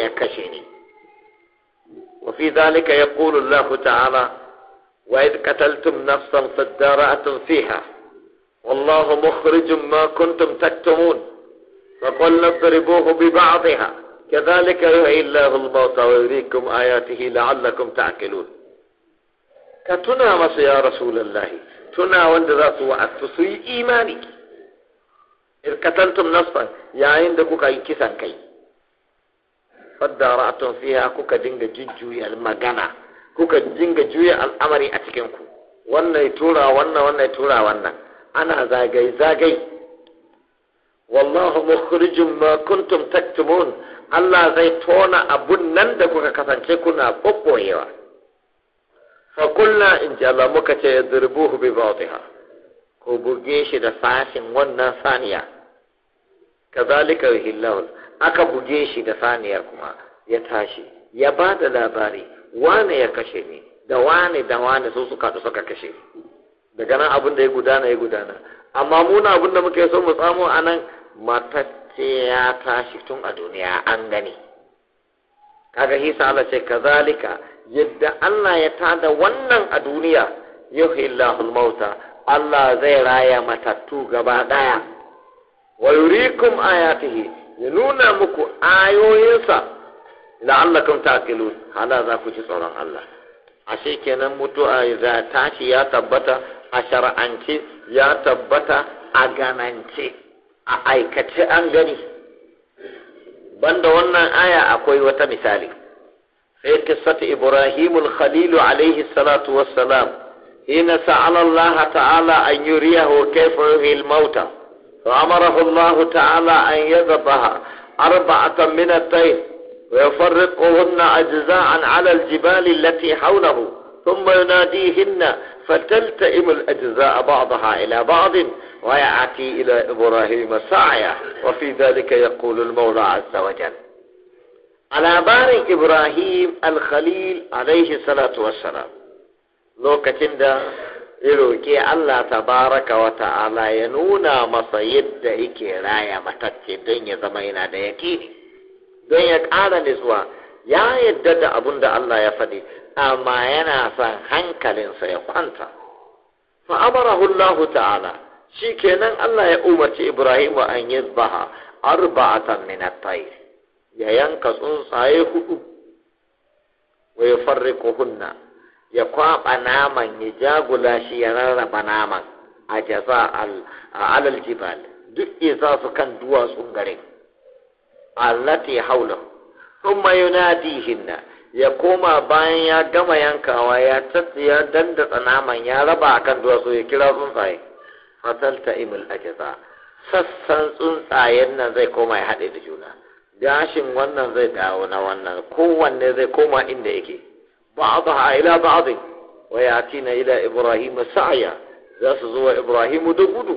ya kashe ni wa fi dhalika yaqulu Allah ta'ala wa id qataltum nafsan fadara'tum fiha والله مخرج ما كنتم تكتمون فقلنا اضربوه ببعضها كذلك يحيي الله الموتى ويريكم آياته لعلكم تعقلون كتنا مس يا رسول الله تنا وند ذات وقت سوي إيمانك إذ قتلتم نصفا يا عندك كي كسان كي فدارأتم فيها كوكا دينجا جيجوي المغانا كوكا دينجا جوي الأمر أتكنكو wannan ya tura wannan wannan ya tura wannan ana zagai zagai wallahu mukhrijum ma kuntum taktumun Allah zai tona abun nan da kuka kasance kuna kokkoyewa fa kullu in ja Allah muka ce yadrubuhu bi batiha ko buge shi da sashin wannan saniya kazalika yuhillahu aka buge shi da saniyar kuma ya tashi ya ba da labari wane ya kashe ni da wane da wane su suka suka kashe ni daga nan abin da ya gudana ya gudana amma muna abin da muke so mu samu a nan matacce ya tashi tun a duniya an gani kaga hisa Allah ce kazalika yadda Allah ya tada wannan a duniya yuhillahul mauta Allah zai raya matattu gaba daya wa yurikum ayatihi ya nuna muku ayoyinsa la'allakum taqilun hala za ku ci tsoron Allah ashe kenan mutuwa ya tashi ya tabbata a shara'ance ya tabbata a ganance a aikace an gani banda wannan aya akwai wata misali sai kissatu ibrahimul khalilu alaihi salatu wassalam Ina sa'ala Allah ta'ala an yuriyahu kayfa yuhyil mauta wa amarahu Allah ta'ala an yadhbaha arba'atan min at-tayr ويفرقهن أجزاء على الجبال التي حوله ثم يناديهن فتلتئم الأجزاء بعضها إلى بعض ويأتي إلى إبراهيم سعيا وفي ذلك يقول المولى عز وجل على بار إبراهيم الخليل عليه الصلاة والسلام لو كتندا إلو كي الله تبارك وتعالى ينونا مصيد إكي رايا متتي الدنيا زمينا ديكيني دنيا على نزوا يا يدد أبند الله يا فدي amma yana son hankalinsa ya kwanta fa amarahu Allah ta'ala kenan Allah ya umarci Ibrahim an yadhbaha arba'atan min at-tayr ya yanka tsuntsaye hudu wa hunna, ya kwaɓa naman ya jagula shi ya rarraba naman a jaza alal jibal duk isa su kan duwatsun garin allati haulahu thumma yunadihinna ya koma bayan ya gama yankawa ya ya dandatsa naman ya raba a kan duwatsu ya kira tsuntsaye fasalta imul ajiza sassan tsuntsayen nan zai koma ya haɗe da juna gashin wannan zai dawo na wannan kowanne zai koma inda yake ba'daha ila ba'd wa yatina ila ibrahim sa'aya za su zo wa ibrahim da gudu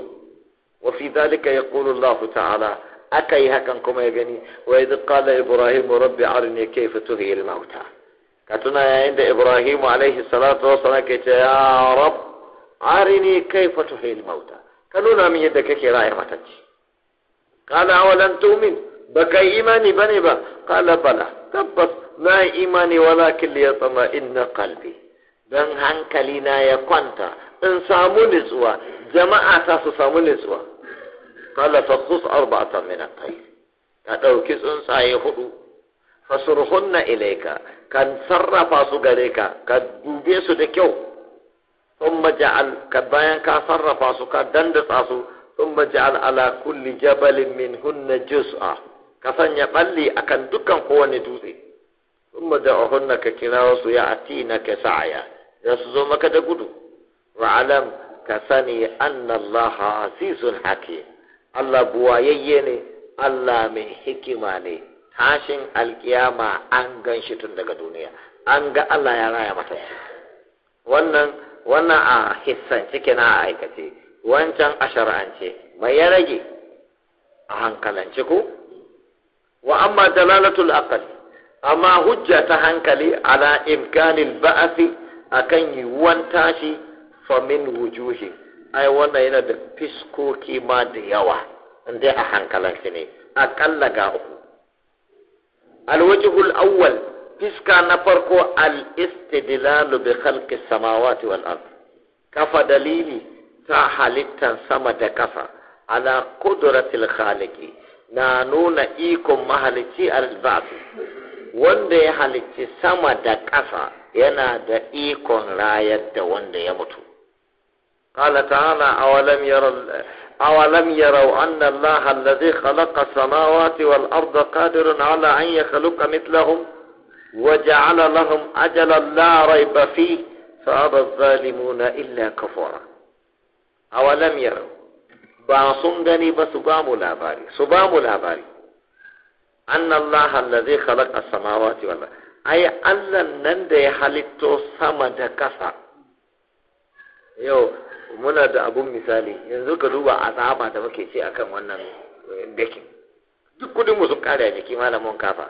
wa fi dhalika yaqulu ta'ala aka yi hakan kuma ya gani wa idh qala ibrahim rabbi arini kayfa tuhi al mauta ka tuna yayin da ibrahim alaihi salatu wassalam ke ce ya rab arini kayfa tuhi al mauta ka nuna min yadda kake rayar matacci qala awalan tu'min kai imani bane ba kala bala tabbas na imani walakin liyatma inna qalbi dan hankali na ya kwanta in samu nutsuwa jama'a ta su samu nutsuwa falatar sus arba ta kai, ka ɗauki tsuntsaye hudu fasurhunna ilaika kan sarrafa su gare ka ka dube su da kyau sun maja'al ka bayan ka sarrafa su ka dandatsa su sun maja'al ala kulli jabalin min hunna a, ka sanya ɓalli a kan dukkan kowane dutse sun hunna ka kira wasu ya ati na ka sa'aya da su zo maka da gudu wa alam ka sani annallaha asisun hakim Allah buwayayye ne Allah mai hikima ne hashin alkiyama an gan shi tun daga duniya an ga Allah ya raya mata shi wannan wannan a hissan ciki na aikace wancan a shar'ance mai ya rage a hankalance ko wa amma dalalatul aqal amma hujja ta hankali ala imkanil ba'athi akan yiwuwan tashi fa min wujuhin ai wannan yana da fiskoki ma da yawa inda a hankalanci ne aƙalla ga uku alwajihul awwal fiska na farko al-istidlalu bi khalqi samawati wal ard kafa dalili ta halittan sama da ƙasa, ala qudratil khaliqi na nuna ikon mahalicci al wanda ya halicci sama da ƙasa yana da ikon rayar da wanda ya mutu قال تعالى أولم يروا أولم يروا أن الله الذي خلق السماوات والأرض قادر على أن يخلق مثلهم وجعل لهم أجلا لا ريب فيه فأبى الظالمون إلا كفورا أولم يروا باصون غني بسبام الأباري سبام الأباري أن الله الذي خلق السماوات والأرض أي أن نندي حلتو سمد كفا يو muna da abun misali yanzu ka duba azaba da muke ce akan wannan dakin eh, duk kudin mu sun kare a jiki malamin kafa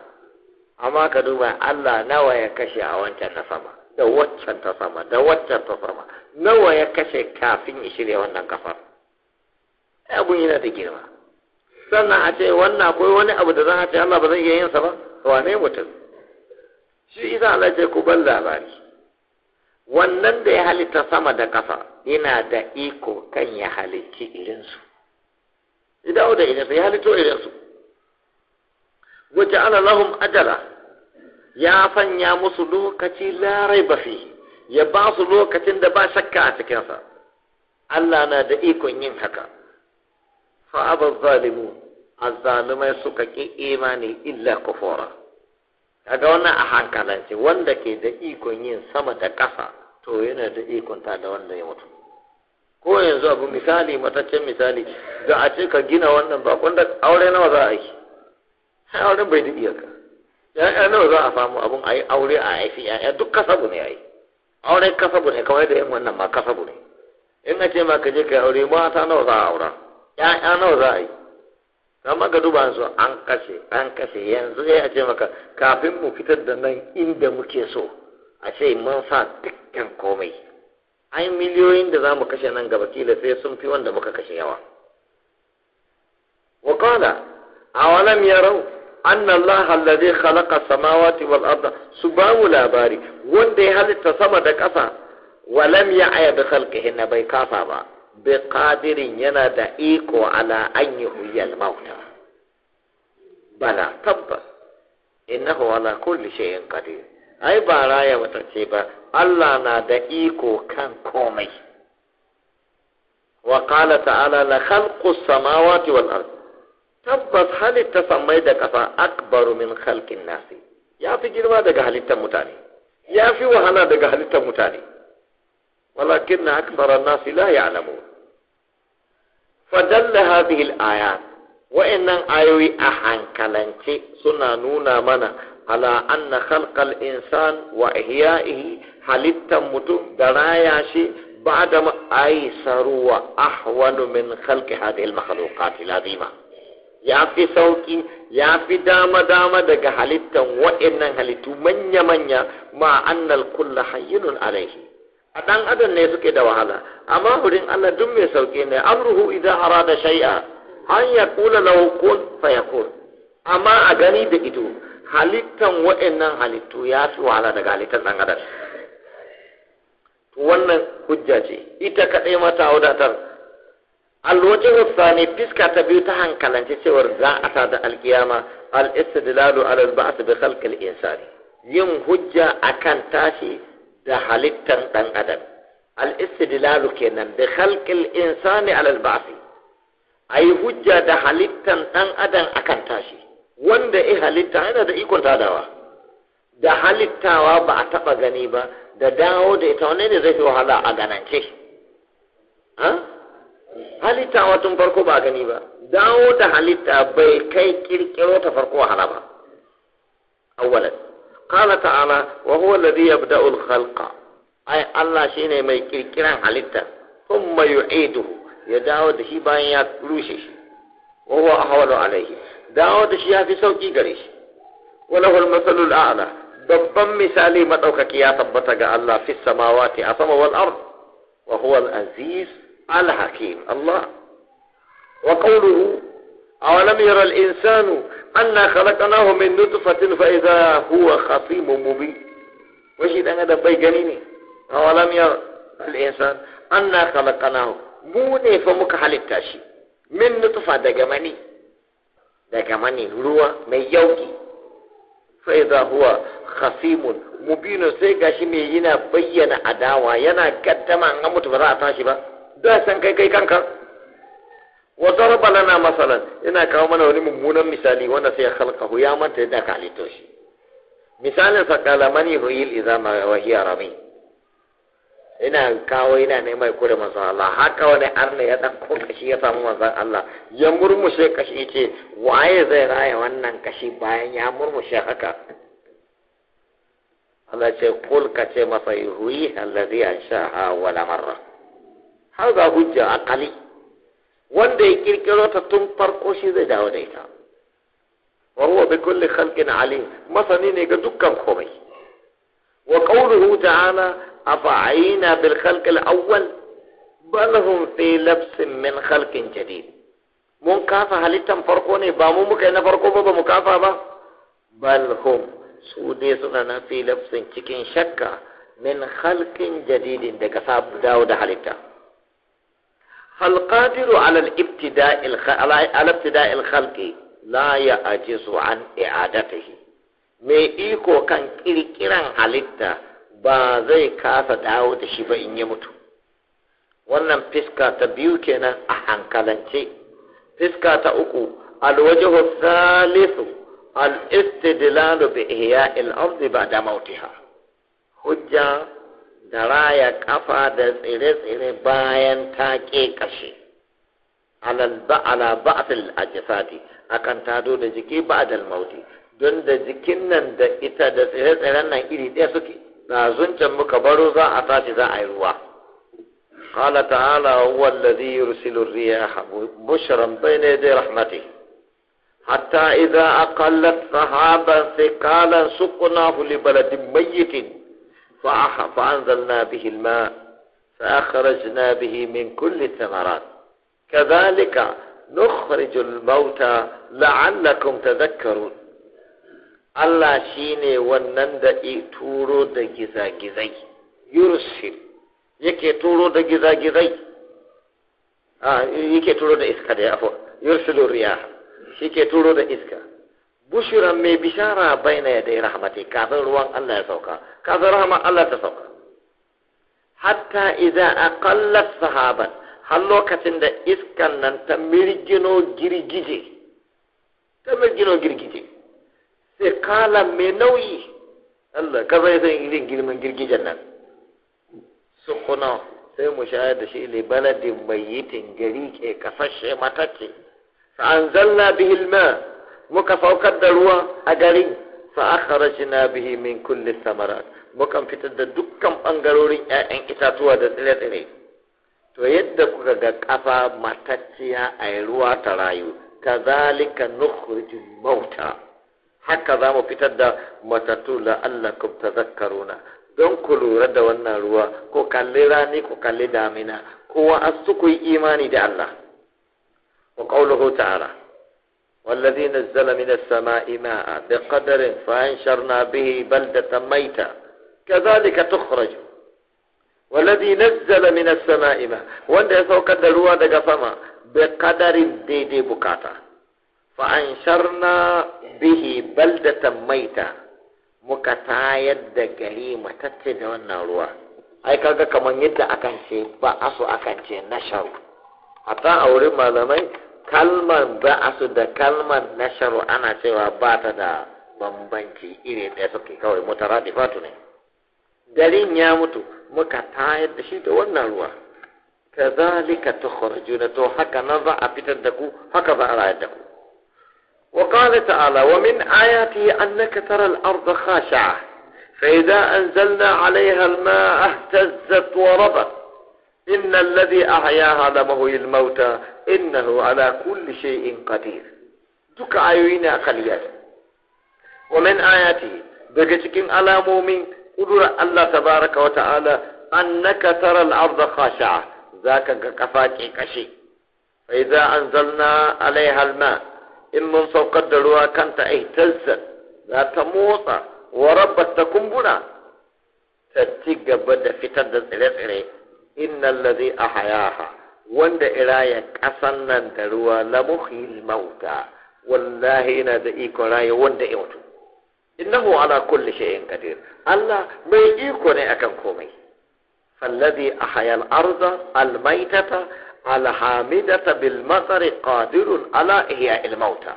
amma ka duba Allah nawa ya kashe a wancan ta sama da waccan ta sama da waccan ta sama nawa ya kashe kafin ya shirya wannan kafar abun yana da girma sannan a ce wannan akwai wani abu da zan a ce Allah ba zan iya yin sa ba wane mutum shi isa Allah ce ku ban labari wannan da ya halitta sama da ƙasa yana da iko kan ya halicci irinsu Ida da irinsu ya halitto irinsu Wace ana lahum ajala ya fanya musu lokaci larai ba fi ya ba su lokacin da ba shakka a cikinsa Allah na da ikon yin haka fa'abar zalimu zalimai suka ƙi imani illa kufura kaga wannan a hankalance wanda ke da ikon yin sama da ƙasa to yana da ikon ta da wanda ya mutu ko yanzu abu misali mataccen misali ga a ce ka gina wannan bakon da aure nawa za a yi sai aure bai da iyaka ya'ya nawa za a samu abun a yi aure a haifi ya'ya duk bu ne a yi aure bu ne kamar da yin wannan ma bu ne in a ce ma ka je ka aure mata nawa za a aura ya'ya nawa za a yi amma ka duba su an kashe an kashe yanzu ya ce maka kafin mu fitar da nan inda muke so a ce mun sa dukkan komai ai miliyoyin da za mu kashe nan gaba kila sai sun fi wanda muka kashe yawa wa qala awalam yarau anna allaha alladhi khalaqa samawati wal arda subahu labari wanda ya halitta sama da kasa walam ya aya bi na bai kafa ba bi qadirin yana da iko ala an yuhyi al mauta bala tabbas innahu ala kulli shay'in qadir ai ba raya ce ba Allah na da iko kan komai wa qala ta'ala la khalqu samawati wal ard tabbas halitta samai da kafa akbaru min khalqin nasi ya fi girma daga halittar mutane ya fi wahala daga halittar mutane walakin na akbara nasi la ya'lamun fadalla hadhihi al-ayat wa'annan ayoyi a hankalance suna nuna mana ala anna khalqal insan wa ihya'ihi halittan mutum da raya shi ba'da ma aisaru wa ahwanu min khalqi hadhihi al-makhluqat al-azima ya fi sauki ya fi dama dama daga halittan wa'annan halittu manya manya ma kulla kullu hayyinun alaihi a ɗan adam ne suke da wahala amma wurin Allah duk mai sauke ne amruhu idan arada shay'a an yaqula lahu kun fayakun amma a gani da ido halittan wa'annan halittu ya fi wahala daga halittan dan adam wannan hujja ce ita kaɗai mata wadatar alwaje wasani fiska ta biyu ta hankalance cewar za a ta da alkiyama al-istidlalu ala al-ba'th bi khalqi al-insani yin hujja akan tashi da halittan ɗan adam al-istidlalu kenan da khalqil insani alal ba'si ayi hujja da halittan ɗan adam akan tashi wanda ya halitta yana da ikon tadawa da halittawa ba a taɓa gani ba da dawo da ita wani ne zai fi wahala a ganance halittawa tun farko ba gani ba dawo da halitta bai kai kirkiro ta farko wahala ba awwalan قال تعالى وهو الذي يبدأ الخلق أي الله شيني ما يكركرا حالتا ثم يعيده يدعو دشي باين يتلوشش وهو احول عليه دعو دشي في سوكي قريش وله المثل الأعلى babban misali ما ya يا ga Allah fi samawati a sama wal ard wa huwa al أولم يرى الإنسان أنا خلقناه من نطفة فإذا هو خصيم مبين وشي دان هذا باي غنيني أولم يرى الإنسان أنا خلقناه موني فمك حلتا شي من نطفة دغمني دغمني روا من يوكي فإذا هو خصيم مبين sai gashi mai yana bayyana adawa yana gaddama an mutu با دا سنكي كي ba da san wa darba lana masalan ina kawo mana wani mummunan misali wanda sai khalqahu ya manta yadda ka halitto shi misalin sa kala mani huyil izama wa hiya rami ina kawo ina ne mai kure manzon Allah haka wani arna ya dan ko kashi ya samu manzon Allah ya murmushe kashi ce waye zai raya wannan kashi bayan ya murmushe haka Allah ce kul ka ce masa yuhi alladhi anshaha wala marra hauza hujja aqali wanda ya kirkiro ta tun farko shi zai dawo da ita wa huwa bi kulli khalqin alim masani ne ga dukkan komai wa qawluhu ta'ala afa'ina bil khalq al awwal bal hum fi labsin min khalqin jadid mun kafa halittan farko ne ba mu muka yi na farko ba ba mu kafa ba bal hum su dai suna na fi labsin cikin shakka min khalqin jadidin daga sabu dawo da halitta فالقادر على الابتداء الخ... على ابتداء الخلق لا يعجز عن اعادته mai iko kan ƙirƙiran halitta ba zai kasa dawo da shi ba in ya mutu wannan fiska ta biyu kenan a hankalance fiska ta uku alwajahu salisu al-istidlalu bi ihya'il ardi ba'da mautiha hujja da raya kafa da tsire-tsire bayan ta kashe ala ba'atul ajisati akan tado da jiki ba'dal mauti don da jikin nan da ita da tsire-tsiren nan iri ɗaya suke na zuncan muka baro za a tashi za a yi ruwa qala ta'ala huwa alladhi yursilu a riyaha bushran bayna yaday rahmatih hatta idha aqallat sahaban thiqalan suqnahu li baladin mayyitin فأنزلنا به الماء فأخرجنا به من كل الثمرات كذلك نخرج الموتى لعلكم تذكرون الله شيني ونند تورو دا جزا جزي يرسل يكي تورو دا جزا جزي آه يكي تورو دا إسكا دي يرسل الرياح يكي تورو دا إسكا bushiran mai bishara baina ya ya rahmati kafin ruwan Allah ya sauka kafin rahama Allah ta sauka hatta a kallar sahaban har lokacin da iskan nan ta mirgino girgije ta mirgino girgije sai kala mai nauyi Allah ka zai zai yin girman girgijen nan sukuna sai mu shayar da shi ne baladin yi tingari ke kasashe matacce sa'an zalla bihilma muka saukar da ruwa a garin fa akhrajna bihi min kulli thamarat mukan fitar da dukkan bangarorin ƴaƴan itatuwa da tsire-tsire to yadda kuka ga kafa matacciya a ruwa ta rayu kazalika nukhrijul mauta haka za mu fitar da matattu la'allakum tadhakkaruna don ku lura da wannan ruwa ko kalli rani ko kalli damina kowa asu ku yi imani da Allah wa qawluhu ta'ala والذي نزل من السماء ماء بقدر فأنشرنا به بلدة ميتة كذلك تخرج والذي نزل من السماء ماء وانت يسوك الدلوة دقفما بقدر دي دي بكاتا فأنشرنا به بلدة ميتة مكتايد دقلي متتد والنروة ai kaga kamar yadda akan ce ba aso akan ce nasharu hatta a wurin malamai kalmar ba'asu da kalmar nasharu ana cewa ba ta da bambanci iri ɗaya suke kawai mutaradifatu ne garin ya mutu muka tayar da shi da wannan ruwa kazalika tukhrajuna to haka nan za a fitar da ku haka za a rayar da ku وقال تعالى ومن آياته أنك ترى الأرض خاشعة فإذا أنزلنا عليها الماء اهتزت وربت إن الذي أحياها هو الموتى إنه على كل شيء قدير دك عيوين أقليات ومن آياته بجتكين على مؤمن قدر الله تبارك وتعالى أنك ترى الأرض خاشعة ذاك كفاك كشي فإذا أنزلنا عليها الماء إن من الدلوى كانت اهتزت ذات تموت وربت تكنبنا تتجب بدأ في تدد إليه innal a ahyaha wanda iraya kasan nan da ruwa la muhyil mauta wallahi yana da iko raye wanda ya mutu innahu ala kulli shay'in qadir Allah mai iko ne akan komai فالذي أحيا الأرض الميتة الحامدة qadirun, قادر على إحياء الموتى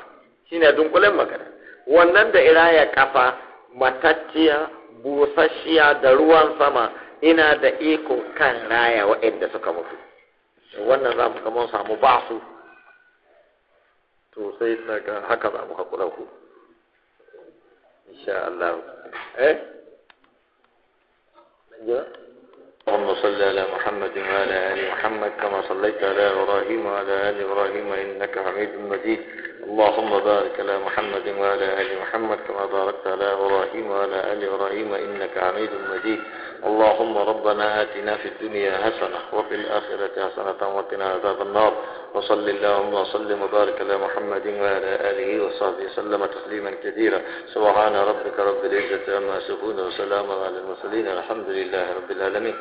shine dunkulen magana wannan da iraya kafa matacciya busasshiya da ruwan sama ina da iko kan raya waɗanda suka mutu wannan za mu kamar samu ba su to sai daga haka za mu haƙura ku insha Allah eh اللهم صل على محمد وعلى ال محمد كما صليت على ابراهيم وعلى ال ابراهيم انك حميد مجيد اللهم بارك على محمد وعلى آل محمد كما باركت على إبراهيم وعلى آل إبراهيم إنك عميد مجيد اللهم ربنا آتنا في الدنيا حسنة وفي الآخرة حسنة وقنا عذاب النار وصل اللهم وسلم وبارك على محمد وعلى آله وصحبه وسلم تسليما كثيرا سبحان ربك رب العزة عما يصفون وسلام على المرسلين الحمد لله رب العالمين